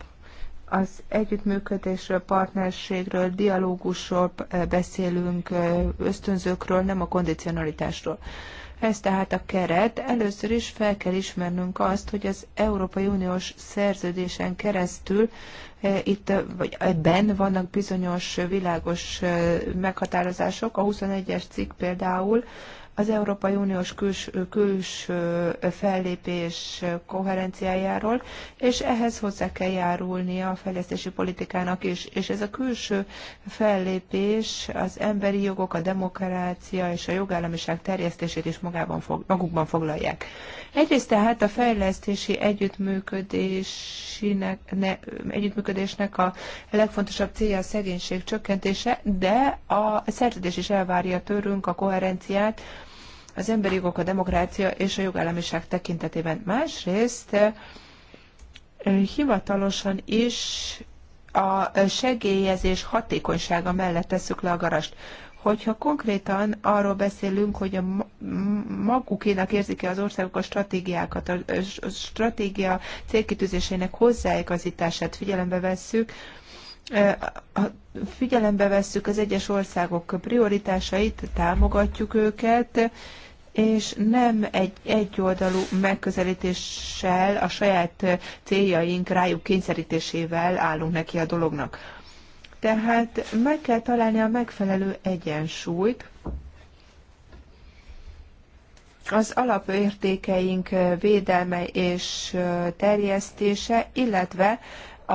az együttműködésről, partnerségről, dialógusról beszélünk, ösztönzőkről, nem a kondicionalitásról. Ez tehát a keret. Először is fel kell ismernünk azt, hogy az Európai Uniós szerződésen keresztül itt, vagy ebben vannak bizonyos világos meghatározások. A 21-es cikk például az Európai Uniós küls, külső fellépés koherenciájáról, és ehhez hozzá kell járulnia a fejlesztési politikának is. És ez a külső fellépés az emberi jogok, a demokrácia és a jogállamiság terjesztését is magában fog, magukban foglalják. Egyrészt tehát a fejlesztési együttműködésnek, ne, együttműködésnek a legfontosabb célja a szegénység csökkentése, de a szerződés is elvárja tőlünk a koherenciát, az emberi jogok, a demokrácia és a jogállamiság tekintetében. Másrészt hivatalosan is a segélyezés hatékonysága mellett tesszük le a garast. Hogyha konkrétan arról beszélünk, hogy a magukénak érzik-e az országok a stratégiákat, a stratégia célkitűzésének hozzáigazítását figyelembe vesszük, figyelembe vesszük az egyes országok prioritásait, támogatjuk őket, és nem egy egyoldalú megközelítéssel, a saját céljaink rájuk kényszerítésével állunk neki a dolognak. Tehát meg kell találni a megfelelő egyensúlyt az alapértékeink védelme és terjesztése, illetve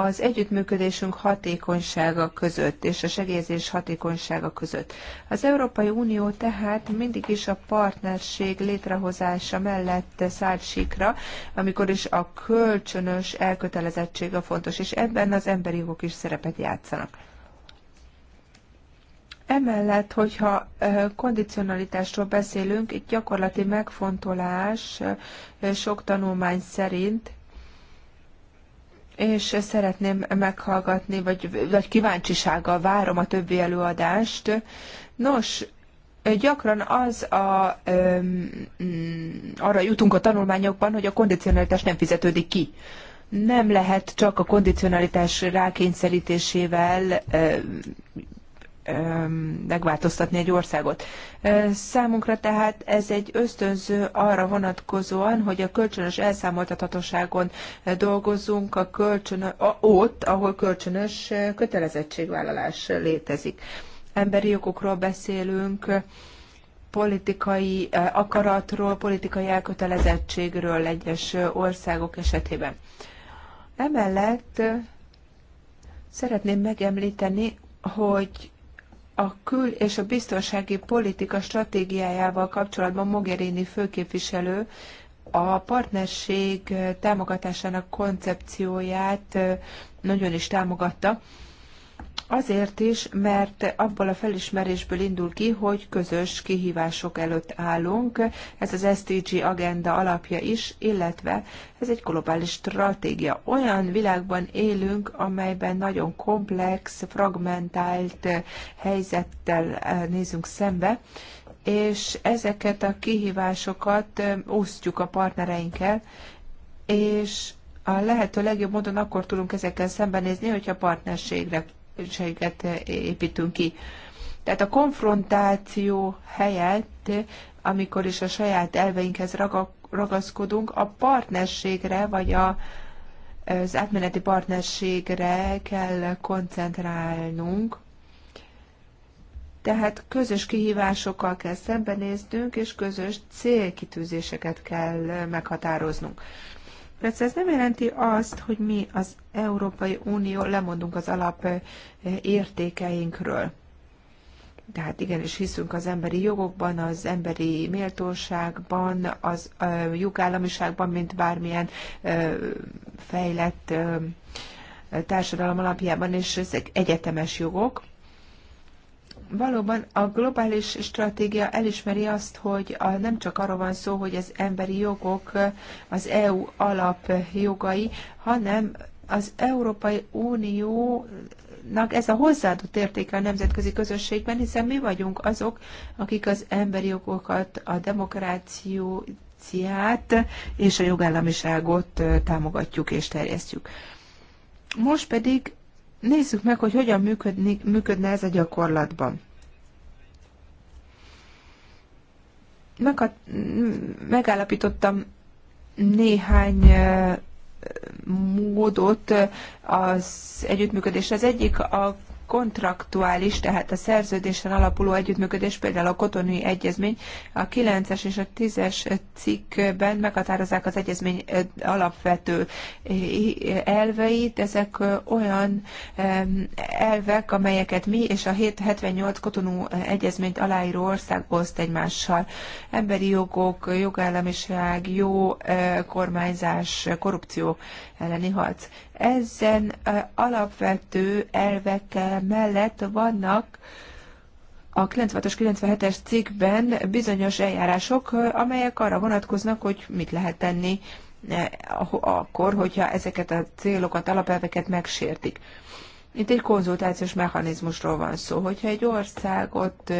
az együttműködésünk hatékonysága között és a segélyezés hatékonysága között. Az Európai Unió tehát mindig is a partnerség létrehozása mellett szállt sikra, amikor is a kölcsönös elkötelezettség a fontos, és ebben az emberi jogok is szerepet játszanak. Emellett, hogyha kondicionalitásról beszélünk, itt gyakorlati megfontolás sok tanulmány szerint és szeretném meghallgatni, vagy, vagy kíváncsisággal várom a többi előadást. Nos, gyakran az a, öm, arra jutunk a tanulmányokban, hogy a kondicionalitás nem fizetődik ki. Nem lehet csak a kondicionalitás rákényszerítésével öm, megváltoztatni egy országot. Számunkra tehát ez egy ösztönző arra vonatkozóan, hogy a kölcsönös elszámoltathatóságon dolgozunk a kölcsönö- a, ott, ahol kölcsönös kötelezettségvállalás létezik. Emberi jogokról beszélünk, politikai akaratról, politikai elkötelezettségről egyes országok esetében. Emellett szeretném megemlíteni, hogy a kül- és a biztonsági politika stratégiájával kapcsolatban Mogherini főképviselő a partnerség támogatásának koncepcióját nagyon is támogatta, Azért is, mert abból a felismerésből indul ki, hogy közös kihívások előtt állunk. Ez az SDG agenda alapja is, illetve ez egy globális stratégia. Olyan világban élünk, amelyben nagyon komplex, fragmentált helyzettel eh, nézünk szembe, és ezeket a kihívásokat eh, osztjuk a partnereinkkel, és a lehető legjobb módon akkor tudunk ezekkel szembenézni, hogyha partnerségre lehetőséget építünk ki. Tehát a konfrontáció helyett, amikor is a saját elveinkhez ragaszkodunk, a partnerségre vagy a, az átmeneti partnerségre kell koncentrálnunk. Tehát közös kihívásokkal kell szembenéznünk, és közös célkitűzéseket kell meghatároznunk. Persze ez nem jelenti azt, hogy mi az Európai Unió lemondunk az alap eh, értékeinkről. Tehát igenis hiszünk az emberi jogokban, az emberi méltóságban, az eh, jogállamiságban, mint bármilyen eh, fejlett társadalom alapjában, és ezek egyetemes jogok valóban a globális stratégia elismeri azt, hogy a, nem csak arról van szó, hogy az emberi jogok az EU alapjogai, hanem az Európai Uniónak ez a hozzáadott értéke a nemzetközi közösségben, hiszen mi vagyunk azok, akik az emberi jogokat, a demokráciát és a jogállamiságot támogatjuk és terjesztjük. Most pedig Nézzük meg, hogy hogyan működni, működne ez a gyakorlatban. Meg, megállapítottam néhány módot az együttműködésre. Az egyik a kontraktuális, tehát a szerződésen alapuló együttműködés, például a kotonui egyezmény, a 9-es és a 10-es cikkben meghatározzák az egyezmény alapvető elveit. Ezek olyan elvek, amelyeket mi és a 778 kotonú egyezményt aláíró ország oszt egymással. Emberi jogok, jogállamiság, jó kormányzás, korrupció elleni harc. Ezen alapvető elvek mellett vannak a 96-os, 97-es cikkben bizonyos eljárások, amelyek arra vonatkoznak, hogy mit lehet tenni akkor, hogyha ezeket a célokat, alapelveket megsértik. Itt egy konzultációs mechanizmusról van szó. Hogyha egy országot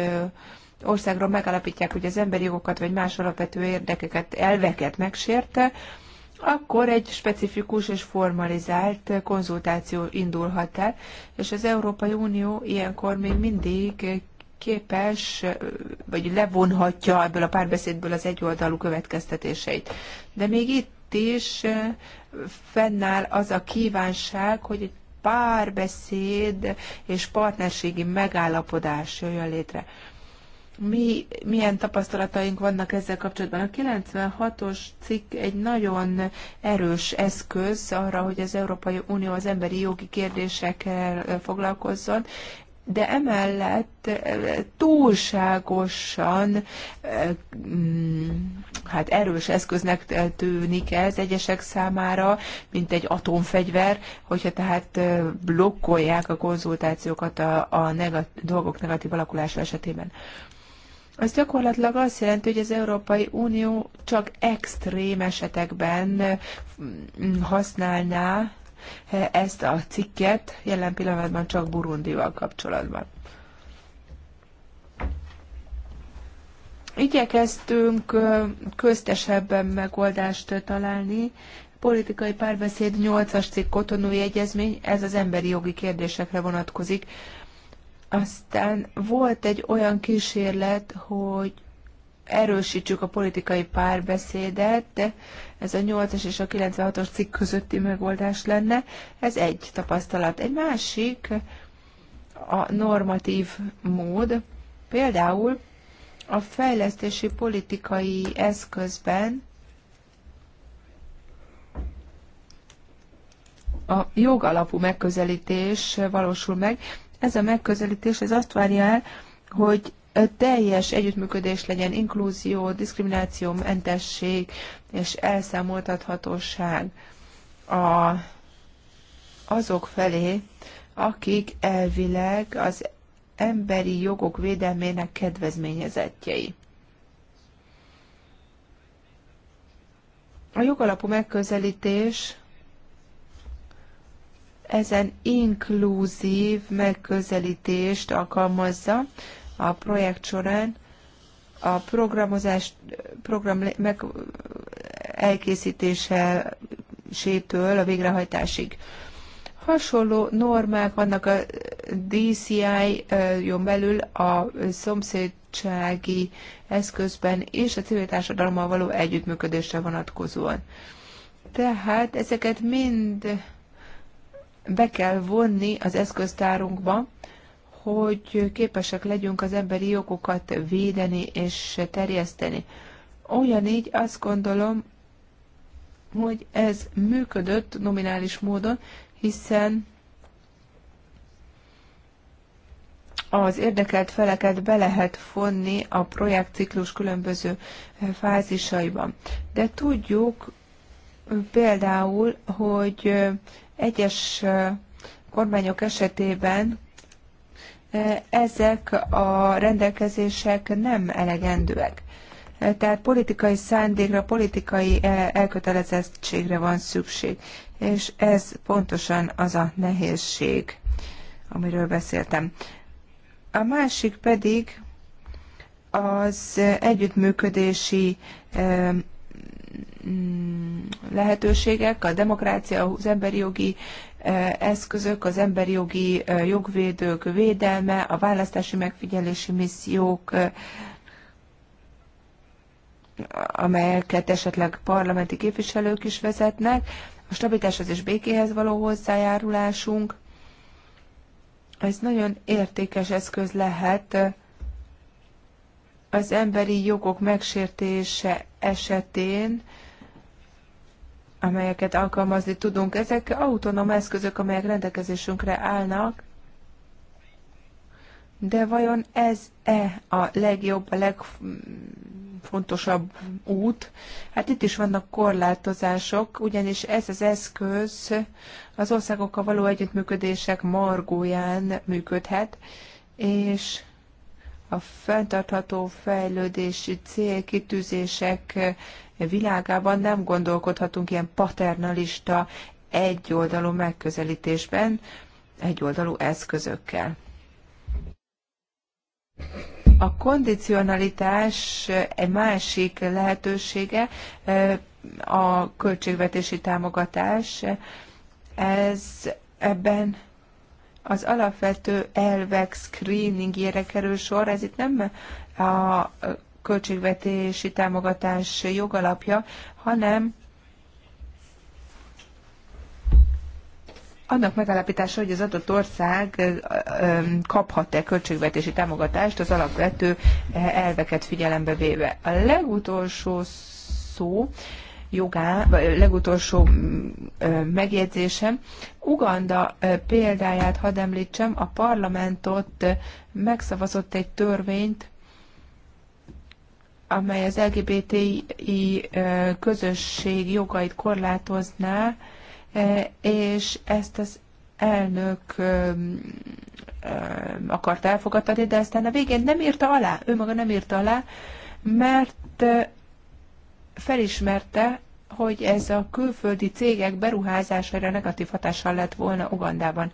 országról megalapítják, hogy az emberi jogokat vagy más alapvető érdekeket, elveket megsérte, akkor egy specifikus és formalizált konzultáció indulhat el, és az Európai Unió ilyenkor még mindig képes, vagy levonhatja ebből a párbeszédből az egyoldalú következtetéseit. De még itt is fennáll az a kívánság, hogy egy párbeszéd és partnerségi megállapodás jöjjön létre mi, milyen tapasztalataink vannak ezzel kapcsolatban. A 96-os cikk egy nagyon erős eszköz arra, hogy az Európai Unió az emberi jogi kérdésekkel foglalkozzon, de emellett túlságosan mm, hát erős eszköznek tűnik ez egyesek számára, mint egy atomfegyver, hogyha tehát blokkolják a konzultációkat a, a negat- dolgok negatív alakulása esetében az gyakorlatilag azt jelenti, hogy az Európai Unió csak extrém esetekben mm, használná eh, ezt a cikket, jelen pillanatban csak Burundival kapcsolatban. Igyekeztünk eh, köztesebben megoldást találni, politikai párbeszéd 8-as cikk kotonói egyezmény, ez az emberi jogi kérdésekre vonatkozik. Aztán volt egy olyan kísérlet, hogy erősítsük a politikai párbeszédet, de ez a 8-as és a 96-os cikk közötti megoldás lenne. Ez egy tapasztalat. Egy másik a normatív mód, például a fejlesztési politikai eszközben a jogalapú megközelítés valósul meg, ez a megközelítés ez azt várja el, hogy teljes együttműködés legyen, inklúzió, diszkrimináció, mentesség és elszámoltathatóság a, azok felé, akik elvileg az emberi jogok védelmének kedvezményezettjei. A jogalapú megközelítés ezen inkluzív megközelítést alkalmazza a projekt során a programozás, program meg elkészítése sétől a végrehajtásig. Hasonló normák vannak a DCI-jon belül a szomszédsági eszközben és a civil társadalommal való együttműködésre vonatkozóan. Tehát ezeket mind be kell vonni az eszköztárunkba, hogy képesek legyünk az emberi jogokat védeni és terjeszteni. Ugyanígy azt gondolom, hogy ez működött nominális módon, hiszen az érdekelt feleket be lehet fonni a projektciklus különböző fázisaiban. De tudjuk például, hogy egyes kormányok esetében ezek a rendelkezések nem elegendőek. Tehát politikai szándékra, politikai elkötelezettségre van szükség, és ez pontosan az a nehézség, amiről beszéltem. A másik pedig az együttműködési Mm, lehetőségek, a demokrácia, az emberi jogi e, eszközök, az emberi jogi e, jogvédők védelme, a választási megfigyelési missziók, e, amelyeket esetleg parlamenti képviselők is vezetnek, a stabilitáshoz és békéhez való hozzájárulásunk. Ez nagyon értékes eszköz lehet az emberi jogok megsértése esetén, amelyeket alkalmazni tudunk, ezek autonóm eszközök, amelyek rendelkezésünkre állnak, de vajon ez-e a legjobb, a legfontosabb út? Hát itt is vannak korlátozások, ugyanis ez az eszköz az országokkal való együttműködések margóján működhet, és a fenntartható fejlődési célkitűzések világában nem gondolkodhatunk ilyen paternalista, egyoldalú megközelítésben, egyoldalú eszközökkel. A kondicionalitás egy másik lehetősége a költségvetési támogatás. Ez ebben az alapvető elvek screeningjére kerül sor, ez itt nem a költségvetési támogatás jogalapja, hanem annak megállapítása, hogy az adott ország kaphat-e költségvetési támogatást az alapvető elveket figyelembe véve. A legutolsó szó, jogá, vagy legutolsó mm, megjegyzésem. Uganda példáját hadd említsem, a parlamentot megszavazott egy törvényt, amely az LGBTI közösség jogait korlátozná, és ezt az elnök akart elfogadni, de aztán a végén nem írta alá, ő maga nem írta alá, mert felismerte, hogy ez a külföldi cégek beruházására negatív hatással lett volna Ugandában.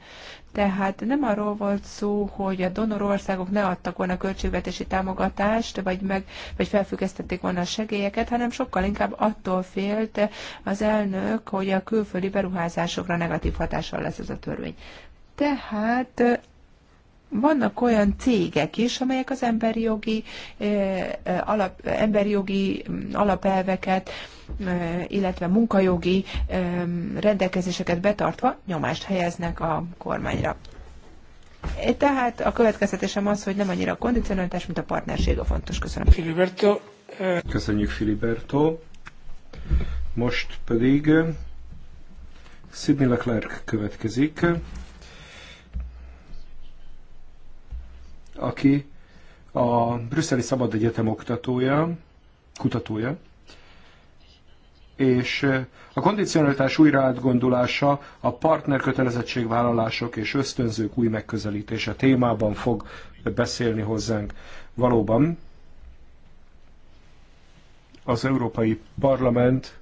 Tehát nem arról volt szó, hogy a donor országok ne adtak volna költségvetési támogatást, vagy, meg, vagy felfüggesztették volna a segélyeket, hanem sokkal inkább attól félt az elnök, hogy a külföldi beruházásokra negatív hatással lesz ez a törvény. Tehát vannak olyan cégek is, amelyek az emberi jogi, eh, eh, alap, emberi jogi mm, alapelveket, eh, illetve munkajogi rendelkezéseket betartva nyomást helyeznek a kormányra. Tehát a következetesem az, hogy nem annyira a kondicionalitás, mint a partnerség a fontos. Köszönöm. Filiberto. Köszönjük Filiberto. Most pedig Sidney Clark következik. aki a Brüsszeli Szabad Egyetem oktatója, kutatója, és a kondicionalitás újra átgondolása a partnerkötelezettségvállalások és ösztönzők új megközelítése témában fog beszélni hozzánk. Valóban az Európai Parlament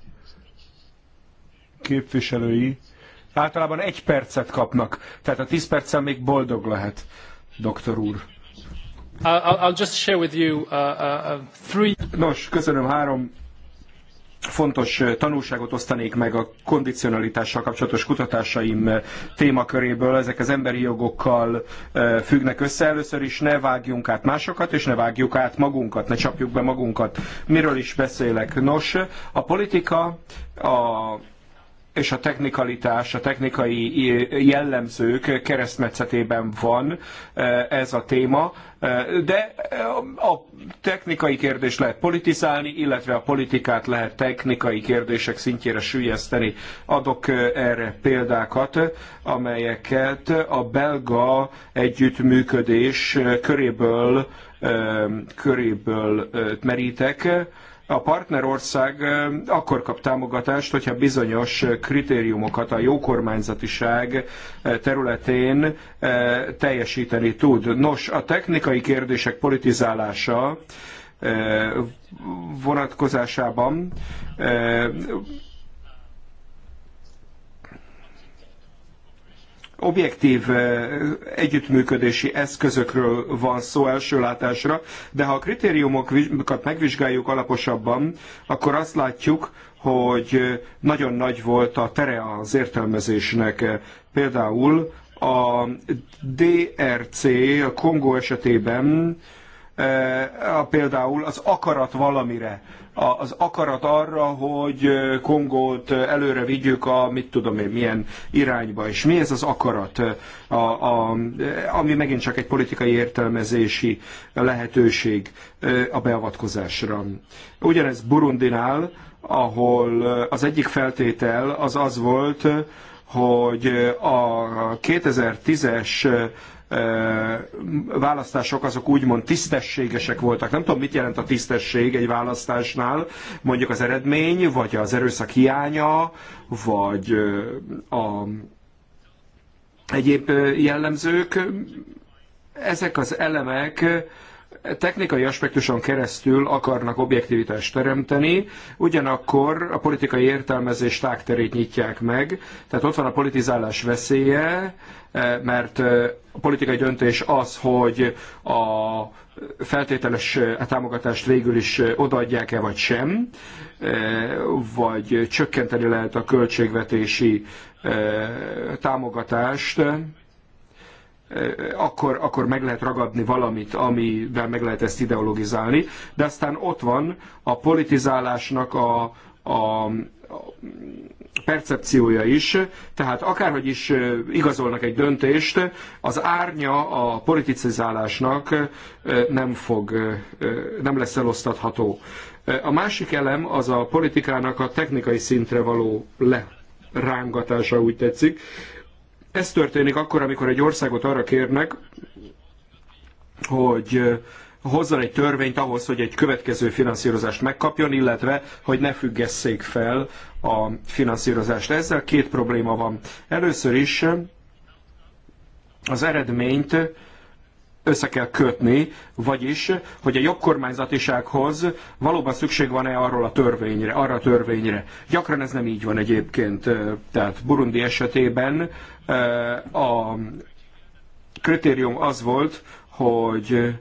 képviselői általában egy percet kapnak, tehát a tíz perccel még boldog lehet, doktor úr. I'll just share with you uh, uh, uh, three... Nos, köszönöm három fontos tanulságot osztanék meg a kondicionalitással kapcsolatos kutatásaim témaköréből. Ezek az emberi jogokkal függnek össze. Először is ne vágjunk át másokat, és ne vágjuk át magunkat, ne csapjuk be magunkat. Miről is beszélek? Nos, a politika, a és a technikalitás, a technikai jellemzők keresztmetszetében van e, ez a téma, e, de e, a technikai kérdést lehet politizálni, illetve a politikát lehet technikai kérdések szintjére sülyezteni. Adok erre példákat, amelyeket a belga együttműködés köréből, köréből merítek a partnerország akkor kap támogatást, hogyha bizonyos kritériumokat a jó kormányzatiság területén teljesíteni tud. Nos, a technikai kérdések politizálása vonatkozásában objektív együttműködési eszközökről van szó első látásra, de ha a kritériumokat megvizsgáljuk alaposabban, akkor azt látjuk, hogy nagyon nagy volt a tere az értelmezésnek. Például a DRC a Kongó esetében Eh, például az akarat valamire, az akarat arra, hogy eh, Kongót eh, előre vigyük a mit tudom én milyen irányba, és mi ez az akarat, a, a, ami megint csak egy politikai értelmezési lehetőség a beavatkozásra. Ugyanez Burundinál, ahol az egyik feltétel az az volt, hogy a 2010-es választások azok úgymond tisztességesek voltak. Nem tudom, mit jelent a tisztesség egy választásnál, mondjuk az eredmény, vagy az erőszak hiánya, vagy a egyéb jellemzők. Ezek az elemek technikai aspektuson keresztül akarnak objektivitást teremteni, ugyanakkor a politikai értelmezés tágterét nyitják meg, tehát ott van a politizálás veszélye, Eh, mert eh, a politikai döntés az, hogy a feltételes eh, támogatást végül is odaadják-e vagy sem, vagy csökkenteni lehet a költségvetési támogatást, akkor, akkor meg lehet ragadni valamit, amivel meg lehet ezt ideologizálni. De aztán ott van a politizálásnak a, a, a percepciója is, tehát akárhogy is igazolnak egy döntést, az árnya a politizálásnak nem, fog, nem lesz elosztatható. A másik elem az a politikának a technikai szintre való lerángatása, úgy tetszik. Ez történik akkor, amikor egy országot arra kérnek, hogy hozzon egy törvényt ahhoz, hogy egy következő finanszírozást megkapjon, illetve hogy ne függesszék fel a finanszírozást. Ezzel két probléma van. Először is az eredményt össze kell kötni, vagyis, hogy a jogkormányzatisághoz valóban szükség van-e arról a törvényre, arra a törvényre. Gyakran ez nem így van egyébként. Tehát Burundi esetében eh, a kritérium az volt, hogy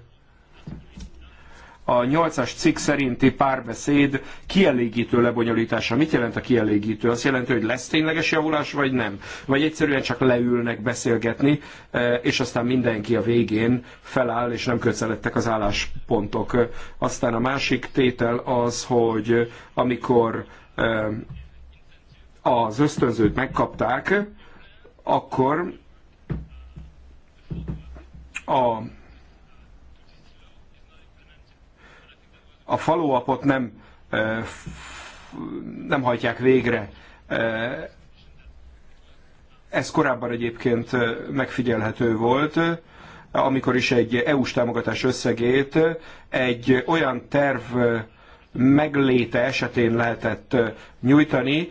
a 8-as cikk szerinti párbeszéd kielégítő lebonyolítása. Mit jelent a kielégítő? Azt jelenti, hogy lesz tényleges javulás, vagy nem? Vagy egyszerűen csak leülnek beszélgetni, eh, és aztán mindenki a végén feláll, és nem közeledtek az álláspontok. Aztán a másik tétel az, hogy amikor eh, az ösztönzőt megkapták, akkor a a faluapot nem, nem hajtják végre. Ez korábban egyébként megfigyelhető volt, amikor is egy EU-s támogatás összegét egy olyan terv megléte esetén lehetett nyújtani,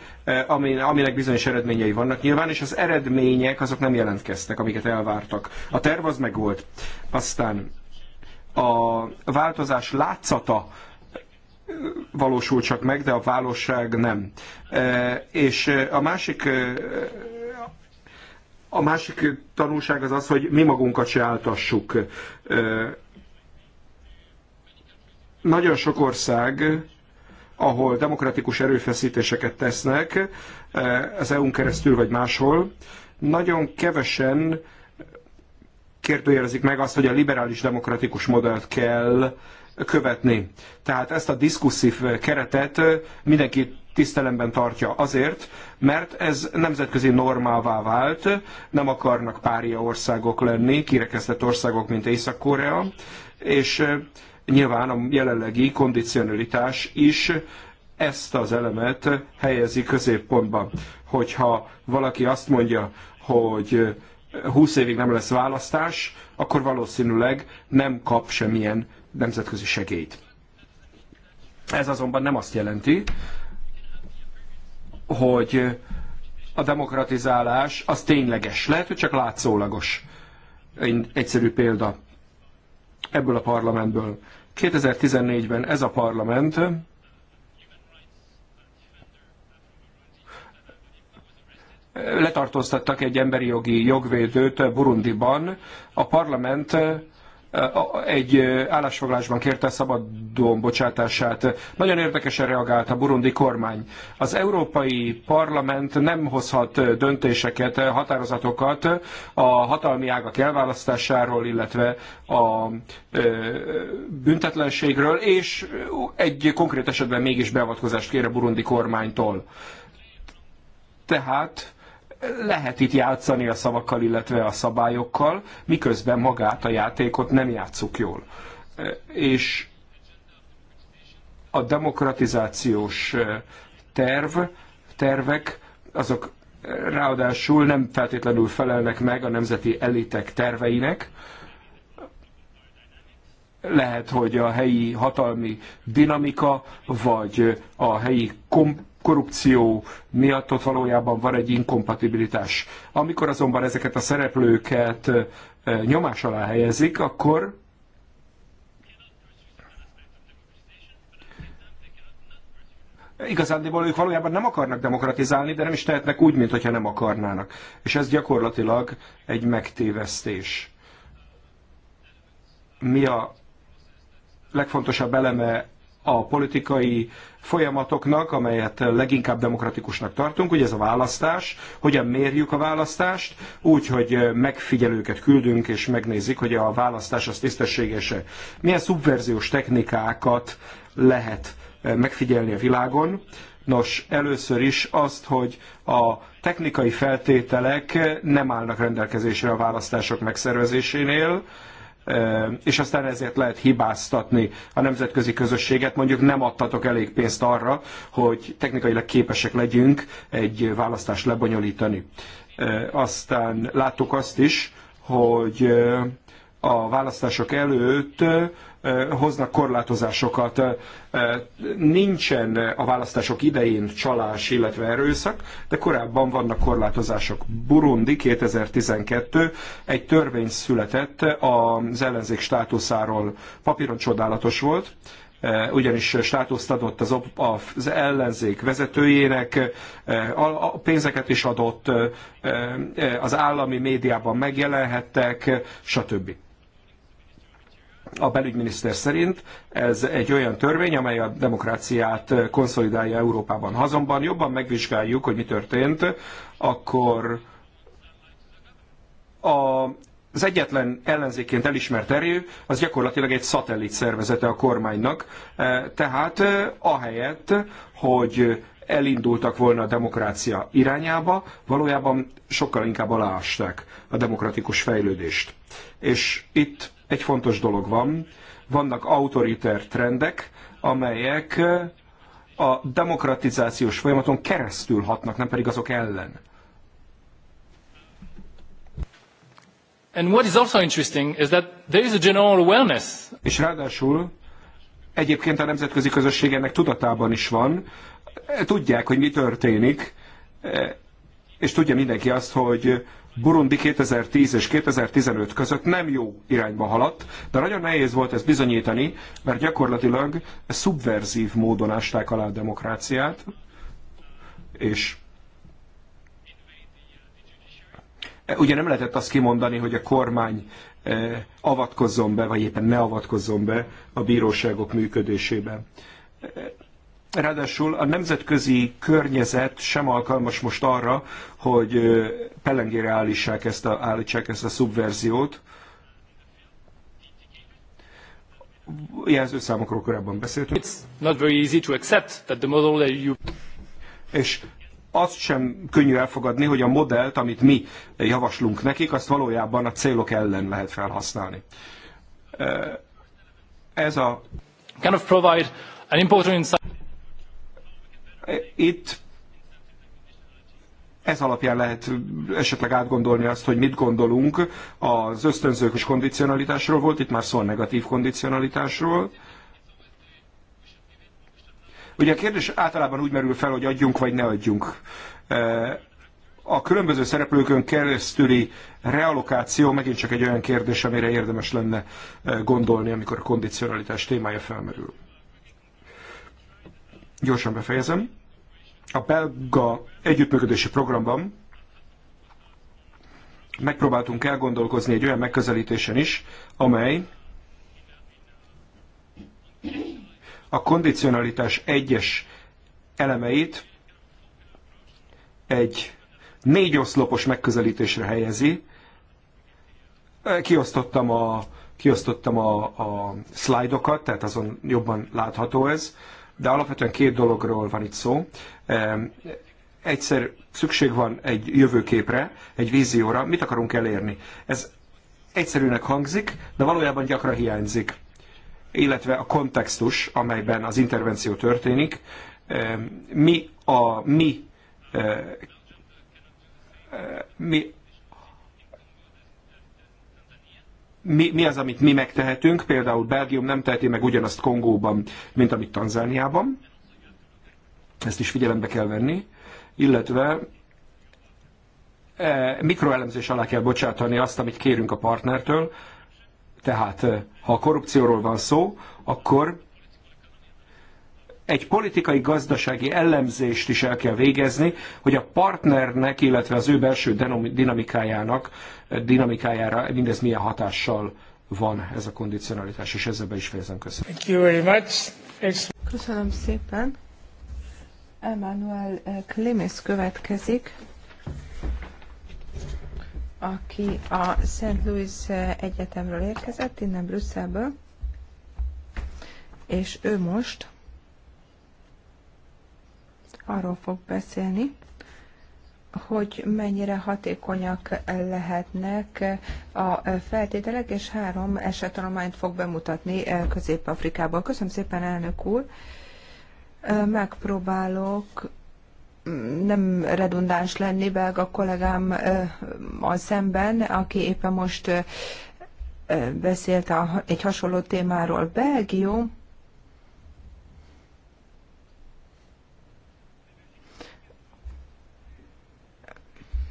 aminek bizonyos eredményei vannak nyilván, és az eredmények azok nem jelentkeztek, amiket elvártak. A terv az meg volt. Aztán a változás látszata valósul csak meg, de a válosság nem. E, és e, a másik e, a másik tanulság az az, hogy mi magunkat se áltassuk. Nagyon sok ország, ahol demokratikus erőfeszítéseket tesznek, az EU-n keresztül vagy máshol, nagyon kevesen kérdőjelezik meg azt, hogy a liberális demokratikus modellt kell követni. Tehát ezt a diszkusszív keretet mindenki tisztelemben tartja azért, mert ez nemzetközi normává vált, nem akarnak pária országok lenni, kirekesztett országok, mint Észak-Korea, és nyilván a jelenlegi kondicionalitás is ezt az elemet helyezi középpontba. Hogyha valaki azt mondja, hogy 20 évig nem lesz választás, akkor valószínűleg nem kap semmilyen nemzetközi segélyt. Ez azonban nem azt jelenti, hogy a demokratizálás az tényleges. Lehet, hogy csak látszólagos. Egy egyszerű példa ebből a parlamentből. 2014-ben ez a parlament letartóztattak egy emberi jogi jogvédőt Burundiban. A parlament egy állásfoglalásban kérte a szabadon bocsátását. Nagyon érdekesen reagált a burundi kormány. Az Európai Parlament nem hozhat döntéseket, határozatokat a hatalmi ágak elválasztásáról, illetve a büntetlenségről, és egy konkrét esetben mégis beavatkozást kér a burundi kormánytól. Tehát lehet itt játszani a szavakkal, illetve a szabályokkal, miközben magát a játékot nem játszuk jól. És a demokratizációs terv, tervek, azok ráadásul nem feltétlenül felelnek meg a nemzeti elitek terveinek. Lehet, hogy a helyi hatalmi dinamika, vagy a helyi komp korrupció miatt ott valójában van egy inkompatibilitás. Amikor azonban ezeket a szereplőket nyomás alá helyezik, akkor igazándiból ők valójában nem akarnak demokratizálni, de nem is tehetnek úgy, hogyha nem akarnának. És ez gyakorlatilag egy megtévesztés. Mi a legfontosabb eleme a politikai folyamatoknak, amelyet leginkább demokratikusnak tartunk, ugye ez a választás, hogyan mérjük a választást, úgy, hogy megfigyelőket küldünk, és megnézik, hogy a választás az tisztességes-e. Milyen szubverziós technikákat lehet megfigyelni a világon. Nos, először is azt, hogy a technikai feltételek nem állnak rendelkezésre a választások megszervezésénél, és aztán ezért lehet hibáztatni a nemzetközi közösséget. Mondjuk nem adtatok elég pénzt arra, hogy technikailag képesek legyünk egy választást lebonyolítani. Aztán láttuk azt is, hogy a választások előtt hoznak korlátozásokat. Nincsen a választások idején csalás, illetve erőszak, de korábban vannak korlátozások. Burundi 2012 egy törvény született az ellenzék státuszáról. Papíron csodálatos volt, ugyanis státuszt adott az, az ellenzék vezetőjének, a pénzeket is adott, az állami médiában megjelenhettek, stb a belügyminiszter szerint ez egy olyan törvény, amely a demokráciát konszolidálja Európában. Ha azonban jobban megvizsgáljuk, hogy mi történt, akkor a az egyetlen ellenzékként elismert erő, az gyakorlatilag egy szatellit szervezete a kormánynak. E, tehát e, ahelyett, hogy elindultak volna a demokrácia irányába, valójában sokkal inkább aláásták a demokratikus fejlődést. És itt egy fontos dolog van. Vannak autoriter trendek, amelyek a demokratizációs folyamaton keresztül hatnak, nem pedig azok ellen. And what is also interesting is that there is a general awareness. És ráadásul egyébként a nemzetközi közösség ennek tudatában is van. Tudják, hogy mi történik, és tudja mindenki azt, hogy Burundi 2010 és 2015 között nem jó irányba haladt, de nagyon nehéz volt ezt bizonyítani, mert gyakorlatilag szubverzív módon ásták alá a demokráciát, és e, ugye nem lehetett azt kimondani, hogy a kormány e, avatkozzon be, vagy éppen ne avatkozzon be a bíróságok működésébe. E, Ráadásul a nemzetközi környezet sem alkalmas most arra, hogy pelengére állítsák ezt a, állítsák ezt a szubverziót. Jelzőszámokról korábban beszéltünk. It's not very easy to accept that the model that you... És azt sem könnyű elfogadni, hogy a modellt, amit mi javaslunk nekik, azt valójában a célok ellen lehet felhasználni. Ez a... Kind of provide an important insight itt ez alapján lehet esetleg átgondolni azt, hogy mit gondolunk az ösztönzőkös kondicionalitásról volt, itt már szó a negatív kondicionalitásról. Ugye a kérdés általában úgy merül fel, hogy adjunk vagy ne adjunk. A különböző szereplőkön keresztüli realokáció megint csak egy olyan kérdés, amire érdemes lenne gondolni, amikor a kondicionalitás témája felmerül. Gyorsan befejezem a belga együttműködési programban megpróbáltunk elgondolkozni egy olyan megközelítésen is, amely a kondicionalitás egyes elemeit egy négy oszlopos megközelítésre helyezi. Kiosztottam a, kiosztottam a, a szlájdokat, tehát azon jobban látható ez de alapvetően két dologról van itt szó. Egyszer szükség van egy jövőképre, egy vízióra, mit akarunk elérni. Ez egyszerűnek hangzik, de valójában gyakran hiányzik. Illetve a kontextus, amelyben az intervenció történik, mi a mi eh, eh, mi mi, mi az, amit mi megtehetünk, például Belgium nem teheti meg ugyanazt Kongóban, mint amit Tanzániában, ezt is figyelembe kell venni, illetve e, mikroelemzés alá kell bocsátani azt, amit kérünk a partnertől, tehát e, ha a korrupcióról van szó, akkor egy politikai-gazdasági ellenzést is el kell végezni, hogy a partnernek, illetve az ő belső dinamikájának, eh, dinamikájára mindez milyen hatással van ez a kondicionalitás, és ezzel be is fejezem. Köszönöm. Thank you very much. Köszönöm szépen. Emmanuel eh, Klimész következik, aki a St. Louis eh, Egyetemről érkezett, innen Brüsszelből, és ő most arról fog beszélni, hogy mennyire hatékonyak lehetnek a feltételek, és három esettanulmányt fog bemutatni eh, Közép-Afrikából. Köszönöm szépen, elnök úr! Eh, megpróbálok mm, nem redundáns lenni belga eh, a szemben, aki éppen most beszélt egy hasonló témáról. Belgium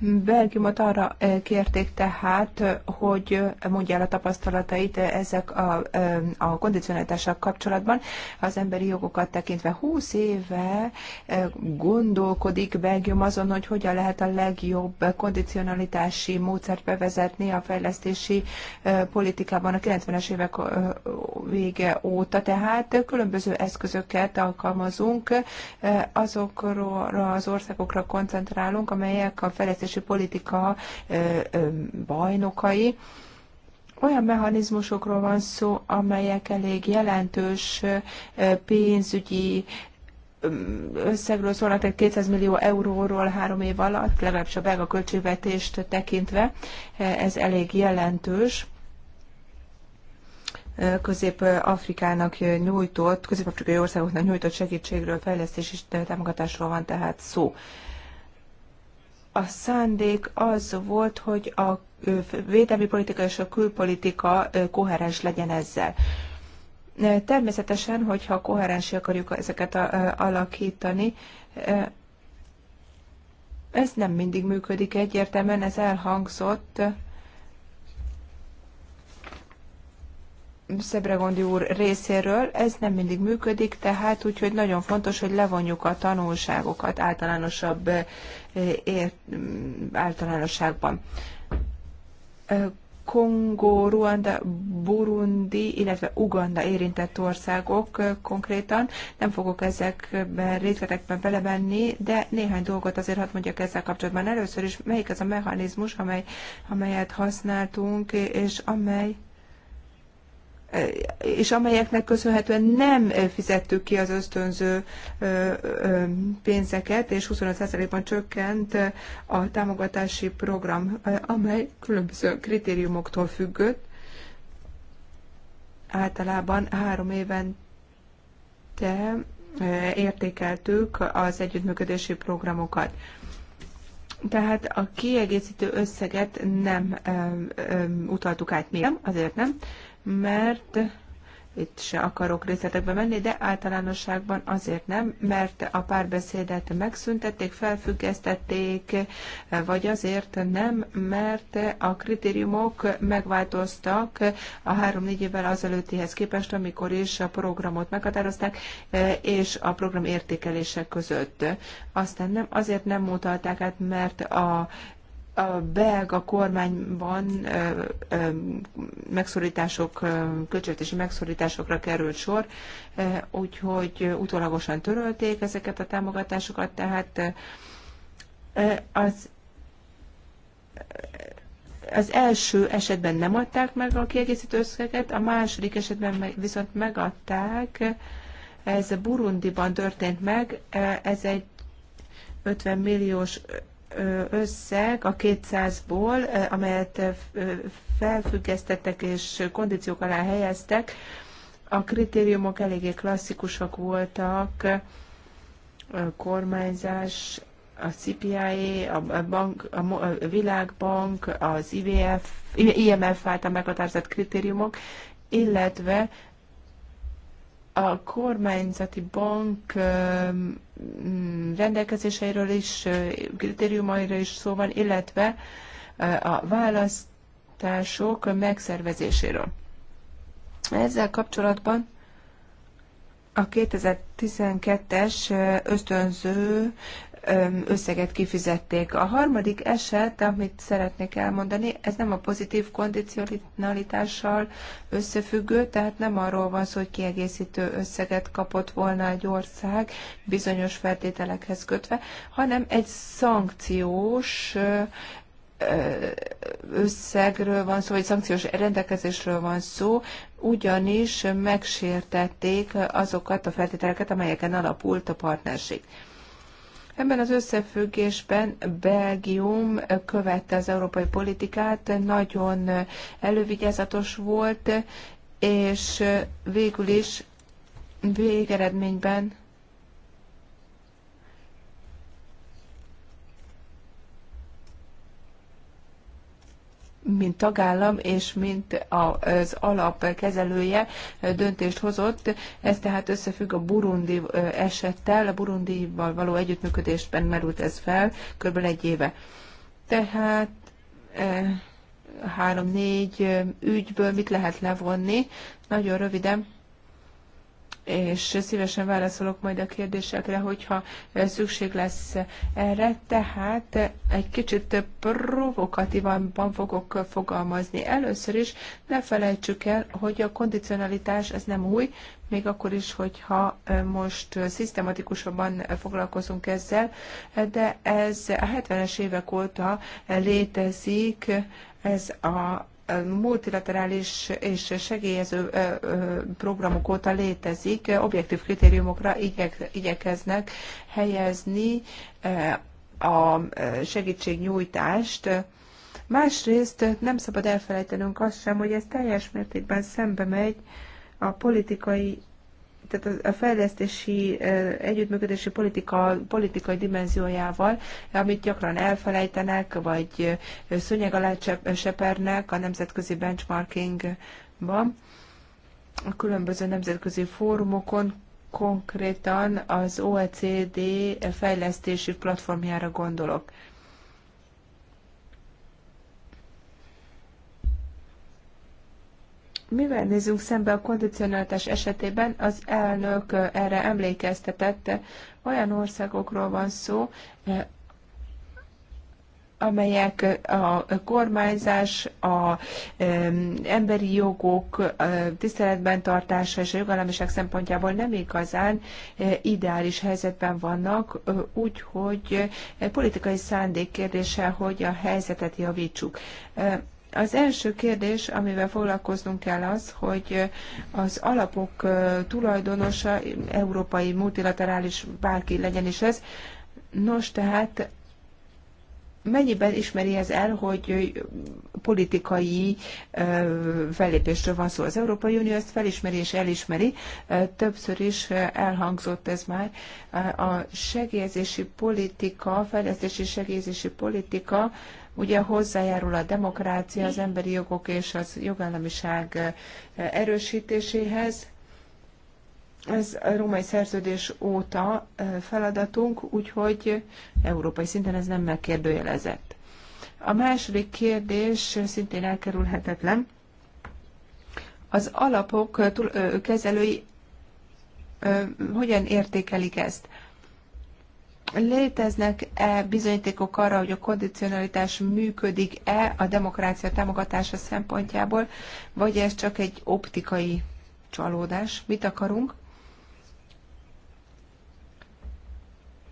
Belgiumot arra kérték tehát, hogy mondja el a tapasztalatait ezek a, a kondicionalitással kapcsolatban, az emberi jogokat tekintve 20 éve gondolkodik Belgium azon, hogy hogyan lehet a legjobb kondicionalitási módszert bevezetni a fejlesztési politikában a 90-es évek vége óta. Tehát különböző eszközöket alkalmazunk, azokra az országokra koncentrálunk, amelyek a fejlesztési költségvetési politika bajnokai. Olyan mechanizmusokról van szó, amelyek elég jelentős pénzügyi összegről szólnak, tehát 200 millió euróról három év alatt, legalábbis a belga költségvetést tekintve, ez elég jelentős. Közép-Afrikának nyújtott, közép-afrikai országoknak nyújtott segítségről, fejlesztési támogatásról van tehát szó a szándék az volt, hogy a védelmi politika és a külpolitika koherens legyen ezzel. Természetesen, hogyha koherensé akarjuk ezeket alakítani, ez nem mindig működik egyértelműen, ez elhangzott, Szebregondi úr részéről, ez nem mindig működik, tehát úgyhogy nagyon fontos, hogy levonjuk a tanulságokat általánosabb eh, ért mm, általánosságban. Eh, Kongó, Ruanda, Burundi, illetve Uganda érintett országok eh, konkrétan. Nem fogok ezekben részletekben belevenni, de néhány dolgot azért hadd mondjak ezzel kapcsolatban. Először is, melyik az a mechanizmus, amely, amelyet használtunk, és amely és amelyeknek köszönhetően nem fizettük ki az ösztönző pénzeket, és 25%-ban csökkent a támogatási program, amely különböző kritériumoktól függött. Általában három évente értékeltük az együttműködési programokat. Tehát a kiegészítő összeget nem ö, ö, utaltuk át még, nem, azért nem, mert itt se akarok részletekbe menni, de általánosságban azért nem, mert a párbeszédet megszüntették, felfüggesztették, vagy azért nem, mert a kritériumok megváltoztak a három-négy évvel azelőttihez képest, amikor is a programot meghatározták, és a program értékelések között. Aztán nem, azért nem mutatták át, mert a a belga kormányban megszorítások, költségvetési megszorításokra került sor, úgyhogy utólagosan törölték ezeket a támogatásokat, tehát az az első esetben nem adták meg a kiegészítő összeget, a második esetben meg, viszont megadták. Ez Burundiban történt meg, ez egy 50 milliós összeg a 200-ból, amelyet felfüggesztettek és kondíciók alá helyeztek, a kritériumok eléggé klasszikusak voltak, a kormányzás, a CPI, a, bank, a világbank, az IVF, IMF által meghatározott kritériumok, illetve a kormányzati bank Mm, rendelkezéseiről is, kritériumaira is szó van, illetve a választások megszervezéséről. Ezzel kapcsolatban a 2012-es ösztönző összeget kifizették. A harmadik eset, amit szeretnék elmondani, ez nem a pozitív kondicionalitással összefüggő, tehát nem arról van szó, hogy kiegészítő összeget kapott volna egy ország bizonyos feltételekhez kötve, hanem egy szankciós összegről van szó, vagy szankciós rendelkezésről van szó, ugyanis megsértették azokat a feltételeket, amelyeken alapult a partnerség. Ebben az összefüggésben Belgium követte az európai politikát, nagyon elővigyázatos volt, és végül is végeredményben mint tagállam és mint az alap kezelője döntést hozott. Ez tehát összefügg a burundi esettel, a burundival való együttműködésben merült ez fel kb. egy éve. Tehát három-négy ügyből mit lehet levonni? Nagyon röviden és szívesen válaszolok majd a kérdésekre, hogyha eh, szükség lesz erre. Tehát eh, egy kicsit provokatívan fogok fogalmazni. Először is ne felejtsük el, hogy a kondicionalitás ez nem új, még akkor is, hogyha eh, most szisztematikusabban foglalkozunk ezzel, de ez a 70-es évek óta létezik, ez a multilaterális és segélyező programok óta létezik, objektív kritériumokra igyekeznek helyezni a segítségnyújtást. Másrészt nem szabad elfelejtenünk azt sem, hogy ez teljes mértékben szembe megy a politikai tehát a fejlesztési együttműködési politika, politikai dimenziójával, amit gyakran elfelejtenek, vagy szőnyeg alá sepernek a nemzetközi benchmarkingban, a különböző nemzetközi fórumokon, konkrétan az OECD fejlesztési platformjára gondolok. Mivel nézünk szembe a kondicionáltás esetében? Az elnök erre emlékeztetett. Olyan országokról van szó, amelyek a kormányzás, a emberi jogok tiszteletben tartása és a jogállamiság szempontjából nem igazán ideális helyzetben vannak, úgyhogy politikai szándék kérdése, hogy a helyzetet javítsuk. Az első kérdés, amivel foglalkoznunk kell az, hogy az alapok tulajdonosa, európai, multilaterális bárki legyen is ez, nos tehát mennyiben ismeri ez el, hogy politikai fellépésről van szó. Az Európai Unió ezt felismeri és elismeri. Többször is elhangzott ez már. A segélyezési politika, fejlesztési segélyezési politika ugye hozzájárul a demokrácia, az emberi jogok és az jogállamiság eh, erősítéséhez. Ez a római szerződés óta eh, feladatunk, úgyhogy európai szinten ez nem megkérdőjelezett. A második kérdés szintén elkerülhetetlen. Az alapok kezelői hogyan értékelik ezt? Léteznek-e bizonyítékok arra, hogy a kondicionalitás működik-e a demokrácia támogatása szempontjából, vagy ez csak egy optikai csalódás? Mit akarunk?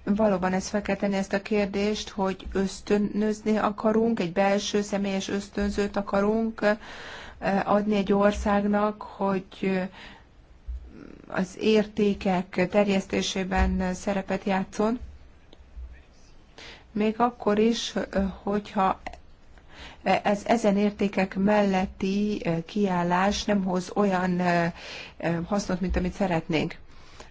Valóban ez fel kell tenni ezt a kérdést, hogy ösztönözni akarunk, egy belső személyes ösztönzőt akarunk e, adni egy országnak, hogy e, az értékek terjesztésében szerepet játszon még akkor is, hogyha e, ez ezen értékek melletti kiállás nem hoz olyan hasznot, mint amit szeretnénk.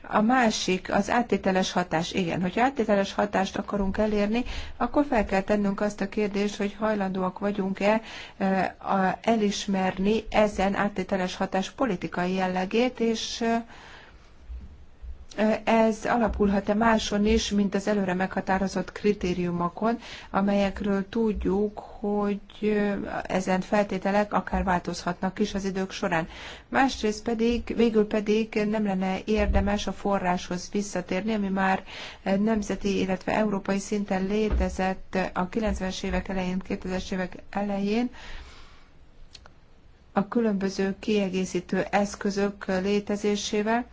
A másik, az áttételes hatás. Igen, hogyha áttételes hatást akarunk elérni, akkor fel kell tennünk azt a kérdést, hogy hajlandóak vagyunk-e elismerni ezen áttételes hatás politikai jellegét, és ez alapulhat-e máson is, mint az előre meghatározott kritériumokon, amelyekről tudjuk, hogy ezen feltételek akár változhatnak is az idők során. Másrészt pedig, végül pedig nem lenne érdemes a forráshoz visszatérni, ami már nemzeti, illetve európai szinten létezett a 90-es évek elején, 2000-es évek elején, a különböző kiegészítő eszközök létezésével,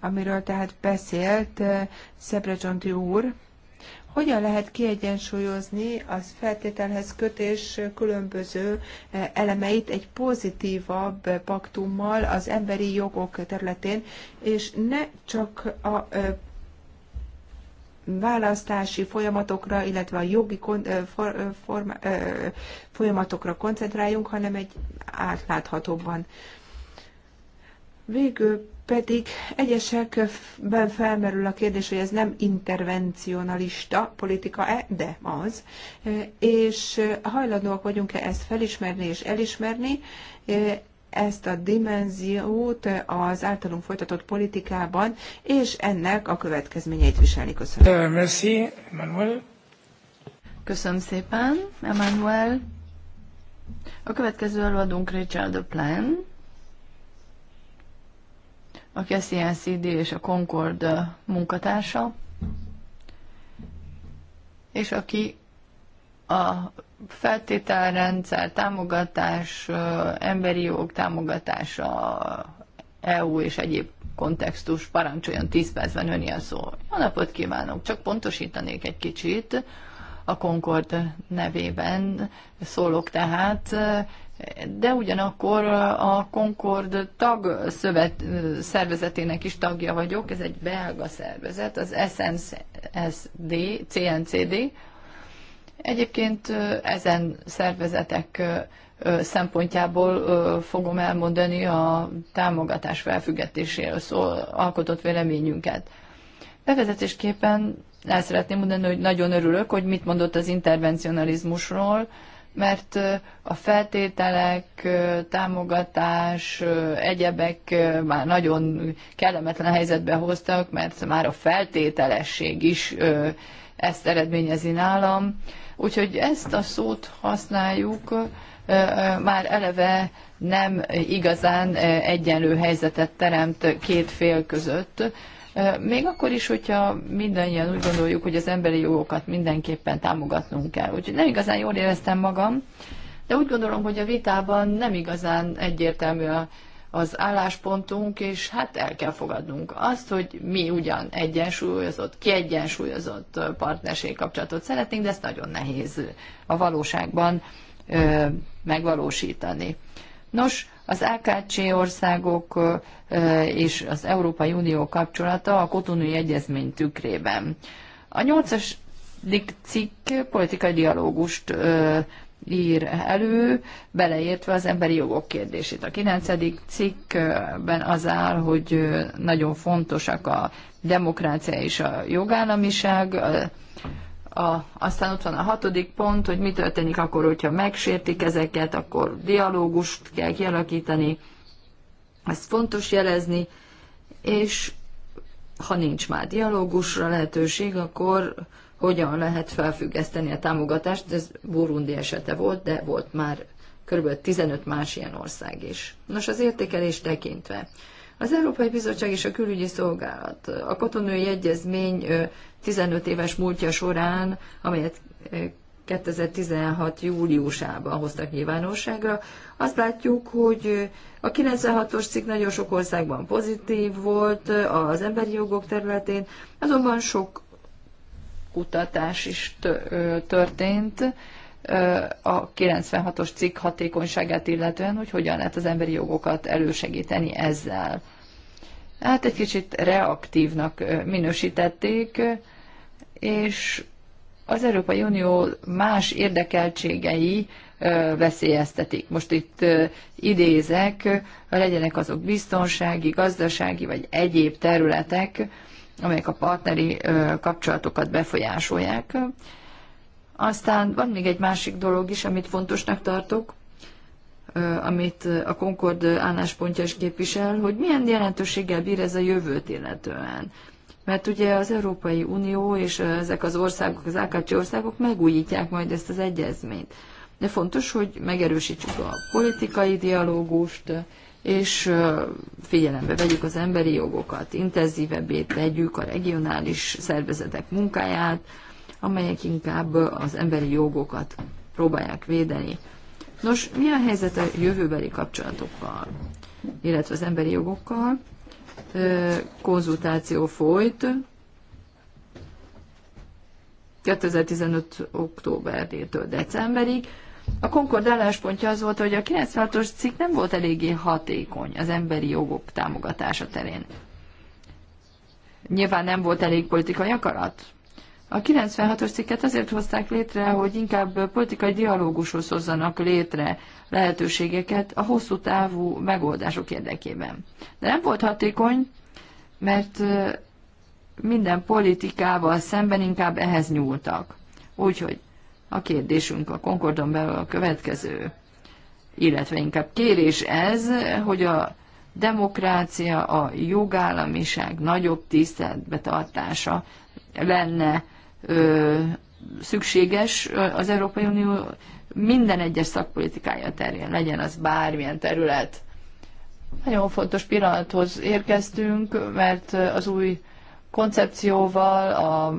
amiről tehát beszélt Szebrecsonti úr, hogyan lehet kiegyensúlyozni az feltételhez kötés különböző elemeit egy pozitívabb paktummal az emberi jogok területén, és ne csak a választási folyamatokra, illetve a jogi kon- for- forma- folyamatokra koncentráljunk, hanem egy átláthatóbban. Végül pedig egyesekben felmerül a kérdés, hogy ez nem intervencionalista politika-e, de az, e, és hajlandóak vagyunk-e ezt felismerni és elismerni, e, ezt a dimenziót az általunk folytatott politikában, és ennek a következményeit viselni. Köszönöm. Eh, merci, Emmanuel. Köszönöm szépen, Emmanuel. A következő előadónk Richard de Plan aki a CNCD és a Concord munkatársa, és aki a feltételrendszer, támogatás, emberi jog támogatása, EU és egyéb kontextus, parancsoljon 10 percben ön ilyen szó. Jó napot kívánok, csak pontosítanék egy kicsit a Concord nevében szólok tehát, de ugyanakkor a Concord tag szövet, szervezetének is tagja vagyok, ez egy belga szervezet, az SNSD, CNCD. Egyébként ezen szervezetek szempontjából fogom elmondani a támogatás felfüggetéséről szól alkotott véleményünket. Bevezetésképpen el szeretném mondani, hogy nagyon örülök, hogy mit mondott az intervencionalizmusról, mert a feltételek, támogatás, egyebek már nagyon kellemetlen helyzetbe hoztak, mert már a feltételesség is ezt eredményezi nálam. Úgyhogy ezt a szót használjuk, már eleve nem igazán egyenlő helyzetet teremt két fél között, még akkor is, hogyha mindannyian úgy gondoljuk, hogy az emberi jogokat mindenképpen támogatnunk kell. Úgyhogy nem igazán jól éreztem magam, de úgy gondolom, hogy a vitában nem igazán egyértelmű a, az álláspontunk, és hát el kell fogadnunk azt, hogy mi ugyan egyensúlyozott, kiegyensúlyozott kapcsolatot szeretnénk, de ezt nagyon nehéz a valóságban ö, megvalósítani. Nos, az AKC országok és az Európai Unió kapcsolata a kotonúi egyezmény tükrében. A nyolcas cikk politikai dialógust ír elő, beleértve az emberi jogok kérdését. A kilencedik cikkben az áll, hogy nagyon fontosak a demokrácia és a jogállamiság, a, aztán ott van a hatodik pont, hogy mi történik akkor, hogyha megsértik ezeket, akkor dialógust kell kialakítani. Ezt fontos jelezni, és ha nincs már dialógusra lehetőség, akkor hogyan lehet felfüggeszteni a támogatást. Ez Burundi esete volt, de volt már kb. 15 más ilyen ország is. Nos, az értékelés tekintve. Az Európai Bizottság és a Külügyi Szolgálat a katonai egyezmény 15 éves múltja során, amelyet 2016. júliusában hoztak nyilvánosságra. Azt látjuk, hogy a 96-os cikk nagyon sok országban pozitív volt az emberi jogok területén, azonban sok kutatás is történt a 96-os cikk hatékonyságát illetően, hogy hogyan lehet az emberi jogokat elősegíteni ezzel. Hát egy kicsit reaktívnak minősítették, és az Európai Unió más érdekeltségei veszélyeztetik. Most itt idézek, legyenek azok biztonsági, gazdasági vagy egyéb területek, amelyek a partneri kapcsolatokat befolyásolják. Aztán van még egy másik dolog is, amit fontosnak tartok, amit a Concord álláspontja is képvisel, hogy milyen jelentőséggel bír ez a jövőt illetően. Mert ugye az Európai Unió és ezek az országok, az AKC országok megújítják majd ezt az egyezményt. De fontos, hogy megerősítsük a politikai dialógust, és figyelembe vegyük az emberi jogokat, intenzívebbé tegyük a regionális szervezetek munkáját, amelyek inkább az emberi jogokat próbálják védeni. Nos, mi a helyzet a jövőbeli kapcsolatokkal, illetve az emberi jogokkal? Konzultáció folyt. 2015. októberétől decemberig. A Concord álláspontja az volt, hogy a 96-os cikk nem volt eléggé hatékony az emberi jogok támogatása terén. Nyilván nem volt elég politikai akarat, a 96-os cikket azért hozták létre, hogy inkább politikai dialógushoz hozzanak létre lehetőségeket a hosszú távú megoldások érdekében. De nem volt hatékony, mert minden politikával szemben inkább ehhez nyúltak. Úgyhogy a kérdésünk a Concordon belül a következő, illetve inkább kérés ez, hogy a demokrácia, a jogállamiság nagyobb tiszteletbe tartása lenne szükséges az Európai Unió minden egyes szakpolitikája terén, legyen az bármilyen terület. Nagyon fontos pillanathoz érkeztünk, mert az új koncepcióval, a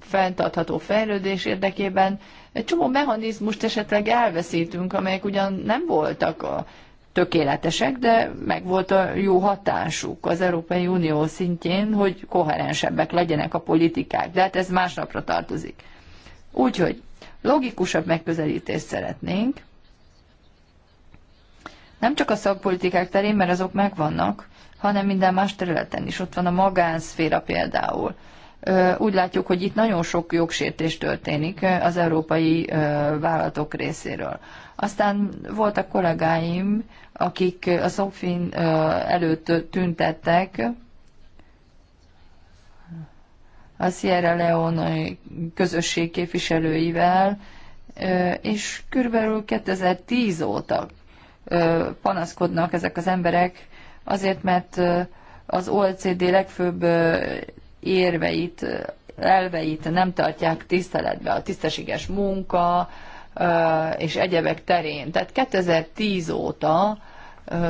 fenntartható fejlődés érdekében egy csomó mechanizmust esetleg elveszítünk, amelyek ugyan nem voltak a tökéletesek, de meg volt a jó hatásuk az Európai Unió szintjén, hogy koherensebbek legyenek a politikák, de hát ez másnapra tartozik. Úgyhogy logikusabb megközelítést szeretnénk, nem csak a szakpolitikák terén, mert azok megvannak, hanem minden más területen is. Ott van a magánszféra például. Úgy látjuk, hogy itt nagyon sok jogsértés történik az európai vállalatok részéről. Aztán voltak kollégáim, akik a Szofin előtt tüntettek, a Sierra Leone közösség képviselőivel, és körülbelül 2010 óta panaszkodnak ezek az emberek, azért mert az OECD legfőbb érveit, elveit nem tartják tiszteletbe, a tisztességes munka, és egyebek terén. Tehát 2010 óta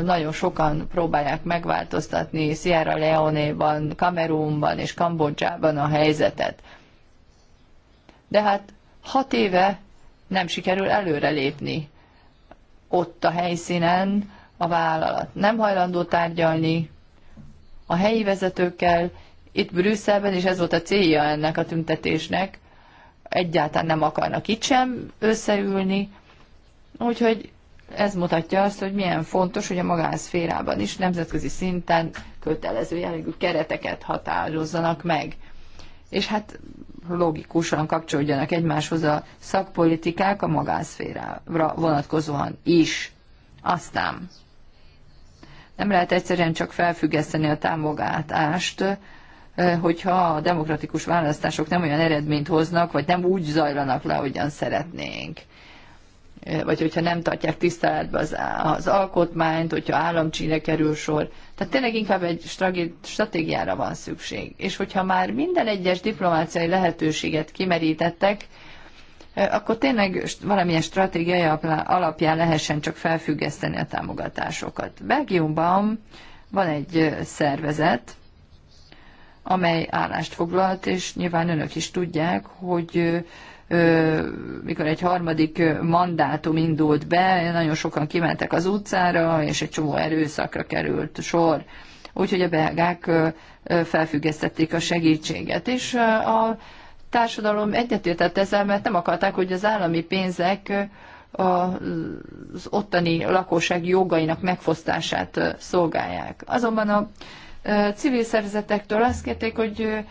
nagyon sokan próbálják megváltoztatni Sierra Leone-ban, Kamerunban és Kambodzsában a helyzetet. De hát hat éve nem sikerül előrelépni ott a helyszínen a vállalat. Nem hajlandó tárgyalni a helyi vezetőkkel, itt Brüsszelben, és ez volt a célja ennek a tüntetésnek, egyáltalán nem akarnak itt sem összeülni, úgyhogy ez mutatja azt, hogy milyen fontos, hogy a magánszférában is nemzetközi szinten kötelező jellegű kereteket határozzanak meg. És hát logikusan kapcsolódjanak egymáshoz a szakpolitikák a magánszférára vonatkozóan is. Aztán nem lehet egyszerűen csak felfüggeszteni a támogatást, Eh, hogyha a demokratikus választások nem olyan eredményt hoznak, vagy nem úgy zajlanak le, ahogyan szeretnénk. Eh, vagy hogyha nem tartják tiszteletbe az, az alkotmányt, hogyha államcsíne kerül sor. Tehát tényleg inkább egy stratégiára van szükség. És hogyha már minden egyes diplomáciai lehetőséget kimerítettek, eh, akkor tényleg valamilyen stratégiai alapján lehessen csak felfüggeszteni a támogatásokat. Belgiumban van egy szervezet, amely állást foglalt, és nyilván önök is tudják, hogy mikor egy harmadik mandátum indult be, nagyon sokan kimentek az utcára, és egy csomó erőszakra került sor. Úgyhogy a belgák felfüggesztették a segítséget, és a társadalom egyetértett ezzel, mert nem akarták, hogy az állami pénzek az ottani lakosság jogainak megfosztását szolgálják. Azonban a civil szervezetektől azt kérték, hogy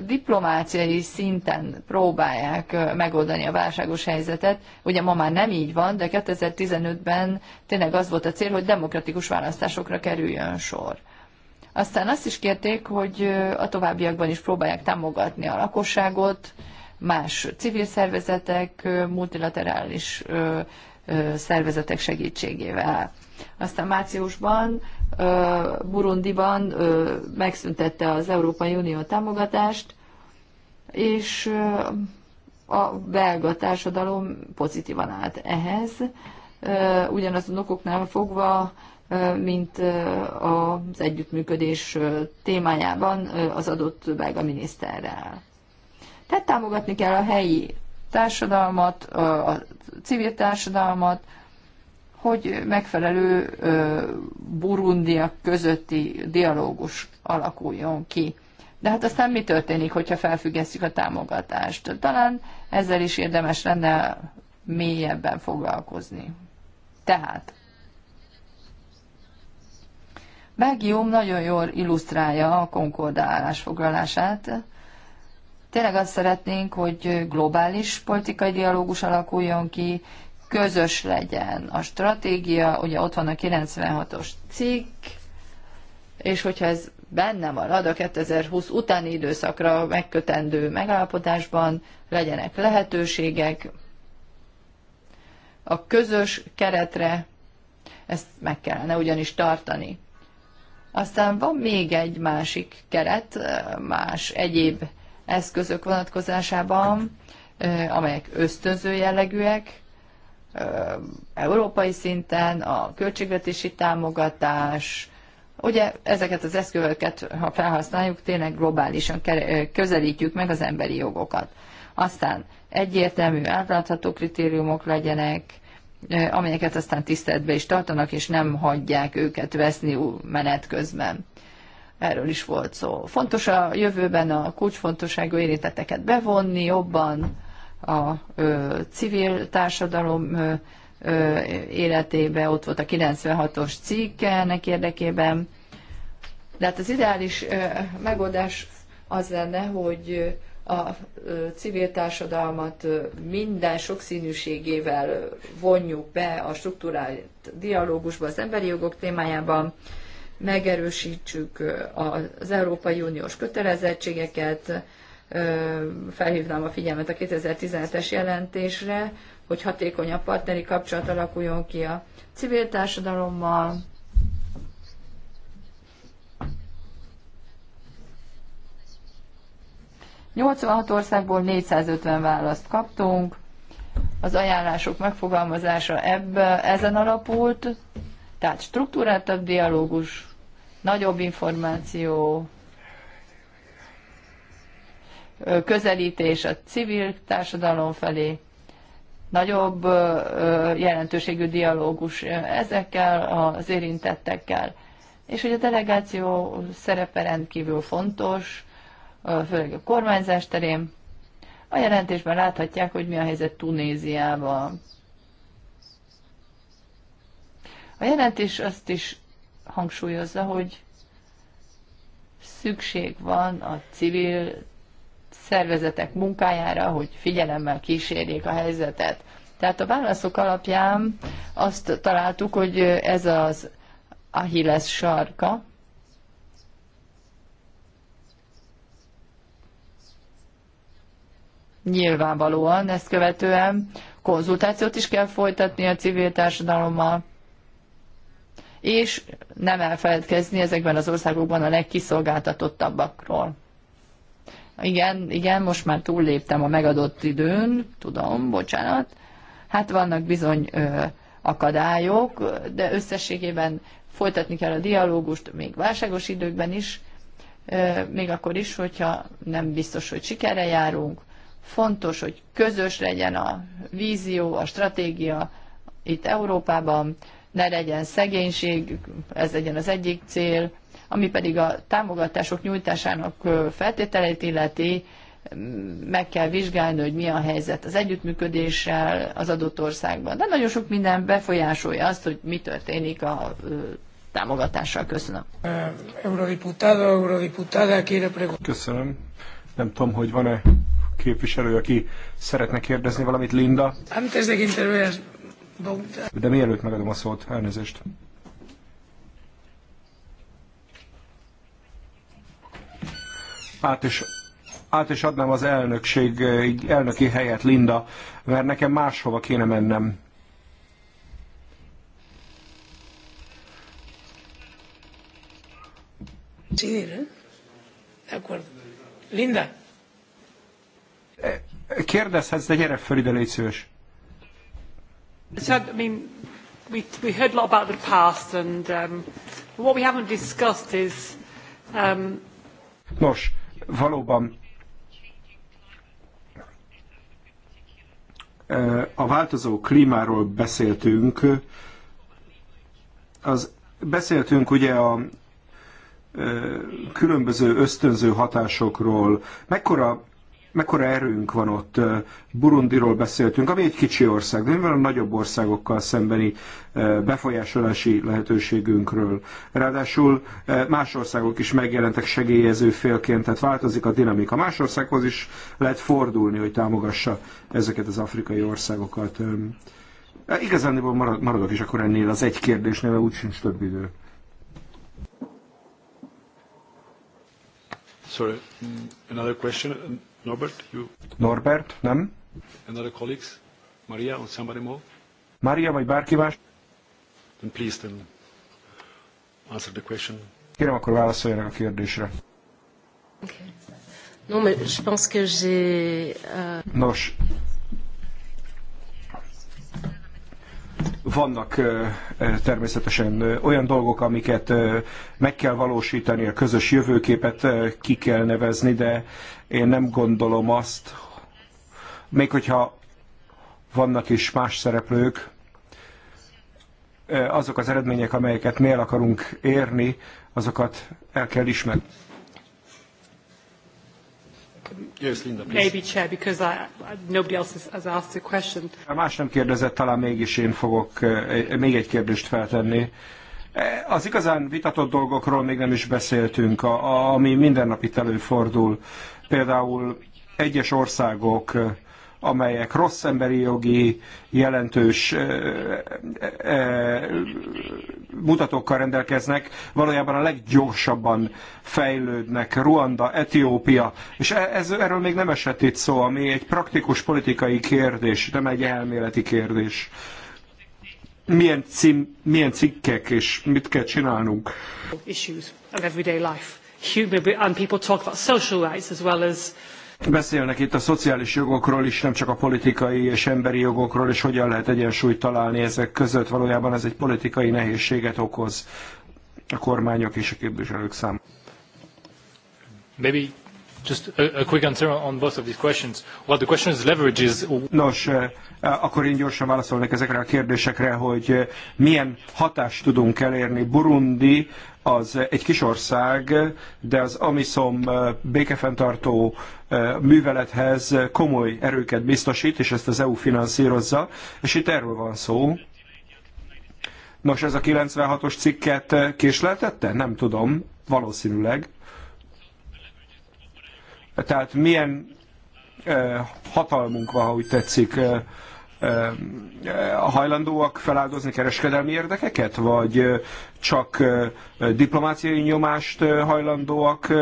diplomáciai szinten próbálják megoldani a válságos helyzetet. Ugye ma már nem így van, de 2015-ben tényleg az volt a cél, hogy demokratikus választásokra kerüljön sor. Aztán azt is kérték, hogy a továbbiakban is próbálják támogatni a lakosságot, más civil szervezetek, multilaterális szervezetek segítségével. Aztán márciusban Burundiban megszüntette az Európai Unió támogatást, és a belga társadalom pozitívan állt ehhez, ugyanazon okoknál fogva, mint az együttműködés témájában az adott belga miniszterrel. Tehát támogatni kell a helyi társadalmat, a civil társadalmat, hogy megfelelő burundiak közötti dialógus alakuljon ki. De hát aztán mi történik, hogyha felfüggesztjük a támogatást? Talán ezzel is érdemes lenne mélyebben foglalkozni. Tehát, Belgium nagyon jól illusztrálja a konkordálás állásfoglalását. Tényleg azt szeretnénk, hogy globális politikai dialógus alakuljon ki, közös legyen. A stratégia, ugye ott van a 96-os cikk, és hogyha ez benne marad a 2020 utáni időszakra megkötendő megállapodásban, legyenek lehetőségek a közös keretre, ezt meg kellene ugyanis tartani. Aztán van még egy másik keret, más egyéb eszközök vonatkozásában, amelyek ösztönző jellegűek, európai szinten, a költségvetési támogatás, Ugye ezeket az eszközöket, ha felhasználjuk, tényleg globálisan közelítjük meg az emberi jogokat. Aztán egyértelmű, átlátható kritériumok legyenek, amelyeket aztán tiszteletbe is tartanak, és nem hagyják őket veszni menet közben. Erről is volt szó. Fontos a jövőben a kulcsfontosságú érinteteket bevonni jobban, a civil társadalom életébe, ott volt a 96-os cikk ennek érdekében. De hát az ideális megoldás az lenne, hogy a civil társadalmat minden sokszínűségével vonjuk be a struktúrált dialógusba, az emberi jogok témájában, megerősítsük az Európai Uniós kötelezettségeket, felhívnám a figyelmet a 2017-es jelentésre, hogy hatékonyabb partneri kapcsolat alakuljon ki a civil társadalommal, ...86 országból 450 választ kaptunk, az ajánlások megfogalmazása ebbe, ezen alapult, tehát struktúráltabb dialógus, nagyobb információ, közelítés a civil társadalom felé, nagyobb jelentőségű dialógus ezekkel az érintettekkel. És hogy a delegáció szerepe rendkívül fontos, főleg a kormányzás terén. A jelentésben láthatják, hogy mi a helyzet Tunéziában. A jelentés azt is hangsúlyozza, hogy szükség van a civil szervezetek munkájára, hogy figyelemmel kísérjék a helyzetet. Tehát a válaszok alapján azt találtuk, hogy ez az Achilles sarka, Nyilvánvalóan ezt követően konzultációt is kell folytatni a civil társadalommal, és nem elfeledkezni ezekben az országokban a legkiszolgáltatottabbakról. Igen, igen, most már túlléptem a megadott időn, tudom, bocsánat. Hát vannak bizony ö, akadályok, de összességében folytatni kell a dialógust még válságos időkben is, ö, még akkor is, hogyha nem biztos, hogy sikerre járunk. Fontos, hogy közös legyen a vízió, a stratégia itt Európában, ne legyen szegénység, ez legyen az egyik cél, ami pedig a támogatások nyújtásának feltételeit illeti, meg kell vizsgálni, hogy mi a helyzet az együttműködéssel az adott országban. De nagyon sok minden befolyásolja azt, hogy mi történik a támogatással. Köszönöm. Eurodiputado, eurodiputada, Köszönöm. Nem tudom, hogy van-e képviselő, aki szeretne kérdezni valamit, Linda. Antes de que de mielőtt megadom a szót, elnézést. át is, át is adnám az elnökség, elnöki helyet Linda, mert nekem máshova kéne mennem. ¿eh? De Linda. Eh, kérdezhetsz, de gyere föl ide, légy szíves. I mean, we, we heard a lot about the past and um, what we haven't discussed is... Um... Nos, valóban a változó klímáról beszéltünk, az beszéltünk ugye a különböző ösztönző hatásokról. Mekkora mekkora erőnk van ott. Burundiról beszéltünk, ami egy kicsi ország, de mivel a nagyobb országokkal szembeni befolyásolási lehetőségünkről. Ráadásul más országok is megjelentek segélyező félként, tehát változik a dinamika. Más országhoz is lehet fordulni, hogy támogassa ezeket az afrikai országokat. E, igazándiból maradok is akkor ennél az egy kérdésnél, mert sincs több idő. Sorry, another question. Norbert, you... Norbert, nem? Another colleagues? Maria or somebody more? Maria vagy bárki más? Then please then answer the question. Kérem, akkor válaszoljanak a kérdésre. Okay. Non, mais je pense que j'ai... Uh... Nos, Vannak természetesen olyan dolgok, amiket meg kell valósítani, a közös jövőképet ki kell nevezni, de én nem gondolom azt, még hogyha vannak is más szereplők, azok az eredmények, amelyeket mi el akarunk érni, azokat el kell ismerni. Yes, Linda, please. Maybe, Chair, because I, nobody else has asked a question. Más nem kérdezett, talán mégis én fogok eh, még egy kérdést feltenni. Eh, az igazán vitatott dolgokról még nem is beszéltünk, ami minden nap itt előfordul. Például egyes országok eh, amelyek rossz emberi jogi jelentős mutatókkal rendelkeznek, valójában a leggyorsabban fejlődnek Ruanda, Etiópia, és e- ez, erről még nem esett itt szó, ami egy praktikus politikai kérdés, nem egy elméleti kérdés. Milyen, cím, milyen cikkek és mit kell csinálnunk? Issues of everyday life. Human, and people talk about social rights as well as Beszélnek itt a szociális jogokról is, nem csak a politikai és emberi jogokról, és hogyan lehet egyensúlyt találni ezek között. Valójában ez egy politikai nehézséget okoz a kormányok és a képviselők számára. Maybe just a, a quick answer on both of these questions. Well, the question is leverage is... Nos, eh, akkor én gyorsan válaszolnék ezekre a kérdésekre, hogy eh, milyen hatást tudunk elérni. Burundi az egy kis ország, de az Amisom eh, békefenntartó művelethez komoly erőket biztosít, és ezt az EU finanszírozza, és itt erről van szó. Nos, ez a 96-os cikket késleltette? Nem tudom, valószínűleg. Tehát milyen hatalmunk van, ha úgy tetszik, hajlandóak feláldozni kereskedelmi érdekeket, vagy csak diplomáciai nyomást hajlandóak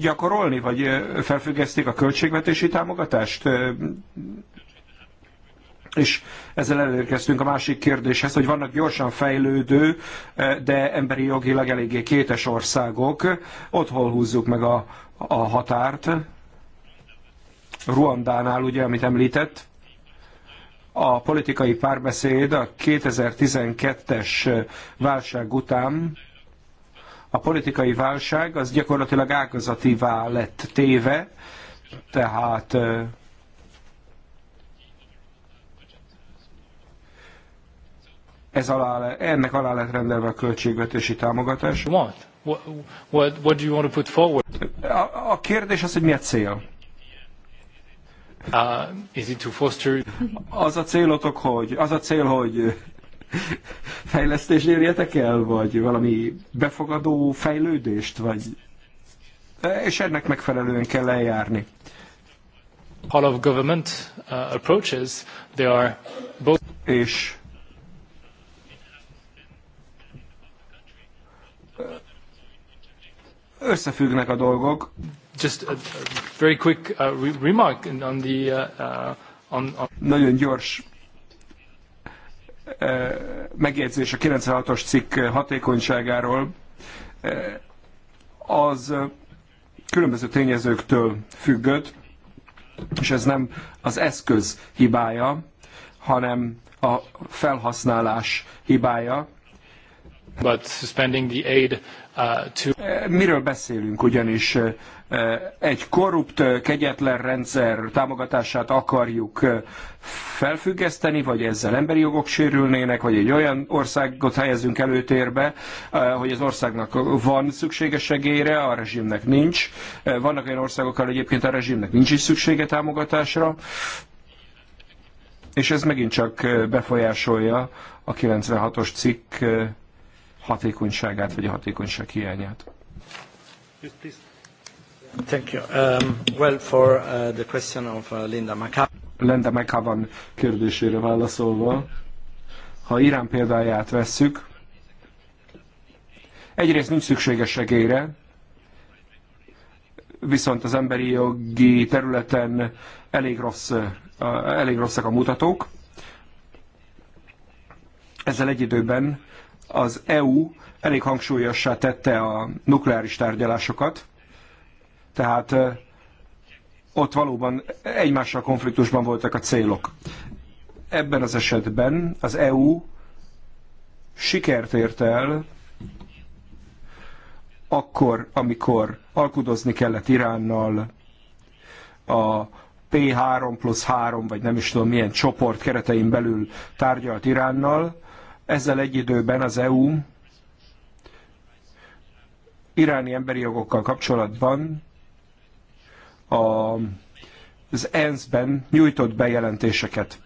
gyakorolni, vagy felfüggesztik a költségvetési támogatást? És ezzel elérkeztünk a másik kérdéshez, hogy vannak gyorsan fejlődő, de emberi jogilag eléggé kétes országok. Ott hol húzzuk meg a, a határt? Ruandánál, ugye, amit említett, a politikai párbeszéd a 2012-es válság után a politikai válság az gyakorlatilag ágazatívá lett téve, tehát ez alá, ennek alá lett rendelve a költségvetési támogatás. What? What, what do you want to put forward? A, a kérdés az, hogy mi a cél. Uh, is it to foster... Az a célotok, hogy az a cél, hogy fejlesztést érjetek el, vagy valami befogadó fejlődést, vagy... És ennek megfelelően kell eljárni. All of government uh, approaches, they are both... És összefüggnek a dolgok. Just a very quick uh, remark on the, uh, uh, on, on... Nagyon gyors megjegyzés a 96-os cikk hatékonyságáról az különböző tényezőktől függött, és ez nem az eszköz hibája, hanem a felhasználás hibája, But suspending the aid uh, to... Eh, miről beszélünk ugyanis? Eh, eh, egy korrupt, kegyetlen rendszer támogatását akarjuk felfüggeszteni, vagy ezzel emberi jogok sérülnének, vagy egy olyan országot helyezünk előtérbe, hogy az országnak van szüksége segélyre, a rezsimnek nincs. Vannak olyan országok, ahol egyébként a rezsimnek nincs is szüksége támogatásra és ez megint csak befolyásolja a 96-os cikk hatékonyságát, vagy a hatékonyság hiányát. Thank you. Um, well, for uh, the question of uh, Linda McCavan. Linda McCavan kérdésére válaszolva, ha Irán példáját vesszük, egyrészt nincs szüksége segélyre, viszont az emberi jogi területen elég, rossz, uh, elég rosszak a mutatók. Ezzel egy időben az EU elég hangsúlyossá tette a nukleáris tárgyalásokat, tehát ott valóban egymással konfliktusban voltak a célok. Ebben az esetben az EU sikert ért el akkor, amikor alkudozni kellett Iránnal a P3 plusz 3, vagy nem is tudom milyen csoport keretein belül tárgyalt Iránnal, ezzel egy időben az EU iráni emberi jogokkal kapcsolatban a, az ENSZ-ben nyújtott bejelentéseket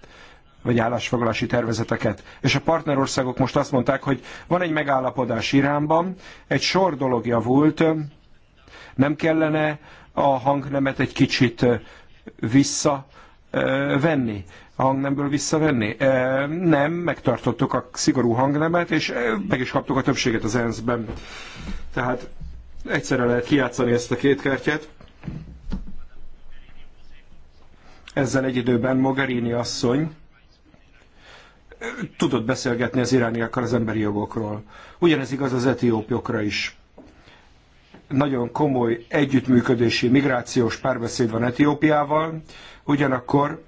vagy állásfoglalási tervezeteket. És a partnerországok most azt mondták, hogy van egy megállapodás Iránban, egy sor dolog javult, nem kellene a hangnemet egy kicsit visszavenni hangnemből visszavenni? Nem, megtartottuk a szigorú hangnemet, és meg is kaptuk a többséget az ENSZ-ben. Tehát egyszerre lehet kiátszani ezt a két kártyát. Ezzel egy időben Mogherini asszony tudott beszélgetni az irániakkal az emberi jogokról. Ugyanez igaz az etiópiokra is nagyon komoly együttműködési migrációs párbeszéd van Etiópiával, ugyanakkor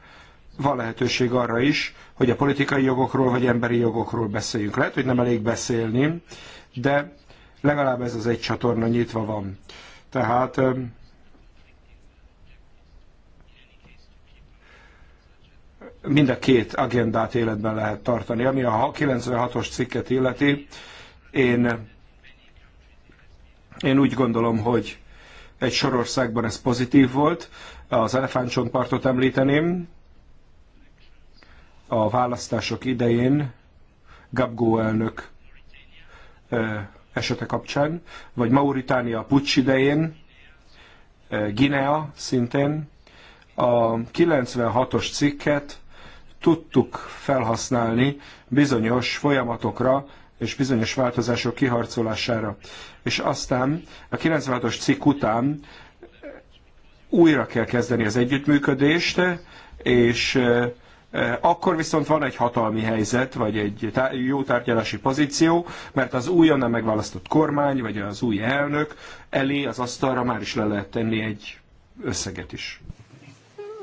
van lehetőség arra is, hogy a politikai jogokról vagy emberi jogokról beszéljünk. Lehet, hogy nem elég beszélni, de legalább ez az egy csatorna nyitva van. Tehát mind a két agendát életben lehet tartani. Ami a 96-os cikket illeti, én, én úgy gondolom, hogy egy sorországban ez pozitív volt. Az elefántcsontpartot említeném, a választások idején Gabgó elnök esete kapcsán, vagy Mauritánia pucs idején, Guinea szintén. A 96-os cikket tudtuk felhasználni bizonyos folyamatokra és bizonyos változások kiharcolására. És aztán a 96-os cikk után újra kell kezdeni az együttműködést, és akkor viszont van egy hatalmi helyzet, vagy egy jó tárgyalási pozíció, mert az újonnan megválasztott kormány, vagy az új elnök elé az asztalra már is le lehet tenni egy összeget is.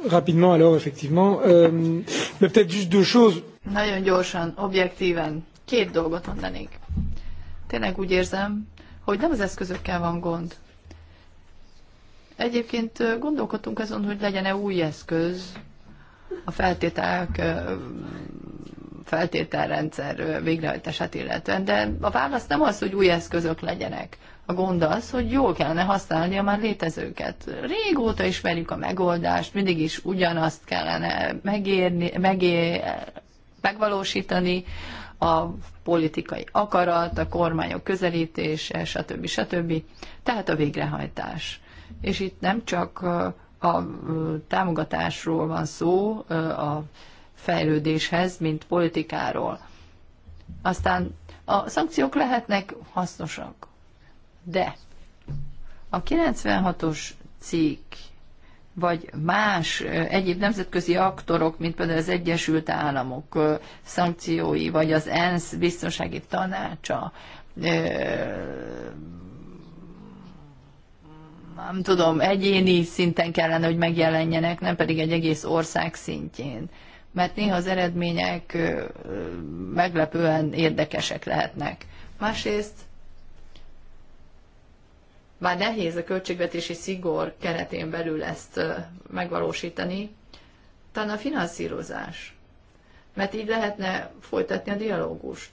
Rapidement alors, effectivement. Euh, mais peut-être juste deux choses. Nagyon gyorsan, objektíven. Két dolgot mondanék. Tényleg úgy érzem, hogy nem az eszközökkel van gond. Egyébként gondolkodtunk azon, hogy legyen-e új eszköz, a feltételek feltételrendszer végrehajtását illetően, de a válasz nem az, hogy új eszközök legyenek. A gond az, hogy jól kellene használni a már létezőket. Régóta ismerjük a megoldást, mindig is ugyanazt kellene megérni, megé, megvalósítani, a politikai akarat, a kormányok közelítése, stb. stb. Tehát a végrehajtás. És itt nem csak a támogatásról van szó a fejlődéshez, mint politikáról. Aztán a szankciók lehetnek hasznosak, de a 96-os cikk vagy más egyéb nemzetközi aktorok, mint például az Egyesült Államok szankciói, vagy az ENSZ biztonsági tanácsa, nem tudom, egyéni szinten kellene, hogy megjelenjenek, nem pedig egy egész ország szintjén. Mert néha az eredmények meglepően érdekesek lehetnek. Másrészt, bár nehéz a költségvetési szigor keretén belül ezt megvalósítani, talán a finanszírozás. Mert így lehetne folytatni a dialógust.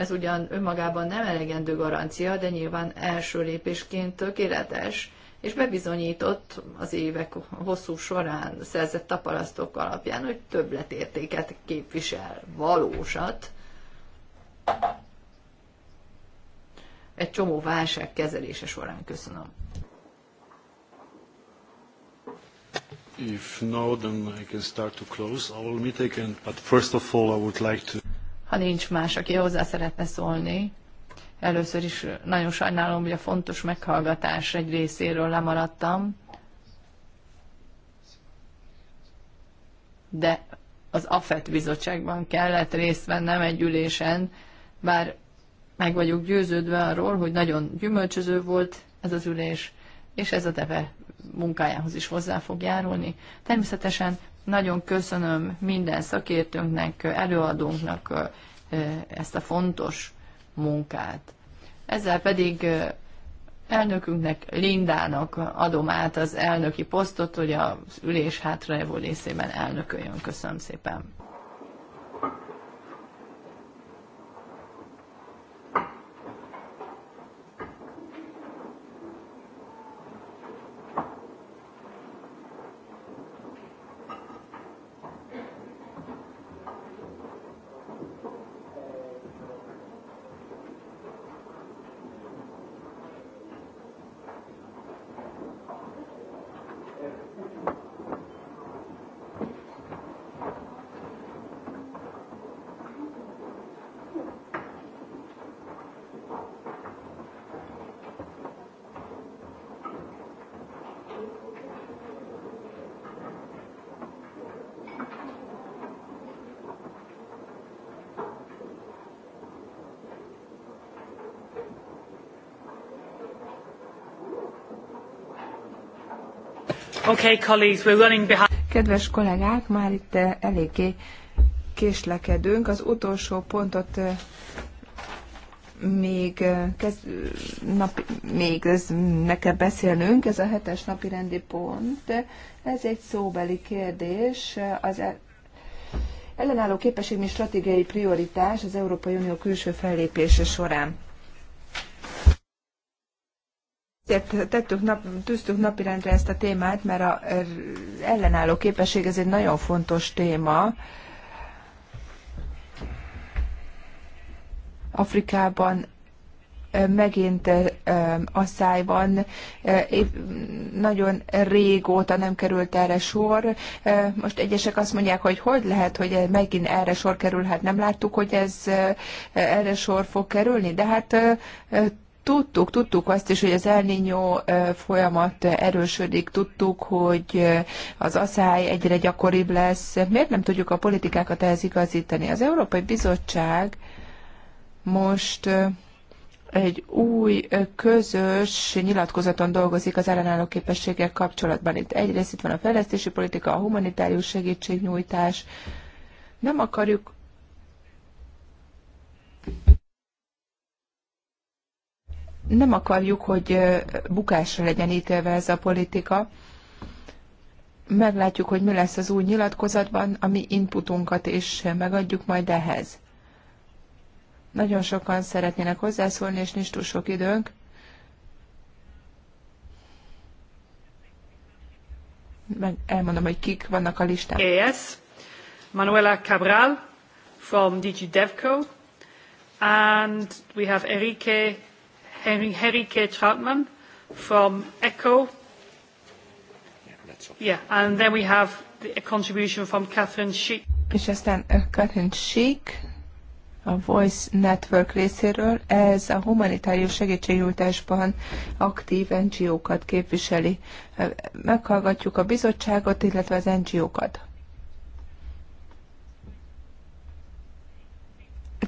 Ez ugyan önmagában nem elegendő garancia, de nyilván első lépésként tökéletes, és bebizonyított az évek hosszú során szerzett tapasztalatok alapján, hogy többletértéket képvisel valósat egy csomó válság kezelése során. Köszönöm. If no, then I can start to close our meeting. but first of all, I would like to ha nincs más, aki hozzá szeretne szólni. Először is nagyon sajnálom, hogy a fontos meghallgatás egy részéről lemaradtam, de az AFET bizottságban kellett részt vennem egy ülésen, bár meg vagyok győződve arról, hogy nagyon gyümölcsöző volt ez az ülés, és ez a teve munkájához is hozzá fog járulni. Természetesen nagyon köszönöm minden szakértőnknek, előadónknak ezt a fontos munkát. Ezzel pedig elnökünknek, Lindának adom át az elnöki posztot, hogy az ülés hátralévő részében elnököljön. Köszönöm szépen. Okay, colleagues, we're running behind. Kedves kollégák, már itt eh, eléggé késlekedünk. Az utolsó pontot eh, még, eh, kez, napi, még ez, nekem kell beszélnünk, ez a hetes napi rendi pont. Ez egy szóbeli kérdés. Az e- ellenálló képesség, stratégiai prioritás az Európai Unió külső fellépése során. Azért tettük nap, tűztük napirendre ezt a témát, mert a er, ellenálló képesség ez egy nagyon fontos téma. Afrikában megint asszály van, nagyon régóta nem került erre sor. Most egyesek azt mondják, hogy hogy lehet, hogy e, megint erre sor kerül, hát nem láttuk, hogy ez erre sor fog kerülni, de hát Tudtuk, tudtuk azt is, hogy az elnényó folyamat erősödik, tudtuk, hogy az aszály egyre gyakoribb lesz. Miért nem tudjuk a politikákat ehhez igazítani? Az Európai Bizottság most egy új közös nyilatkozaton dolgozik az ellenálló képességek kapcsolatban. Itt egyrészt itt van a fejlesztési politika, a humanitárius segítségnyújtás. Nem akarjuk nem akarjuk, hogy bukásra legyen ítélve ez a politika. Meglátjuk, hogy mi lesz az új nyilatkozatban, a mi inputunkat is megadjuk majd ehhez. Nagyon sokan szeretnének hozzászólni, és nincs túl sok időnk. Meg elmondom, hogy kik vannak a listán. Yes. Manuela Cabral from DigiDevco. And we have Enrique Henrike Trautmann from ECHO. Yeah, that's all. yeah, and then we have a contribution from Catherine Schick. És aztán uh, Catherine Schick a Voice Network részéről. Ez a humanitárius segítségnyújtásban aktív NGO-kat képviseli. Uh, meghallgatjuk a bizottságot, illetve az NGO-kat.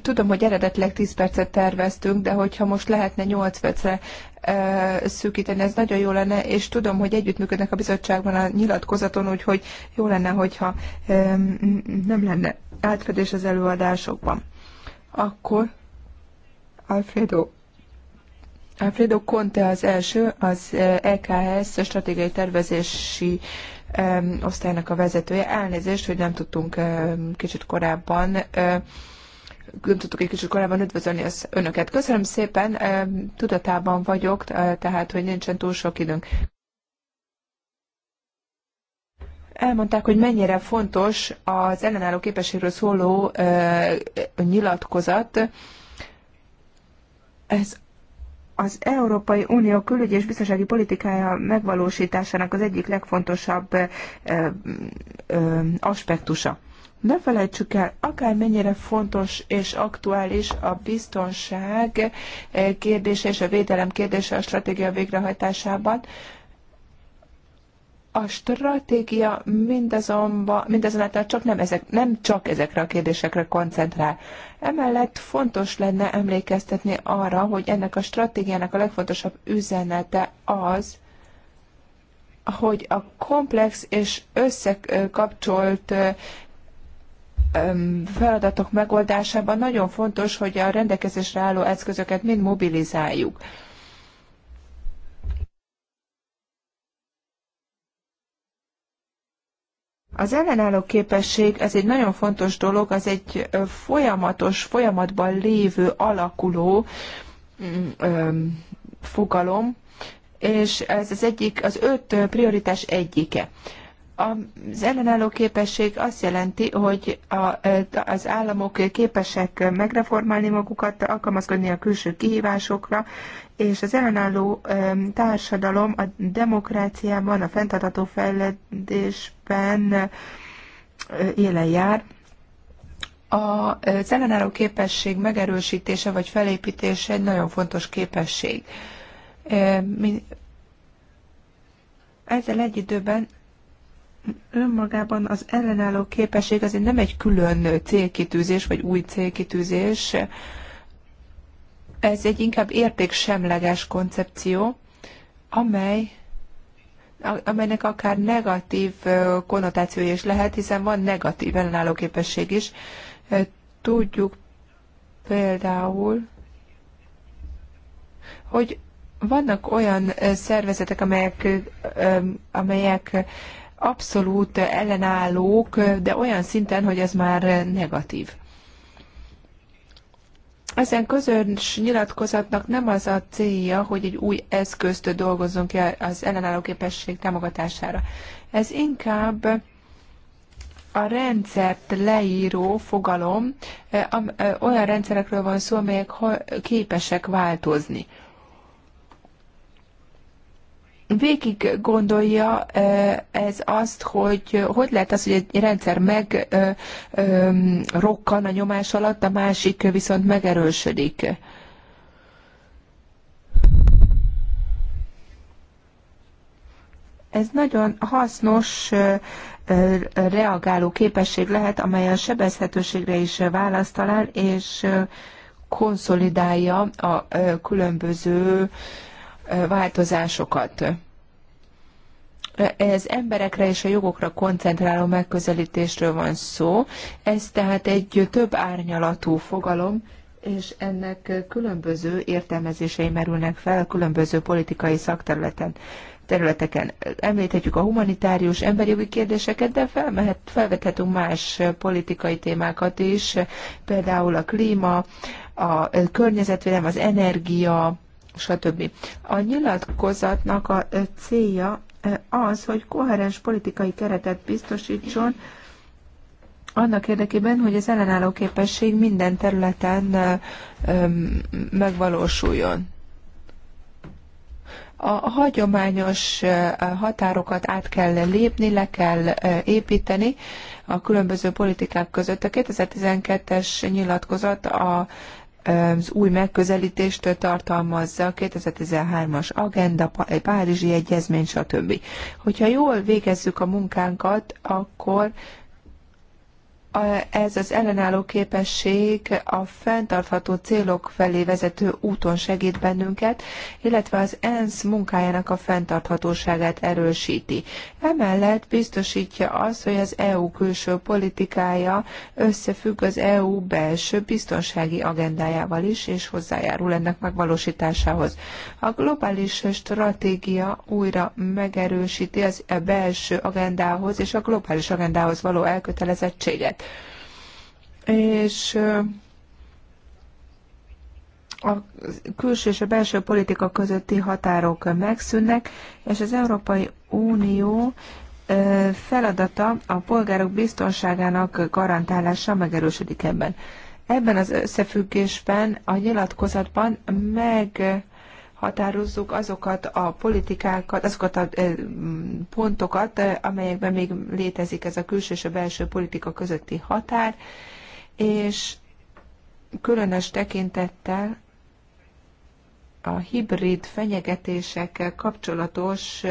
Tudom, hogy eredetileg 10 percet terveztünk, de hogyha most lehetne 8 percre e, szűkíteni, ez nagyon jó lenne, és tudom, hogy együttműködnek a bizottságban a nyilatkozaton, úgyhogy jó lenne, hogyha e, nem lenne átfedés az előadásokban. Akkor Alfredo. Alfredo Conte az első, az EKS e stratégiai tervezési osztálynak a vezetője. Elnézést, hogy nem tudtunk kicsit korábban nem tudtuk egy kicsit korábban üdvözölni az önöket. Köszönöm szépen, tudatában vagyok, tehát, hogy nincsen túl sok időnk. Elmondták, hogy mennyire fontos az ellenálló képességről szóló nyilatkozat. Ez az Európai Unió külügyi és biztonsági politikája megvalósításának az egyik legfontosabb aspektusa. Ne felejtsük el, akármennyire fontos és aktuális a biztonság eh, kérdése és a védelem kérdése a stratégia végrehajtásában, a stratégia mindazonban, mindazonáltal csak nem, ezek, nem csak ezekre a kérdésekre koncentrál. Emellett fontos lenne emlékeztetni arra, hogy ennek a stratégiának a legfontosabb üzenete az, hogy a komplex és összekapcsolt eh, feladatok megoldásában nagyon fontos, hogy a rendelkezésre álló eszközöket mind mobilizáljuk. Az ellenálló képesség, ez egy nagyon fontos dolog, az egy folyamatos, folyamatban lévő, alakuló mm, fogalom, és ez az egyik, az öt prioritás egyike. Az ellenálló képesség azt jelenti, hogy a, az államok képesek megreformálni magukat, alkalmazkodni a külső kihívásokra, és az ellenálló társadalom a demokráciában, a fenntartható fejlődésben élen jár. Az ellenálló képesség megerősítése vagy felépítése egy nagyon fontos képesség. Ezzel egy időben önmagában az ellenálló képesség azért nem egy külön célkitűzés, vagy új célkitűzés, ez egy inkább értéksemleges koncepció, amely amelynek akár negatív konnotációja is lehet, hiszen van negatív ellenálló képesség is. Tudjuk például, hogy vannak olyan szervezetek, amelyek, amelyek abszolút ellenállók, de olyan szinten, hogy ez már negatív. Ezen közös nyilatkozatnak nem az a célja, hogy egy új eszközt dolgozzon ki az ellenálló képesség támogatására. Ez inkább a rendszert leíró fogalom, eh, eh, olyan rendszerekről van szó, amelyek képesek változni végig gondolja ez azt, hogy hogy lehet az, hogy egy rendszer megrokkan a nyomás alatt, a másik viszont megerősödik. Ez nagyon hasznos reagáló képesség lehet, amely a sebezhetőségre is választ talál, és konszolidálja a különböző változásokat. Ez emberekre és a jogokra koncentráló megközelítésről van szó, ez tehát egy több árnyalatú fogalom, és ennek különböző értelmezései merülnek fel a különböző politikai szakterületen területeken. Említhetjük a humanitárius jogi kérdéseket, de felmehet, felvethetünk más politikai témákat is, például a klíma, a környezetvédelem, az energia, stb. A nyilatkozatnak a célja az, hogy koherens politikai keretet biztosítson, annak érdekében, hogy az ellenálló képesség minden területen megvalósuljon. A hagyományos határokat át kell lépni, le kell építeni a különböző politikák között. A 2012-es nyilatkozat a az új megközelítést tartalmazza, 2013-as agenda, Párizsi Egyezmény, stb. Hogyha jól végezzük a munkánkat, akkor ez az ellenálló képesség a fenntartható célok felé vezető úton segít bennünket, illetve az ENSZ munkájának a fenntarthatóságát erősíti. Emellett biztosítja azt, hogy az EU külső politikája összefügg az EU belső biztonsági agendájával is, és hozzájárul ennek megvalósításához. A globális stratégia újra megerősíti az e belső agendához és a globális agendához való elkötelezettséget. És a külső és a belső politika közötti határok megszűnnek, és az Európai Unió feladata a polgárok biztonságának garantálása megerősödik ebben. Ebben az összefüggésben a nyilatkozatban meg határozzuk azokat a politikákat, azokat a pontokat, amelyekben még létezik ez a külső és a belső politika közötti határ, és különös tekintettel a hibrid fenyegetésekkel kapcsolatos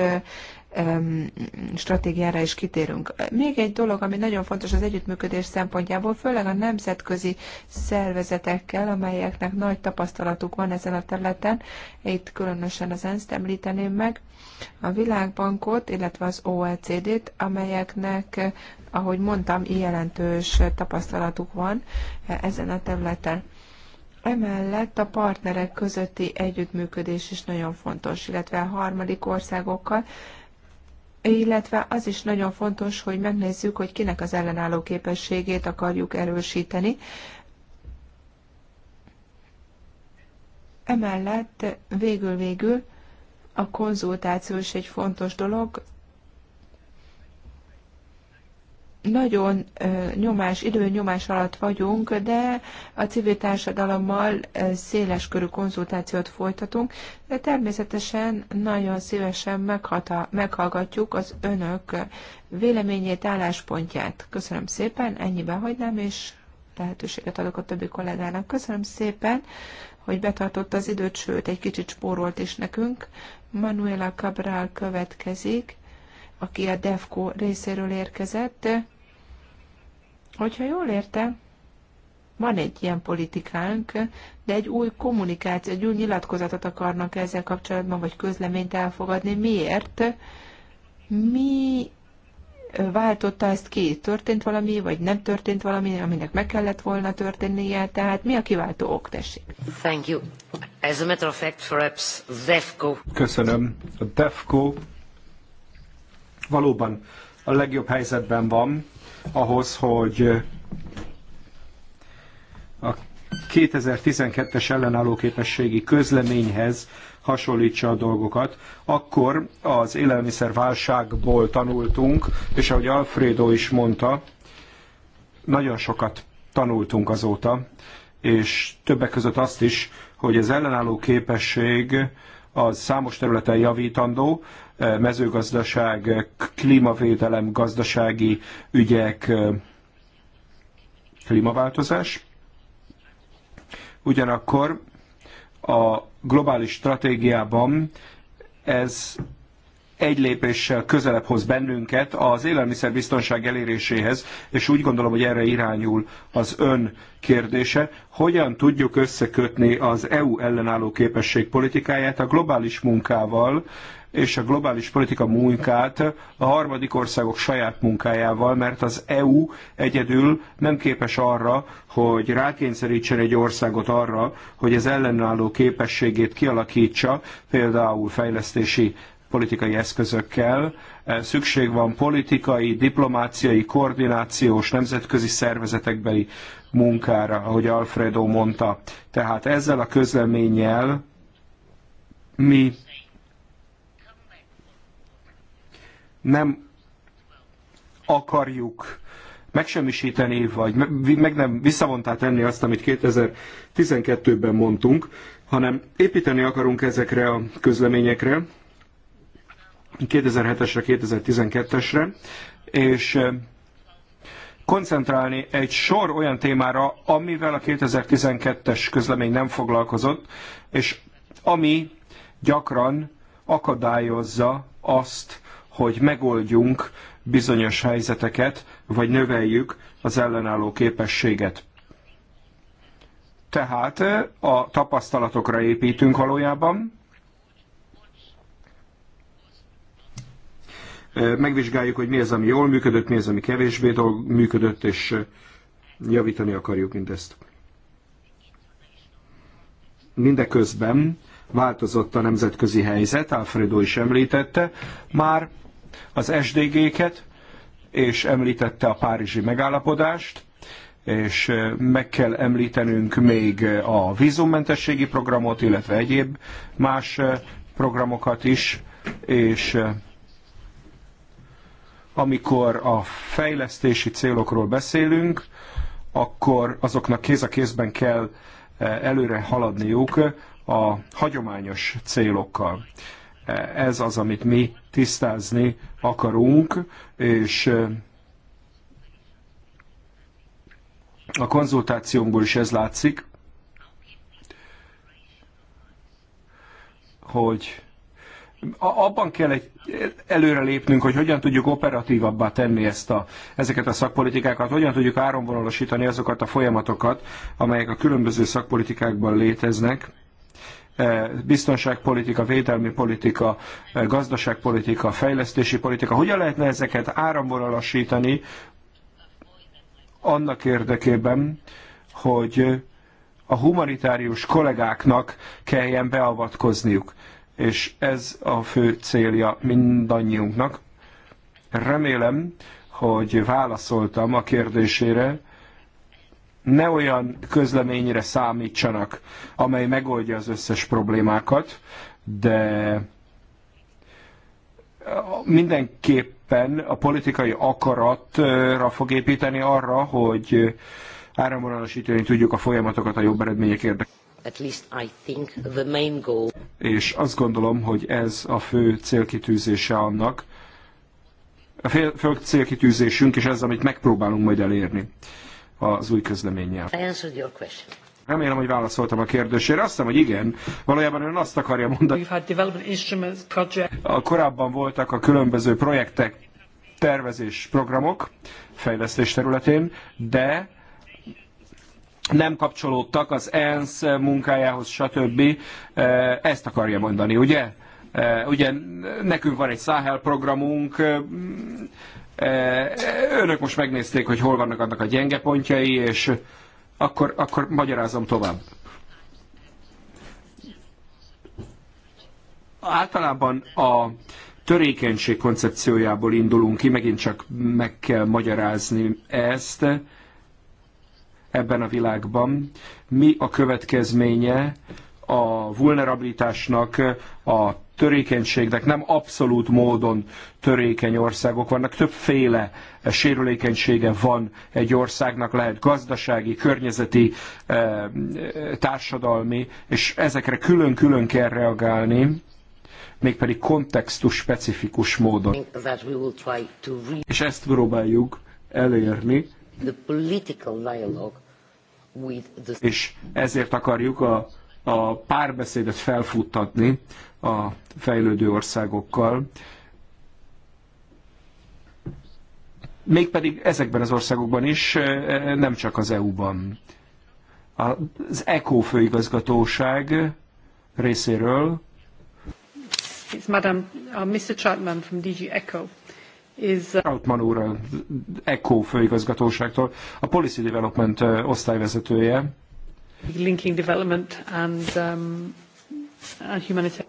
stratégiára is kitérünk. Még egy dolog, ami nagyon fontos az együttműködés szempontjából, főleg a nemzetközi szervezetekkel, amelyeknek nagy tapasztalatuk van ezen a területen, itt különösen az ENSZ-t említeném meg, a Világbankot, illetve az OECD-t, amelyeknek, ahogy mondtam, jelentős tapasztalatuk van ezen a területen. Emellett a partnerek közötti együttműködés is nagyon fontos, illetve a harmadik országokkal, illetve az is nagyon fontos, hogy megnézzük, hogy kinek az ellenálló képességét akarjuk erősíteni. Emellett végül-végül a konzultáció is egy fontos dolog, nagyon nyomás, időnyomás alatt vagyunk, de a civil társadalommal széles körű konzultációt folytatunk, de természetesen nagyon szívesen meghata, meghallgatjuk az önök véleményét, álláspontját. Köszönöm szépen, ennyiben hagynám, és lehetőséget adok a többi kollégának. Köszönöm szépen, hogy betartott az időt, sőt, egy kicsit spórolt is nekünk. Manuela Cabral következik aki a DEFCO részéről érkezett. Hogyha jól értem, van egy ilyen politikánk, de egy új kommunikáció, egy új nyilatkozatot akarnak ezzel kapcsolatban, vagy közleményt elfogadni. Miért? Mi váltotta ezt ki? Történt valami, vagy nem történt valami, aminek meg kellett volna történnie? Tehát mi a kiváltó ok, tessék? Thank you. As a matter of fact, perhaps DEFCO. Köszönöm. A DEFCO valóban a legjobb helyzetben van, ahhoz, hogy a 2012-es ellenálló képességi közleményhez hasonlítsa a dolgokat, akkor az élelmiszerválságból tanultunk, és ahogy Alfredo is mondta, nagyon sokat tanultunk azóta, és többek között azt is, hogy az ellenálló képesség az számos területen javítandó, mezőgazdaság, klímavédelem, gazdasági ügyek, klímaváltozás. Ugyanakkor a globális stratégiában ez egy lépéssel közelebb hoz bennünket az élelmiszerbiztonság eléréséhez, és úgy gondolom, hogy erre irányul az ön kérdése, hogyan tudjuk összekötni az EU ellenálló képesség politikáját a globális munkával, és a globális politika munkát a harmadik országok saját munkájával, mert az EU egyedül nem képes arra, hogy rákényszerítsen egy országot arra, hogy az ellenálló képességét kialakítsa, például fejlesztési politikai eszközökkel. Eh, szükség van politikai, diplomáciai, koordinációs, nemzetközi szervezetekbeli munkára, ahogy Alfredo mondta. Tehát ezzel a közleménnyel mi nem akarjuk megsemmisíteni, vagy meg nem visszavontá tenni azt, amit 2012-ben mondtunk, hanem építeni akarunk ezekre a közleményekre, 2007-esre, 2012-esre, és eh, koncentrálni egy sor olyan témára, amivel a 2012-es közlemény nem foglalkozott, és ami gyakran akadályozza azt, hogy megoldjunk bizonyos helyzeteket, vagy növeljük az ellenálló képességet. Tehát eh, a tapasztalatokra építünk valójában, eh, megvizsgáljuk, hogy mi az, ami jól működött, mi az, ami kevésbé dolg, működött, és eh, javítani akarjuk mindezt. Mindeközben változott a nemzetközi helyzet, Alfredo is említette, már az SDG-ket, és említette a párizsi megállapodást, és meg kell említenünk még a vízummentességi programot, illetve egyéb más programokat is, és amikor a fejlesztési célokról beszélünk, akkor azoknak kéz a kézben kell előre haladniuk a hagyományos célokkal. Ez az, amit mi tisztázni akarunk, és a konzultációnkból is ez látszik, hogy abban kell egy, előrelépnünk, hogy hogyan tudjuk operatívabbá tenni ezt a, ezeket a szakpolitikákat, hogyan tudjuk áronvonalasítani azokat a folyamatokat, amelyek a különböző szakpolitikákban léteznek, E, biztonságpolitika, védelmi politika, e, gazdaságpolitika, fejlesztési politika. Hogyan lehetne ezeket áramvonalasítani annak érdekében, hogy a humanitárius kollégáknak kelljen beavatkozniuk. És ez a fő célja mindannyiunknak. Remélem, hogy válaszoltam a kérdésére, ne olyan közleményre számítsanak, amely megoldja az összes problémákat, de mindenképpen a politikai akaratra fog építeni arra, hogy áramvonalasítani tudjuk a folyamatokat a jobb eredmények érdekében. goal. És azt gondolom, hogy ez a fő célkitűzése annak, a fő célkitűzésünk, és ez, amit megpróbálunk majd elérni az új közleménnyel. Remélem, hogy válaszoltam a kérdésére. Azt hiszem, hogy igen. Valójában ön azt akarja mondani. A korábban voltak a különböző projektek, tervezés programok fejlesztés területén, de nem kapcsolódtak az ENSZ munkájához, stb. Eh, ezt akarja mondani, ugye? Eh, ugye nekünk van egy Száhel programunk, eh, E, önök most megnézték, hogy hol vannak annak a gyenge pontjai, és akkor, akkor magyarázom tovább. Általában a törékenység koncepciójából indulunk ki, megint csak meg kell magyarázni ezt ebben a világban. Mi a következménye a vulnerabilitásnak, a törékenységnek, nem abszolút módon törékeny országok vannak. Többféle sérülékenysége van egy országnak, lehet gazdasági, környezeti, eh, társadalmi, és ezekre külön-külön kell reagálni mégpedig kontextus specifikus módon. És ezt próbáljuk elérni, és ezért akarjuk a a párbeszédet felfuttatni a fejlődő országokkal, mégpedig ezekben az országokban is, nem csak az EU-ban. Az ECO főigazgatóság részéről It's Madam, uh, Mr. Chapman from DG ECHO. Is, uh... úr, ECHO főigazgatóságtól, a Policy Development osztályvezetője. Linking development and, um, and uh, humanitarian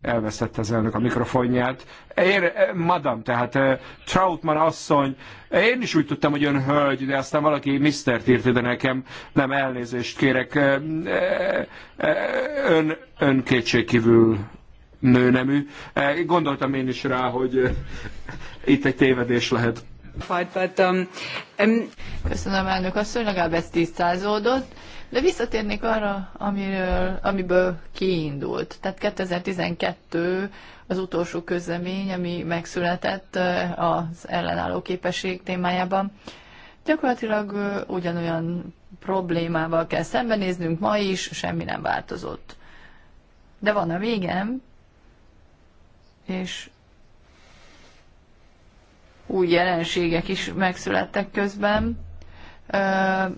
elveszett az elnök a mikrofonját. Én, eh, madam, tehát eh, Troutman asszony, eh, én is úgy tudtam, hogy ön hölgy, de aztán valaki Mr. írt ide nekem, nem elnézést kérek. Ön, ön kétségkívül nőnemű. Gondoltam én is rá, hogy itt egy tévedés lehet. Um, um, Köszönöm, elnök asszony, legalább ez tisztázódott. De visszatérnék arra, amiről, amiből kiindult. Tehát 2012 az utolsó közlemény, ami megszületett eh, az ellenálló képesség témájában. Gyakorlatilag eh, ugyanolyan problémával kell szembenéznünk ma is, semmi nem változott. De van a végem, és új jelenségek is megszülettek közben,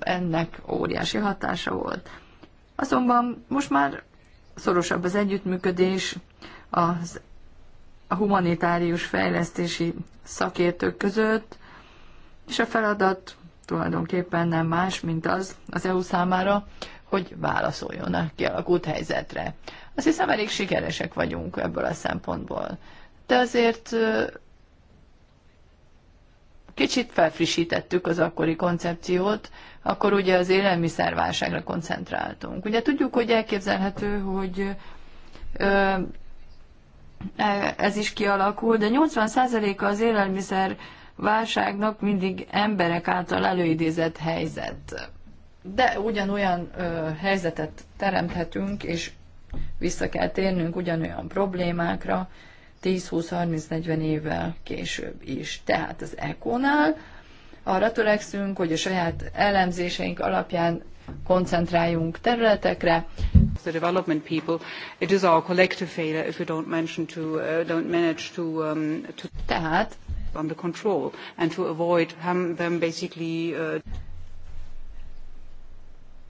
ennek óriási hatása volt. Azonban most már szorosabb az együttműködés az, a humanitárius fejlesztési szakértők között, és a feladat tulajdonképpen nem más, mint az az EU számára, hogy válaszoljon a kialakult helyzetre. Azt hiszem, elég sikeresek vagyunk ebből a szempontból. De azért kicsit felfrissítettük az akkori koncepciót, akkor ugye az élelmiszerválságra koncentráltunk. Ugye tudjuk, hogy elképzelhető, hogy ö, e, ez is kialakul, de 80%-a az élelmiszer válságnak mindig emberek által előidézett helyzet. De ugyanolyan ö, helyzetet teremthetünk, és vissza kell térnünk ugyanolyan problémákra, 10-20-30-40 évvel később is. Tehát az ECO-nál arra törekszünk, hogy a saját elemzéseink alapján koncentráljunk területekre. The development people, it is our collective failure if we don't mention to, uh, don't manage to, um, to tehát under control and to avoid them basically uh...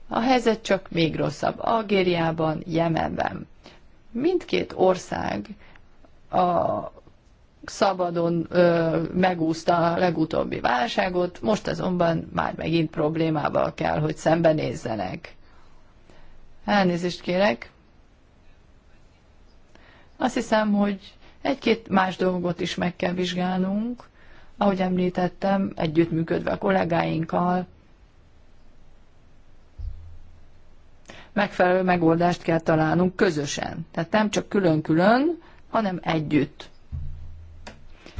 A helyzet csak még rosszabb Algériában, Jemenben. Mindkét ország a szabadon ö, megúszta a legutóbbi válságot, most azonban már megint problémával kell, hogy szembenézzenek. Elnézést kérek. Azt hiszem, hogy egy-két más dolgot is meg kell vizsgálnunk. Ahogy említettem, együttműködve a kollégáinkkal, megfelelő megoldást kell találnunk közösen. Tehát nem csak külön-külön, hanem együtt.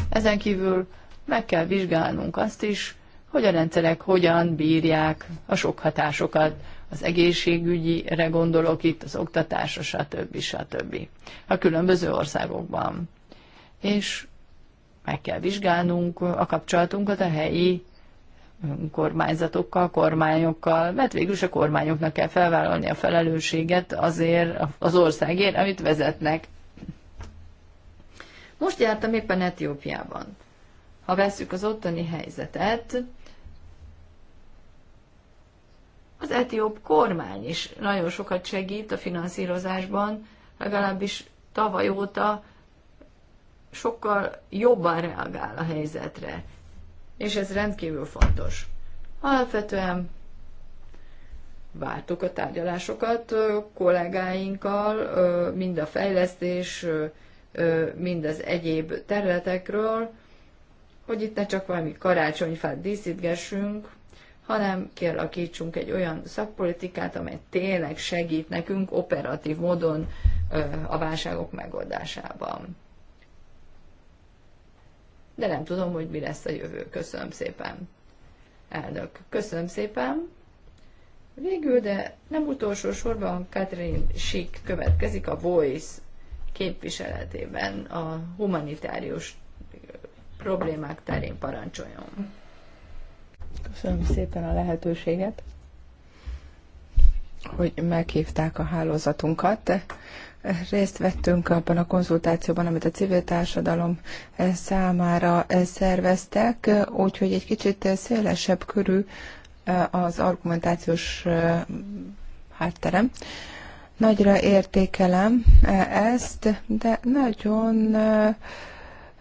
Ezen kívül meg kell vizsgálnunk azt is, hogy a rendszerek hogyan bírják a sok hatásokat, az egészségügyire gondolok itt, az oktatásra, stb. stb. a különböző országokban. És meg kell vizsgálnunk a kapcsolatunkat a helyi kormányzatokkal, kormányokkal, mert végül is a kormányoknak kell felvállalni a felelősséget azért az országért, amit vezetnek. Most jártam éppen Etiópiában. Ha vesszük az ottani helyzetet, az etióp kormány is nagyon sokat segít a finanszírozásban, legalábbis tavaly óta sokkal jobban reagál a helyzetre. És ez rendkívül fontos. Alapvetően vártuk a tárgyalásokat kollégáinkkal, mind a fejlesztés, az egyéb területekről, hogy itt ne csak valami karácsonyfát díszítgessünk, hanem kialakítsunk egy olyan szakpolitikát, amely tényleg segít nekünk operatív módon a válságok megoldásában. De nem tudom, hogy mi lesz a jövő. Köszönöm szépen. Elnök, köszönöm szépen. Végül, de nem utolsó sorban Katrin Sik következik a Voice képviseletében a humanitárius problémák terén parancsoljon. Köszönöm szépen a lehetőséget, hogy meghívták a hálózatunkat. Részt vettünk abban a konzultációban, amit a civil társadalom számára szerveztek, úgyhogy egy kicsit szélesebb körű az argumentációs hátterem. Nagyra értékelem e, ezt, de nagyon e,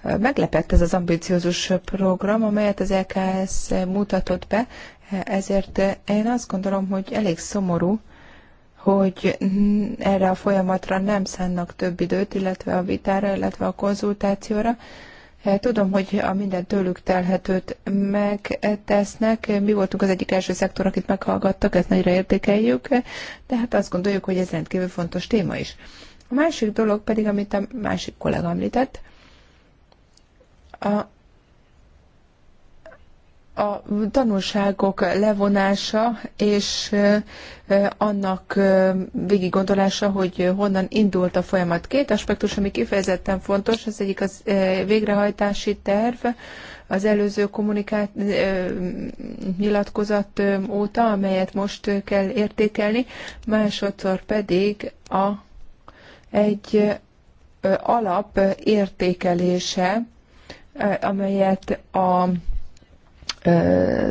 meglepett ez az ambiciózus program, amelyet az EKS mutatott be, e, ezért én azt gondolom, hogy elég szomorú, hogy erre a folyamatra nem szánnak több időt, illetve a vitára, illetve a konzultációra. Tudom, hogy a minden tőlük telhetőt megtesznek. Mi voltunk az egyik első szektor, akit meghallgattak, ezt nagyra értékeljük, de hát azt gondoljuk, hogy ez rendkívül fontos téma is. A másik dolog pedig, amit a másik kollega említett, a a tanulságok levonása és annak végiggondolása, hogy honnan indult a folyamat. Két aspektus, ami kifejezetten fontos, az egyik az végrehajtási terv, az előző kommunikát nyilatkozat óta, amelyet most kell értékelni, másodszor pedig a, egy alap értékelése, amelyet a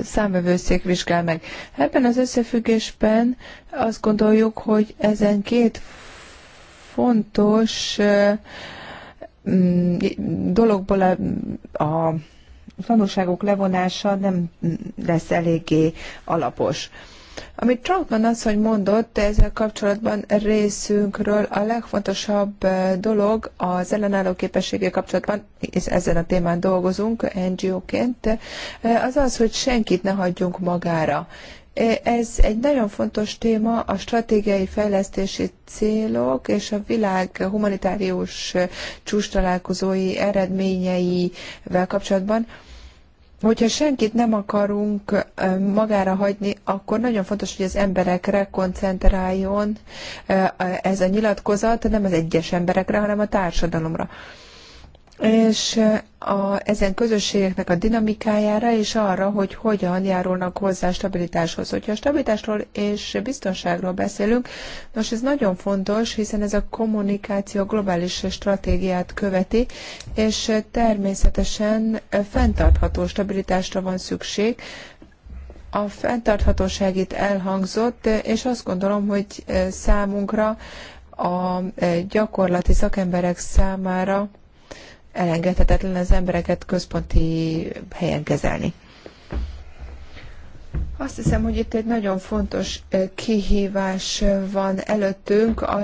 számövőszék vizsgál meg. Ebben az összefüggésben azt gondoljuk, hogy ezen két fontos mm, dologból a, a tanulságok levonása nem lesz eléggé alapos. Amit Trautmann asszony mondott ezzel kapcsolatban részünkről, a legfontosabb dolog az ellenálló képességgel kapcsolatban, és ezen a témán dolgozunk NGO-ként, az az, hogy senkit ne hagyjunk magára. Ez egy nagyon fontos téma, a stratégiai fejlesztési célok és a világ humanitárius csúcs találkozói eredményeivel kapcsolatban. Hogyha senkit nem akarunk magára hagyni, akkor nagyon fontos, hogy az emberekre koncentráljon ez a nyilatkozat, nem az egyes emberekre, hanem a társadalomra és eh, a, ezen közösségeknek a dinamikájára és arra, hogy hogyan járulnak hozzá stabilitáshoz. Hogyha a stabilitásról és biztonságról beszélünk, nos ez nagyon fontos, hiszen ez a kommunikáció globális stratégiát követi, és eh, természetesen eh, fenntartható stabilitásra van szükség, a fenntarthatóság itt elhangzott, és azt gondolom, hogy számunkra, a gyakorlati szakemberek számára elengedhetetlen az embereket központi helyen kezelni. Azt hiszem, hogy itt egy nagyon fontos kihívás van előttünk. A,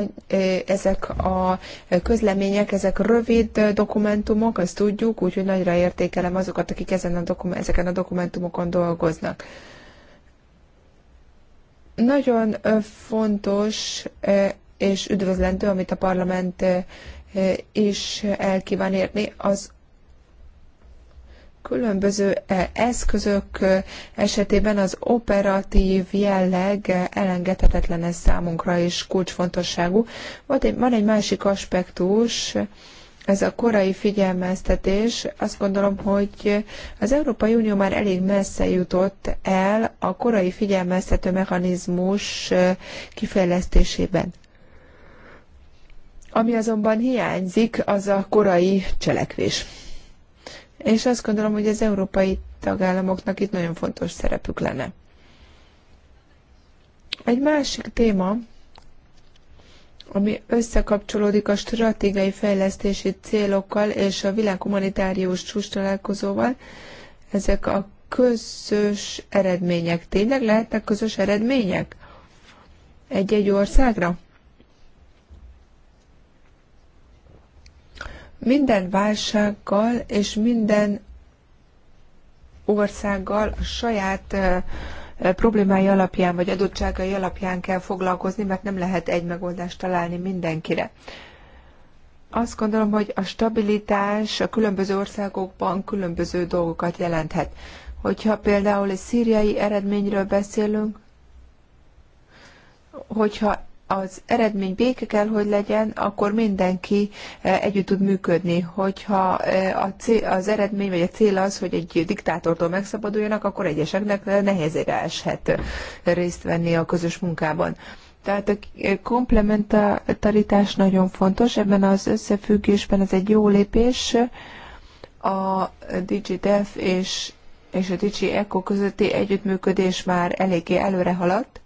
ezek a közlemények, ezek rövid dokumentumok, ezt tudjuk, úgyhogy nagyra értékelem azokat, akik ezen a dokum- ezeken a dokumentumokon dolgoznak. Nagyon fontos és üdvözlendő, amit a parlament is el kíván érni, az különböző eszközök esetében az operatív jelleg elengedhetetlen ez számunkra is kulcsfontosságú. Van egy másik aspektus, ez a korai figyelmeztetés, azt gondolom, hogy az Európai Unió már elég messze jutott el a korai figyelmeztető mechanizmus kifejlesztésében. Ami azonban hiányzik, az a korai cselekvés. És azt gondolom, hogy az európai tagállamoknak itt nagyon fontos szerepük lenne. Egy másik téma, ami összekapcsolódik a stratégiai fejlesztési célokkal és a világ humanitárius csúcs találkozóval, ezek a közös eredmények. Tényleg lehetnek közös eredmények? Egy-egy országra? Minden válsággal és minden országgal a saját problémái alapján vagy adottságai alapján kell foglalkozni, mert nem lehet egy megoldást találni mindenkire. Azt gondolom, hogy a stabilitás a különböző országokban különböző dolgokat jelenthet. Hogyha például egy szíriai eredményről beszélünk, hogyha az eredmény béke kell, hogy legyen, akkor mindenki e, együtt tud működni. Hogyha e, az eredmény vagy a cél az, hogy egy diktátortól megszabaduljanak, akkor egyeseknek nehézére eshet részt venni a közös munkában. Tehát a komplementaritás nagyon fontos, ebben az összefüggésben ez egy jó lépés a DigiDev és, és a Digi Eco közötti együttműködés már eléggé előre haladt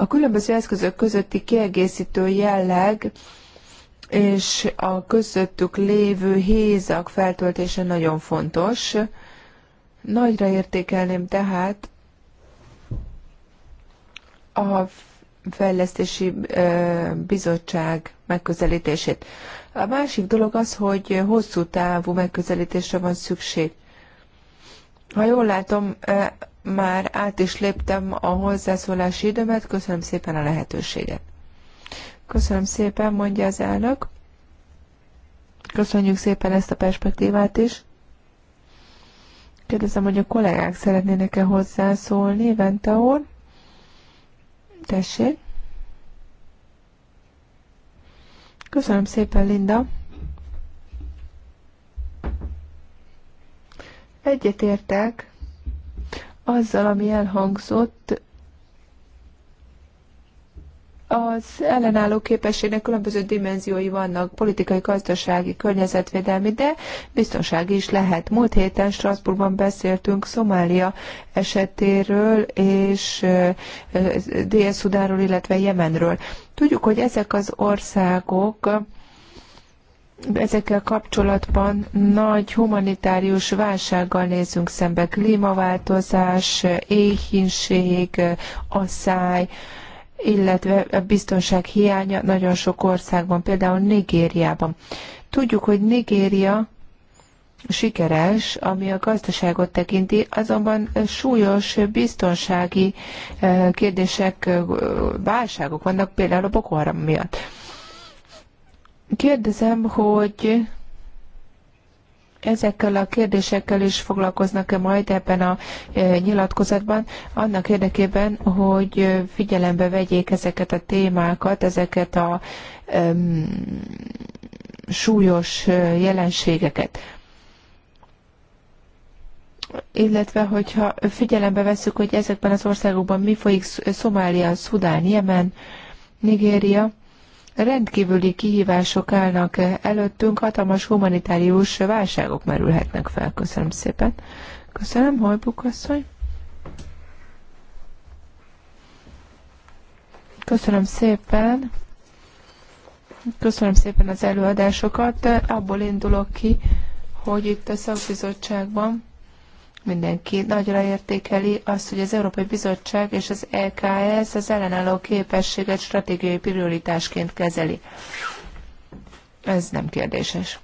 A különböző eszközök közötti kiegészítő jelleg és a közöttük lévő hézak feltöltése nagyon fontos. Nagyra értékelném tehát a fejlesztési bizottság megközelítését. A másik dolog az, hogy hosszú távú megközelítésre van szükség. Ha jól látom, már át is léptem a hozzászólási időmet, köszönöm szépen a lehetőséget. Köszönöm szépen, mondja az elnök. Köszönjük szépen ezt a perspektívát is. Kérdezem, hogy a kollégák szeretnének-e hozzászólni, Venta úr? Tessék. Köszönöm szépen, Linda. Egyetértek azzal, ami elhangzott, az ellenálló képességnek különböző dimenziói vannak, politikai, gazdasági, környezetvédelmi, de biztonsági is lehet. Múlt héten Strasbourgban beszéltünk Szomália esetéről és dél illetve Jemenről. Tudjuk, hogy ezek az országok ezekkel kapcsolatban nagy humanitárius válsággal nézünk szembe. Klímaváltozás, éhínség, asszály, illetve a biztonság hiánya nagyon sok országban, például Nigériában. Tudjuk, hogy Nigéria sikeres, ami a gazdaságot tekinti, azonban súlyos biztonsági eh, kérdések, eh, válságok vannak, például a Boko Haram miatt. Kérdezem, hogy ezekkel a kérdésekkel is foglalkoznak-e majd ebben a e, nyilatkozatban, annak érdekében, hogy e, figyelembe vegyék ezeket a témákat, ezeket a um, súlyos e, jelenségeket. Illetve, hogyha figyelembe vesszük, hogy ezekben az országokban mi folyik Szomália, Szudán, Jemen, Nigéria, rendkívüli kihívások állnak előttünk, hatalmas humanitárius válságok merülhetnek fel. Köszönöm szépen. Köszönöm, Hajbuk asszony. Köszönöm szépen. Köszönöm szépen az előadásokat. Abból indulok ki, hogy itt a szakbizottságban Mindenki nagyra értékeli azt, hogy az Európai Bizottság és az EKS az ellenálló képességet stratégiai prioritásként kezeli. Ez nem kérdéses.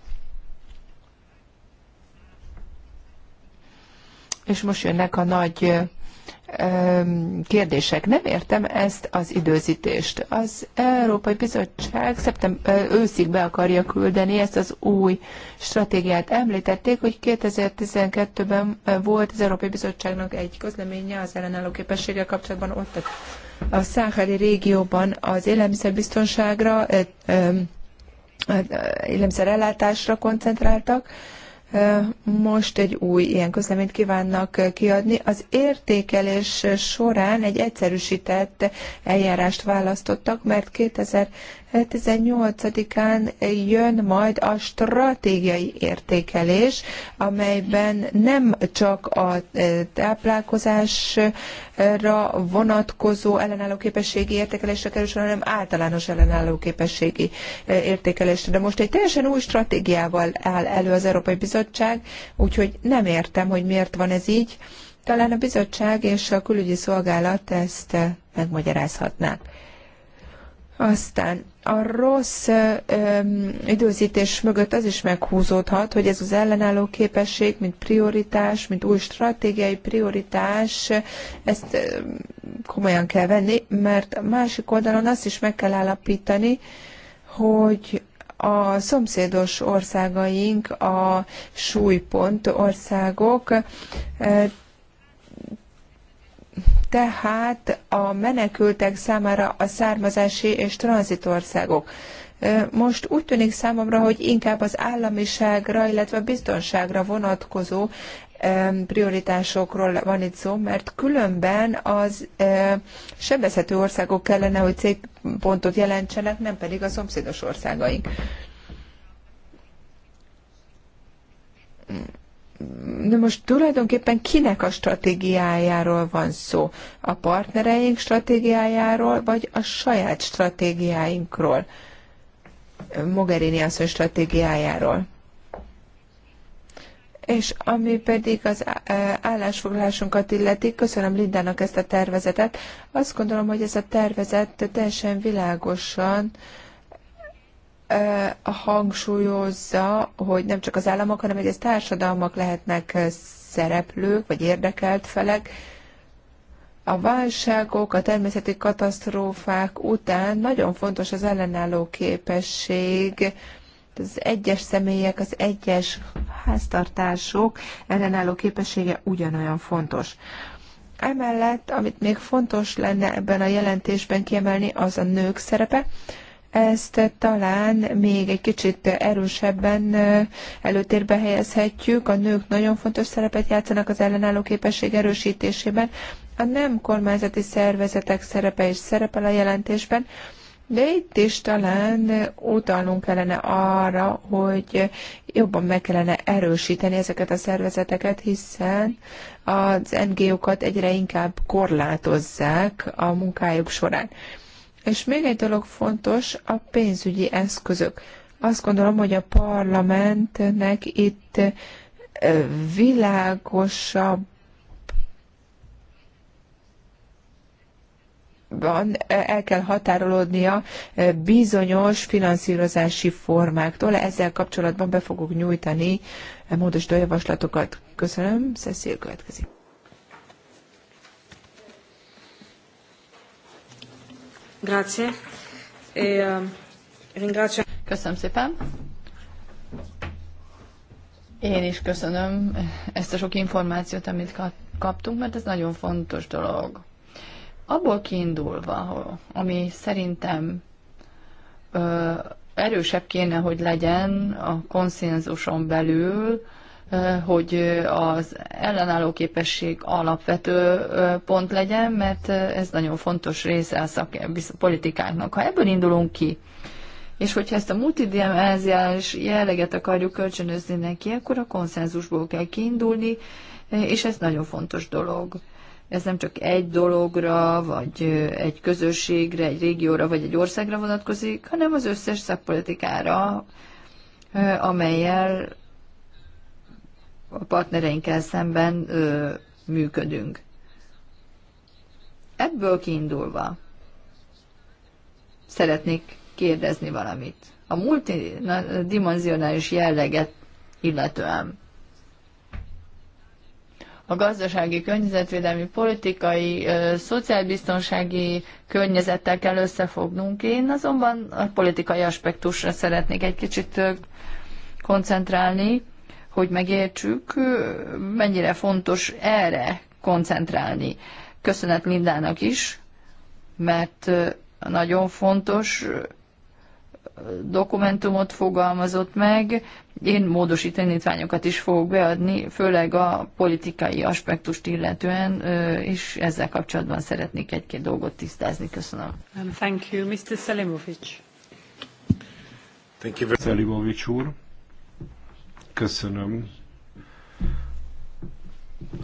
És most jönnek a nagy kérdések. Nem értem ezt az időzítést. Az Európai Bizottság szeptember őszig be akarja küldeni ezt az új stratégiát. Említették, hogy 2012-ben volt az Európai Bizottságnak egy közleménye az ellenálló képességgel kapcsolatban ott a Száhári régióban az élelmiszerbiztonságra, élelmiszerellátásra koncentráltak, most egy új ilyen közleményt kívánnak kiadni. Az értékelés során egy egyszerűsített eljárást választottak, mert 2018-án jön majd a stratégiai értékelés, amelyben nem csak a táplálkozás ra vonatkozó ellenálló képességi értékelésre kerül sor, hanem általános ellenálló képességi eh, értékelésre. De most egy teljesen új stratégiával áll elő az Európai Bizottság, úgyhogy nem értem, hogy miért van ez így. Talán a bizottság és a külügyi szolgálat ezt eh, megmagyarázhatnák. Aztán a rossz időzítés mögött az is meghúzódhat, hogy ez az ellenálló képesség, mint prioritás, mint új stratégiai prioritás, ezt komolyan kell venni, mert a másik oldalon azt is meg kell állapítani, hogy a szomszédos országaink, a súlypont országok, tehát a menekültek számára a származási és tranzitországok. Most úgy tűnik számomra, hogy inkább az államiságra, illetve a biztonságra vonatkozó prioritásokról van itt szó, mert különben az sebezhető országok kellene, hogy célpontot jelentsenek, nem pedig a szomszédos országaink de most tulajdonképpen kinek a stratégiájáról van szó? A partnereink stratégiájáról, vagy a saját stratégiáinkról? Mogherini asszony stratégiájáról. És ami pedig az e, állásfoglalásunkat illeti, köszönöm Lindának ezt a tervezetet. Azt gondolom, hogy ez a tervezet teljesen világosan hangsúlyozza, hogy nem csak az államok, hanem egy társadalmak lehetnek szereplők, vagy érdekelt felek. A válságok, a természeti katasztrófák után nagyon fontos az ellenálló képesség, az egyes személyek, az egyes háztartások ellenálló képessége ugyanolyan fontos. Emellett, amit még fontos lenne ebben a jelentésben kiemelni, az a nők szerepe ezt talán még egy kicsit erősebben előtérbe helyezhetjük. A nők nagyon fontos szerepet játszanak az ellenálló képesség erősítésében. A nem kormányzati szervezetek szerepe is szerepel a jelentésben, de itt is talán utalnunk kellene arra, hogy jobban meg kellene erősíteni ezeket a szervezeteket, hiszen az NGO-kat egyre inkább korlátozzák a munkájuk során. És még egy dolog fontos, a pénzügyi eszközök. Azt gondolom, hogy a parlamentnek itt világosabb van, el kell határolódnia bizonyos finanszírozási formáktól. Ezzel kapcsolatban be fogok nyújtani módosító javaslatokat. Köszönöm, Szeszél következik. E, ehm, köszönöm szépen. Én is köszönöm ezt a sok információt, amit kaptunk, mert ez nagyon fontos dolog. Abból kiindulva, ami szerintem ö, erősebb kéne, hogy legyen a konszenzuson belül, hogy az ellenálló képesség alapvető pont legyen, mert ez nagyon fontos része a szak politikáknak. Ha ebből indulunk ki, és hogyha ezt a multidimenziális jelleget akarjuk kölcsönözni neki, akkor a konszenzusból kell kiindulni, és ez nagyon fontos dolog. Ez nem csak egy dologra, vagy egy közösségre, egy régióra, vagy egy országra vonatkozik, hanem az összes szakpolitikára, amelyel a partnereinkkel szemben ö, működünk. Ebből kiindulva szeretnék kérdezni valamit. A multidimensionális jelleget illetően a gazdasági, környezetvédelmi, politikai, szociálbiztonsági környezettel kell összefognunk. Én azonban a politikai aspektusra szeretnék egy kicsit koncentrálni hogy megértsük, mennyire fontos erre koncentrálni. Köszönet Lindának is, mert nagyon fontos dokumentumot fogalmazott meg. Én módosítanítványokat is fogok beadni, főleg a politikai aspektust illetően, és ezzel kapcsolatban szeretnék egy-két dolgot tisztázni. Köszönöm. Um, thank you, Mr. Selimovic. Thank you very much. Selimovic úr. Köszönöm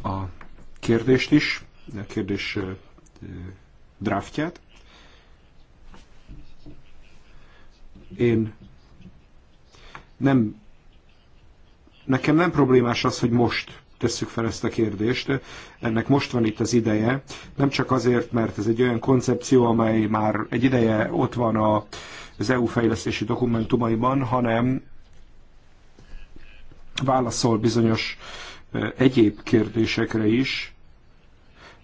a kérdést is, a kérdés draftját. Én nem, nekem nem problémás az, hogy most tesszük fel ezt a kérdést. Ennek most van itt az ideje, nem csak azért, mert ez egy olyan koncepció, amely már egy ideje ott van a, az EU fejlesztési dokumentumaiban, hanem válaszol bizonyos egyéb kérdésekre is,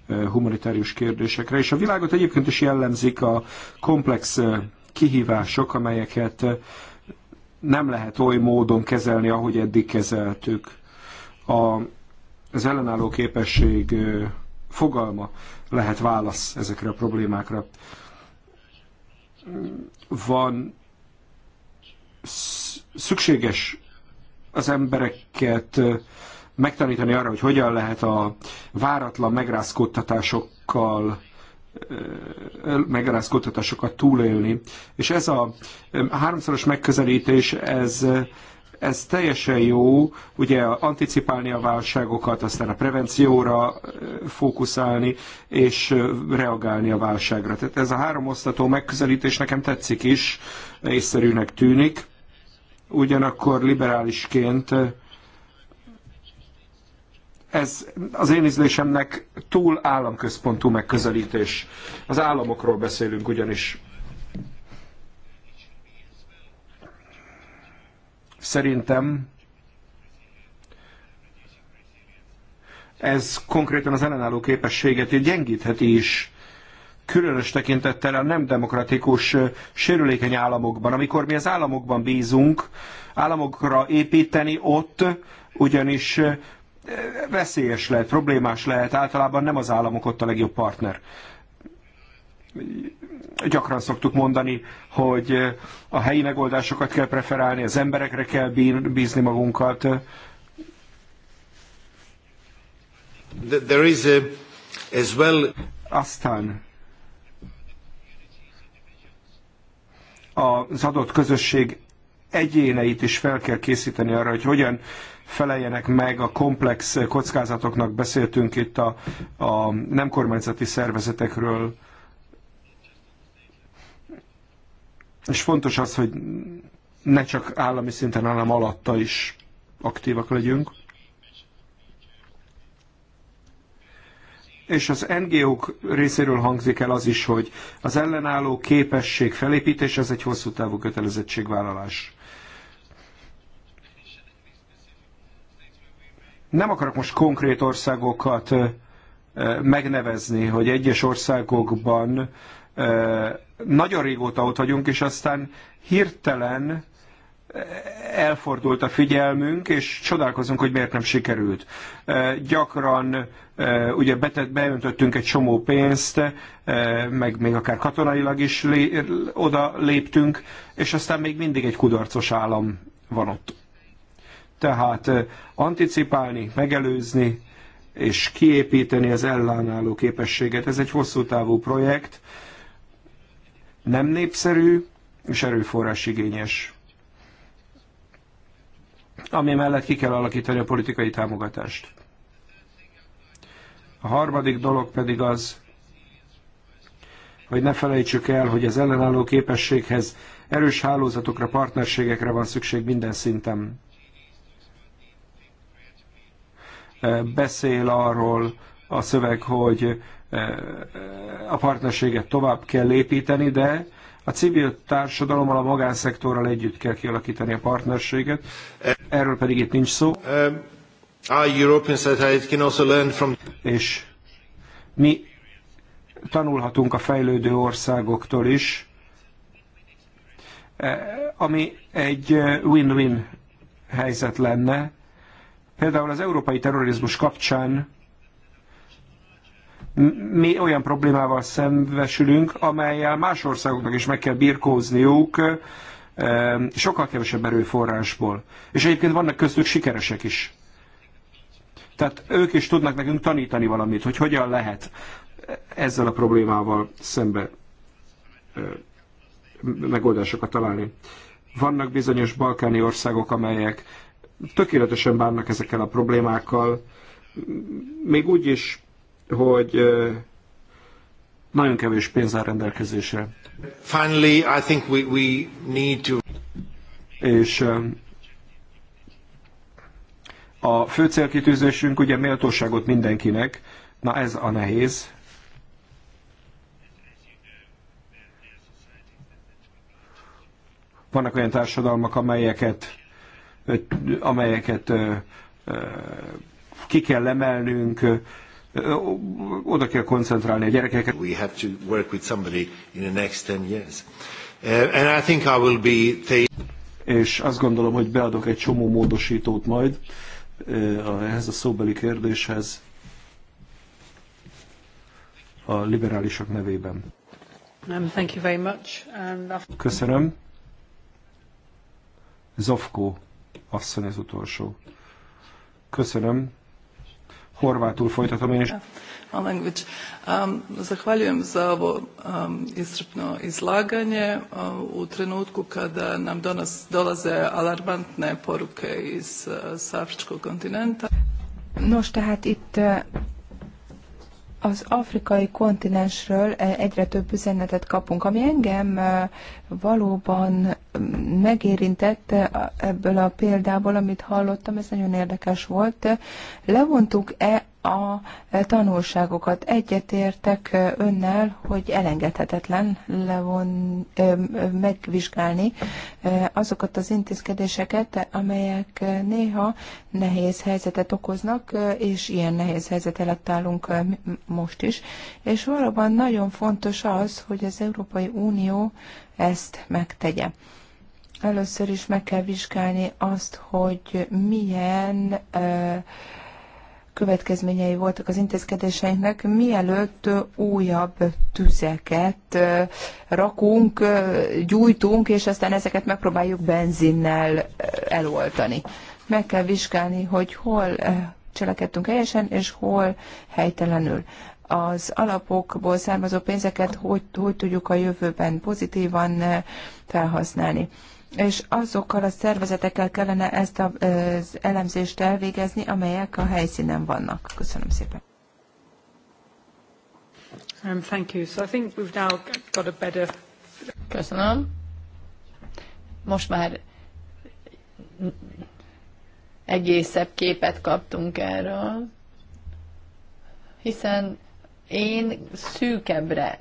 humanitárius kérdésekre, és a világot egyébként is jellemzik a komplex kihívások, amelyeket nem lehet oly módon kezelni, ahogy eddig kezeltük. A, az ellenálló képesség fogalma lehet válasz ezekre a problémákra. Van szükséges az embereket megtanítani arra, hogy hogyan lehet a váratlan megrázkódtatásokkal megrázkódtatásokat túlélni. És ez a háromszoros megközelítés, ez, ez teljesen jó, ugye anticipálni a válságokat, aztán a prevencióra fókuszálni, és reagálni a válságra. Tehát ez a három osztató megközelítés nekem tetszik is, észszerűnek tűnik ugyanakkor liberálisként eh, ez az én ízlésemnek túl államközpontú megközelítés. Az államokról beszélünk ugyanis. Szerintem ez konkrétan az ellenálló képességet gyengítheti is különös tekintettel a nem demokratikus sérülékeny államokban. Amikor mi az államokban bízunk, államokra építeni ott, ugyanis veszélyes lehet, problémás lehet, általában nem az államok ott a legjobb partner gyakran szoktuk mondani, hogy a helyi megoldásokat kell preferálni, az emberekre kell bízni magunkat. There is a, as well... Aztán az adott közösség egyéneit is fel kell készíteni arra, hogy hogyan feleljenek meg a komplex kockázatoknak. Beszéltünk itt a, a nem kormányzati szervezetekről. És fontos az, hogy ne csak állami szinten, hanem alatta is aktívak legyünk. és az NGO-k részéről hangzik el az is, hogy az ellenálló képesség felépítés, ez egy hosszú távú kötelezettségvállalás. Nem akarok most konkrét országokat megnevezni, hogy egyes országokban nagyon régóta ott vagyunk, és aztán hirtelen elfordult a figyelmünk, és csodálkozunk, hogy miért nem sikerült. Gyakran ugye betett, beöntöttünk egy csomó pénzt, meg még akár katonailag is lé, oda léptünk, és aztán még mindig egy kudarcos állam van ott. Tehát anticipálni, megelőzni, és kiépíteni az ellenálló képességet. Ez egy hosszú távú projekt, nem népszerű és erőforrásigényes ami mellett ki kell alakítani a politikai támogatást. A harmadik dolog pedig az, hogy ne felejtsük el, hogy az ellenálló képességhez erős hálózatokra, partnerségekre van szükség minden szinten. Beszél arról a szöveg, hogy a partnerséget tovább kell építeni, de a civil társadalommal, a magánszektorral együtt kell kialakítani a partnerséget, erről pedig itt nincs szó. Um, European from... És mi tanulhatunk a fejlődő országoktól is, eh, ami egy eh, win-win helyzet lenne. Például az európai terrorizmus kapcsán mi olyan problémával szembesülünk, amelyel más országoknak is meg kell birkózniuk sokkal kevesebb erőforrásból. És egyébként vannak köztük sikeresek is. Tehát ők is tudnak nekünk tanítani valamit, hogy hogyan lehet ezzel a problémával szembe megoldásokat találni. Vannak bizonyos balkáni országok, amelyek tökéletesen bánnak ezekkel a problémákkal, még úgy is hogy nagyon kevés pénz áll rendelkezésre. Finally, I think we, we need to... És a fő célkitűzésünk ugye méltóságot mindenkinek, na ez a nehéz. Vannak olyan társadalmak, amelyeket, amelyeket ki kell emelnünk, oda kell koncentrálni a gyerekeket. We have to work with somebody in the next 10 years. Uh, and I think I will be és azt gondolom, hogy beadok egy csomó módosítót majd uh, ehhez a szóbeli kérdéshez a liberálisok nevében. Um, thank you very much. And after... Köszönöm. Zofko asszony az utolsó. Köszönöm. Horvátul folytatom én is. A language. Um, zahvaljujem za ovo um, iscrpno izlaganje uh, u trenutku kada nam donos, dolaze alarmantne poruke iz uh, Afričkog kontinenta. Nos, tehát itt uh, az afrikai kontinensről egyre több üzenetet kapunk, ami engem valóban megérintett ebből a példából, amit hallottam, ez nagyon érdekes volt. Levontuk-e a tanulságokat. Egyetértek önnel, hogy elengedhetetlen levon, megvizsgálni azokat az intézkedéseket, amelyek néha nehéz helyzetet okoznak, és ilyen nehéz helyzet előtt állunk most is. És valóban nagyon fontos az, hogy az Európai Unió ezt megtegye. Először is meg kell vizsgálni azt, hogy milyen uh, következményei voltak az intézkedéseinknek, mielőtt újabb tüzeket rakunk, gyújtunk, és aztán ezeket megpróbáljuk benzinnel eloltani. Meg kell vizsgálni, hogy hol cselekedtünk helyesen, és hol helytelenül. Az alapokból származó pénzeket hogy, hogy tudjuk a jövőben pozitívan felhasználni és azokkal a szervezetekkel kellene ezt az elemzést elvégezni, amelyek a helyszínen vannak. Köszönöm szépen. Um, thank you. So I think we've now got a better... Köszönöm. Most már egészebb képet kaptunk erről, hiszen én szűkebbre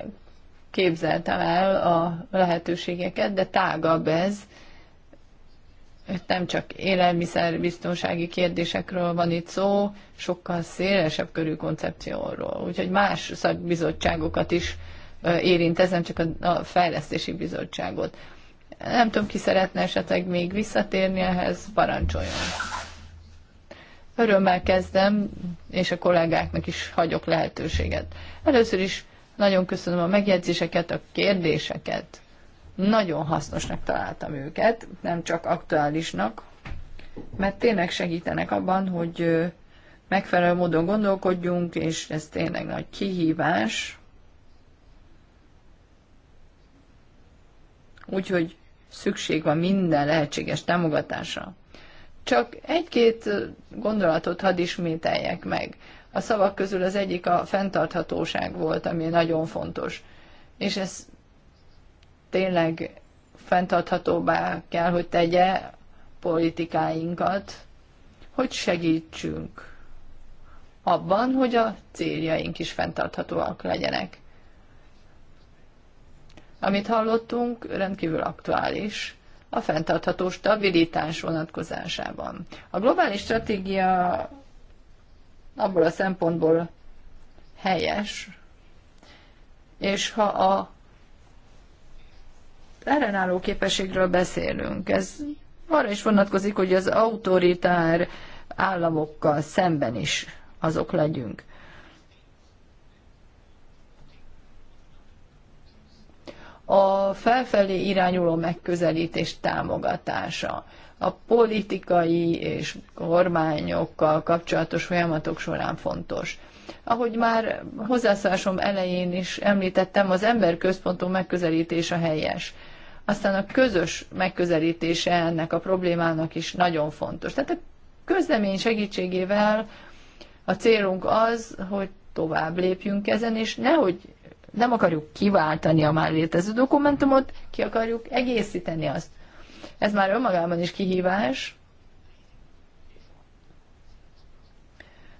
képzeltem el a lehetőségeket, de tágabb ez, nem csak élelmiszerbiztonsági kérdésekről van itt szó, sokkal szélesebb körű koncepcióról. Úgyhogy más szakbizottságokat is érint ez, nem csak a fejlesztési bizottságot. Nem tudom, ki szeretne esetleg még visszatérni ehhez, parancsoljon. Örömmel kezdem, és a kollégáknak is hagyok lehetőséget. Először is nagyon köszönöm a megjegyzéseket, a kérdéseket nagyon hasznosnak találtam őket, nem csak aktuálisnak, mert tényleg segítenek abban, hogy megfelelő módon gondolkodjunk, és ez tényleg nagy kihívás. Úgyhogy szükség van minden lehetséges támogatásra. Csak egy-két gondolatot hadd ismételjek meg. A szavak közül az egyik a fenntarthatóság volt, ami nagyon fontos. És ez tényleg fenntarthatóbbá kell, hogy tegye politikáinkat, hogy segítsünk abban, hogy a céljaink is fenntarthatóak legyenek. Amit hallottunk, rendkívül aktuális a fenntartható stabilitás vonatkozásában. A globális stratégia abból a szempontból helyes, és ha a ellenálló képességről beszélünk. Ez arra is vonatkozik, hogy az autoritár államokkal szemben is azok legyünk. A felfelé irányuló megközelítés támogatása, a politikai és kormányokkal kapcsolatos folyamatok során fontos. Ahogy már hozzászásom elején is említettem, az emberközpontú megközelítés a helyes aztán a közös megközelítése ennek a problémának is nagyon fontos. Tehát a közlemény segítségével a célunk az, hogy tovább lépjünk ezen, és nehogy nem akarjuk kiváltani a már létező dokumentumot, ki akarjuk egészíteni azt. Ez már önmagában is kihívás,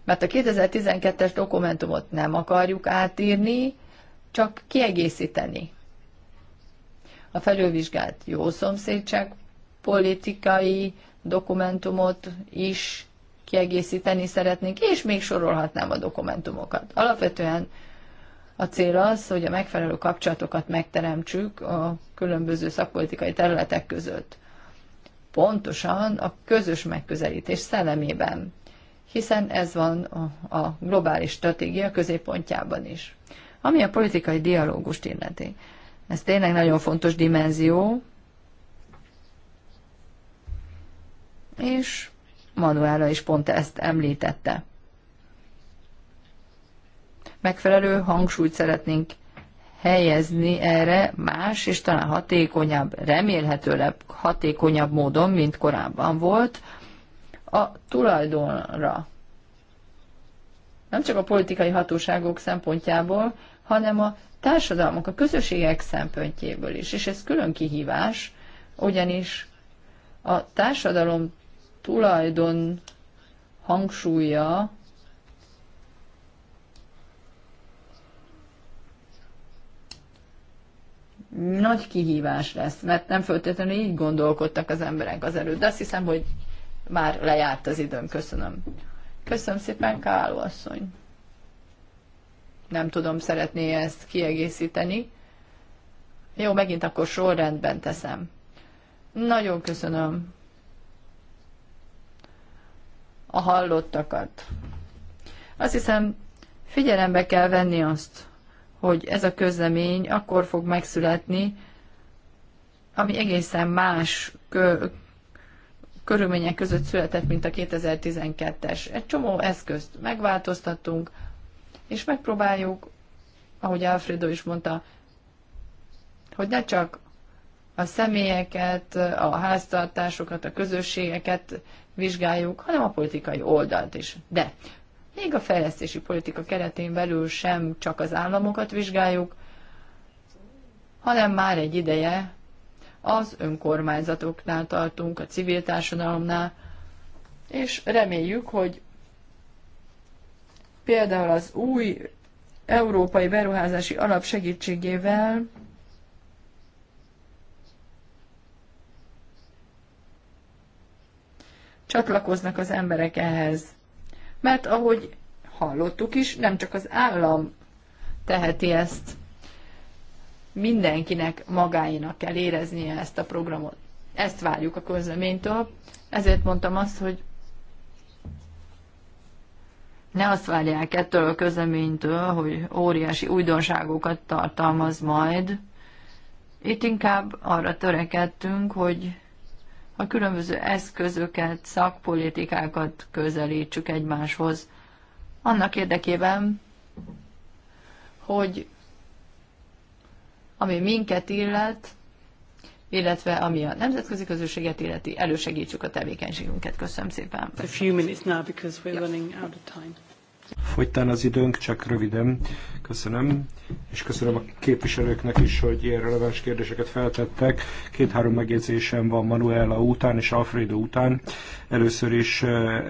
mert a 2012-es dokumentumot nem akarjuk átírni, csak kiegészíteni a felülvizsgált jó szomszédság politikai dokumentumot is kiegészíteni szeretnénk, és még sorolhatnám a dokumentumokat. Alapvetően a cél az, hogy a megfelelő kapcsolatokat megteremtsük a különböző szakpolitikai területek között. Pontosan a közös megközelítés szellemében, hiszen ez van a, globális stratégia középpontjában is. Ami a politikai dialógust illeti. Ez tényleg nagyon fontos dimenzió. És Manuela is pont ezt említette. Megfelelő hangsúlyt szeretnénk helyezni erre más és talán hatékonyabb, remélhetőleg hatékonyabb módon, mint korábban volt, a tulajdonra. Nem csak a politikai hatóságok szempontjából, hanem a társadalmak, a közösségek szempontjéből is. És ez külön kihívás, ugyanis a társadalom tulajdon hangsúlya nagy kihívás lesz, mert nem feltétlenül így gondolkodtak az emberek az előtt, de azt hiszem, hogy már lejárt az időm. Köszönöm. Köszönöm szépen, Káló asszony nem tudom, szeretné ezt kiegészíteni. Jó, megint akkor sorrendben teszem. Nagyon köszönöm a hallottakat. Azt hiszem, figyelembe kell venni azt, hogy ez a közlemény akkor fog megszületni, ami egészen más kö- körülmények között született, mint a 2012-es. Egy csomó eszközt megváltoztattunk, és megpróbáljuk, ahogy Alfredo is mondta, hogy ne csak a személyeket, a háztartásokat, a közösségeket vizsgáljuk, hanem a politikai oldalt is. De még a fejlesztési politika keretén belül sem csak az államokat vizsgáljuk, hanem már egy ideje az önkormányzatoknál tartunk, a civil társadalomnál, és reméljük, hogy Például az új európai beruházási alap segítségével csatlakoznak az emberek ehhez. Mert ahogy hallottuk is, nem csak az állam teheti ezt, mindenkinek magáinak kell éreznie ezt a programot. Ezt várjuk a közleménytől, ezért mondtam azt, hogy ne azt várják ettől a közleménytől, hogy óriási újdonságokat tartalmaz majd. Itt inkább arra törekedtünk, hogy a különböző eszközöket, szakpolitikákat közelítsük egymáshoz, annak érdekében, hogy ami minket illet, illetve ami a nemzetközi közösséget illeti, elősegítsük a tevékenységünket. Köszönöm szépen. A few minutes now because we're running out of time. Fogytán az időnk, csak röviden. Köszönöm. És köszönöm a képviselőknek is, hogy ilyen releváns kérdéseket feltettek. Két-három megjegyzésem van Manuela után és Alfredo után. Először is eh, eh,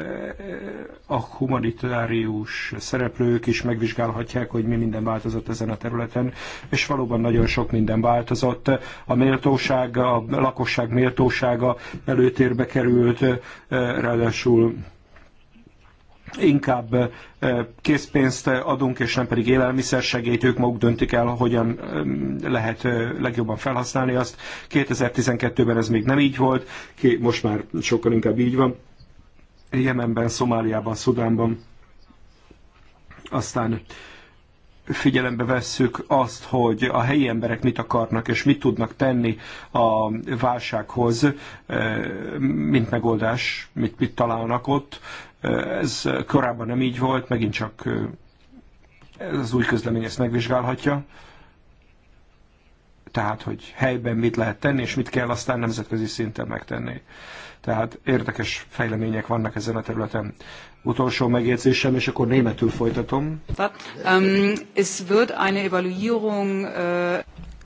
a humanitárius szereplők is megvizsgálhatják, hogy mi minden változott ezen a területen, és valóban nagyon sok minden változott. A méltóság, a lakosság méltósága előtérbe került, eh, ráadásul inkább eh, készpénzt adunk, és nem pedig élelmiszersegélyt, ők maguk döntik el, hogyan eh, lehet eh, legjobban felhasználni azt. 2012-ben ez még nem így volt, most már sokkal inkább így van. Jemenben, Szomáliában, Szudánban. Aztán figyelembe vesszük azt, hogy a helyi emberek mit akarnak és mit tudnak tenni a válsághoz, mint megoldás, mit, mit találnak ott. Ez korábban nem így volt, megint csak ez az új közlemény ezt megvizsgálhatja. Tehát, hogy helyben mit lehet tenni, és mit kell aztán nemzetközi szinten megtenni. Tehát érdekes fejlemények vannak ezen a területen. Utolsó megjegyzésem, és akkor németül folytatom. Um, es wird eine Evaluierung,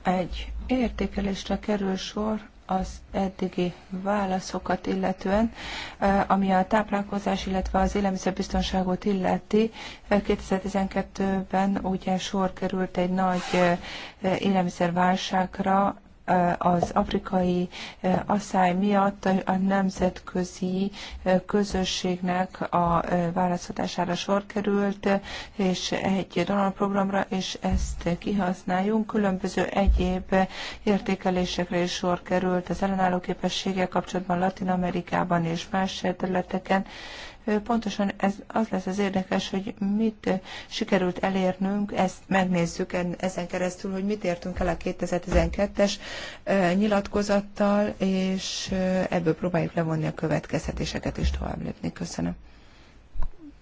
egy értékelésre kerül sor az eddigi válaszokat illetően, eh, ami a táplálkozás, illetve az élelmiszerbiztonságot illeti. 2012-ben eh, ugye sor került egy nagy eh, élelmiszerválságra, az afrikai asszály miatt a nemzetközi közösségnek a választására sor került, és egy Donald programra, és ezt kihasználjunk. Különböző egyéb értékelésekre is sor került az ellenálló képességgel kapcsolatban Latin Amerikában és más területeken. Pontosan ez, az lesz az érdekes, hogy mit sikerült elérnünk, ezt megnézzük ezen keresztül, hogy mit értünk el a 2012-es nyilatkozattal, és ebből próbáljuk levonni a következtetéseket és tovább lépni. Köszönöm.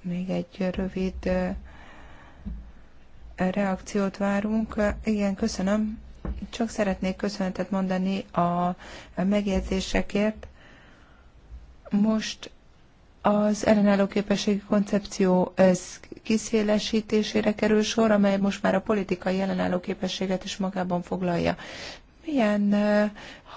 Még egy rövid reakciót várunk. Igen, köszönöm. Csak szeretnék köszönetet mondani a megjegyzésekért. Most az ellenálló képességi koncepció kiszélesítésére kerül sor, amely most már a politikai ellenálló képességet is magában foglalja. Milyen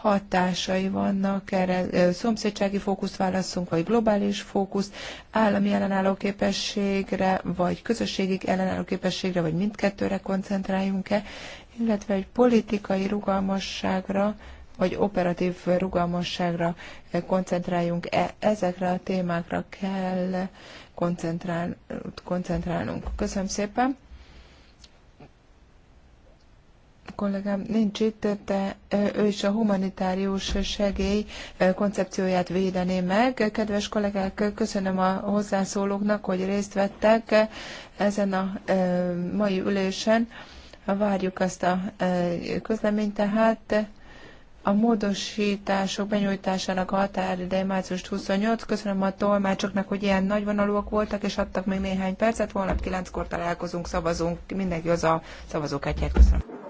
hatásai vannak erre? Szomszédsági fókuszt válaszunk, vagy globális fókusz, állami ellenálló képességre, vagy közösségi ellenálló képességre, vagy mindkettőre koncentráljunk-e, illetve egy politikai rugalmasságra, vagy operatív rugalmasságra koncentráljunk-e. Ezekre a témákra kell koncentrál, koncentrálnunk. Köszönöm szépen. A kollégám nincs itt, de ő is a humanitárius segély koncepcióját védené meg. Kedves kollégák, köszönöm a hozzászólóknak, hogy részt vettek ezen a mai ülésen. Várjuk azt a közleményt tehát. A módosítások benyújtásának a határideje március 28. Köszönöm a tolmácsoknak, hogy ilyen nagyvonalúak voltak, és adtak még néhány percet. Holnap 9-kor találkozunk, szavazunk, mindenki az a szavazókártyát. Köszönöm.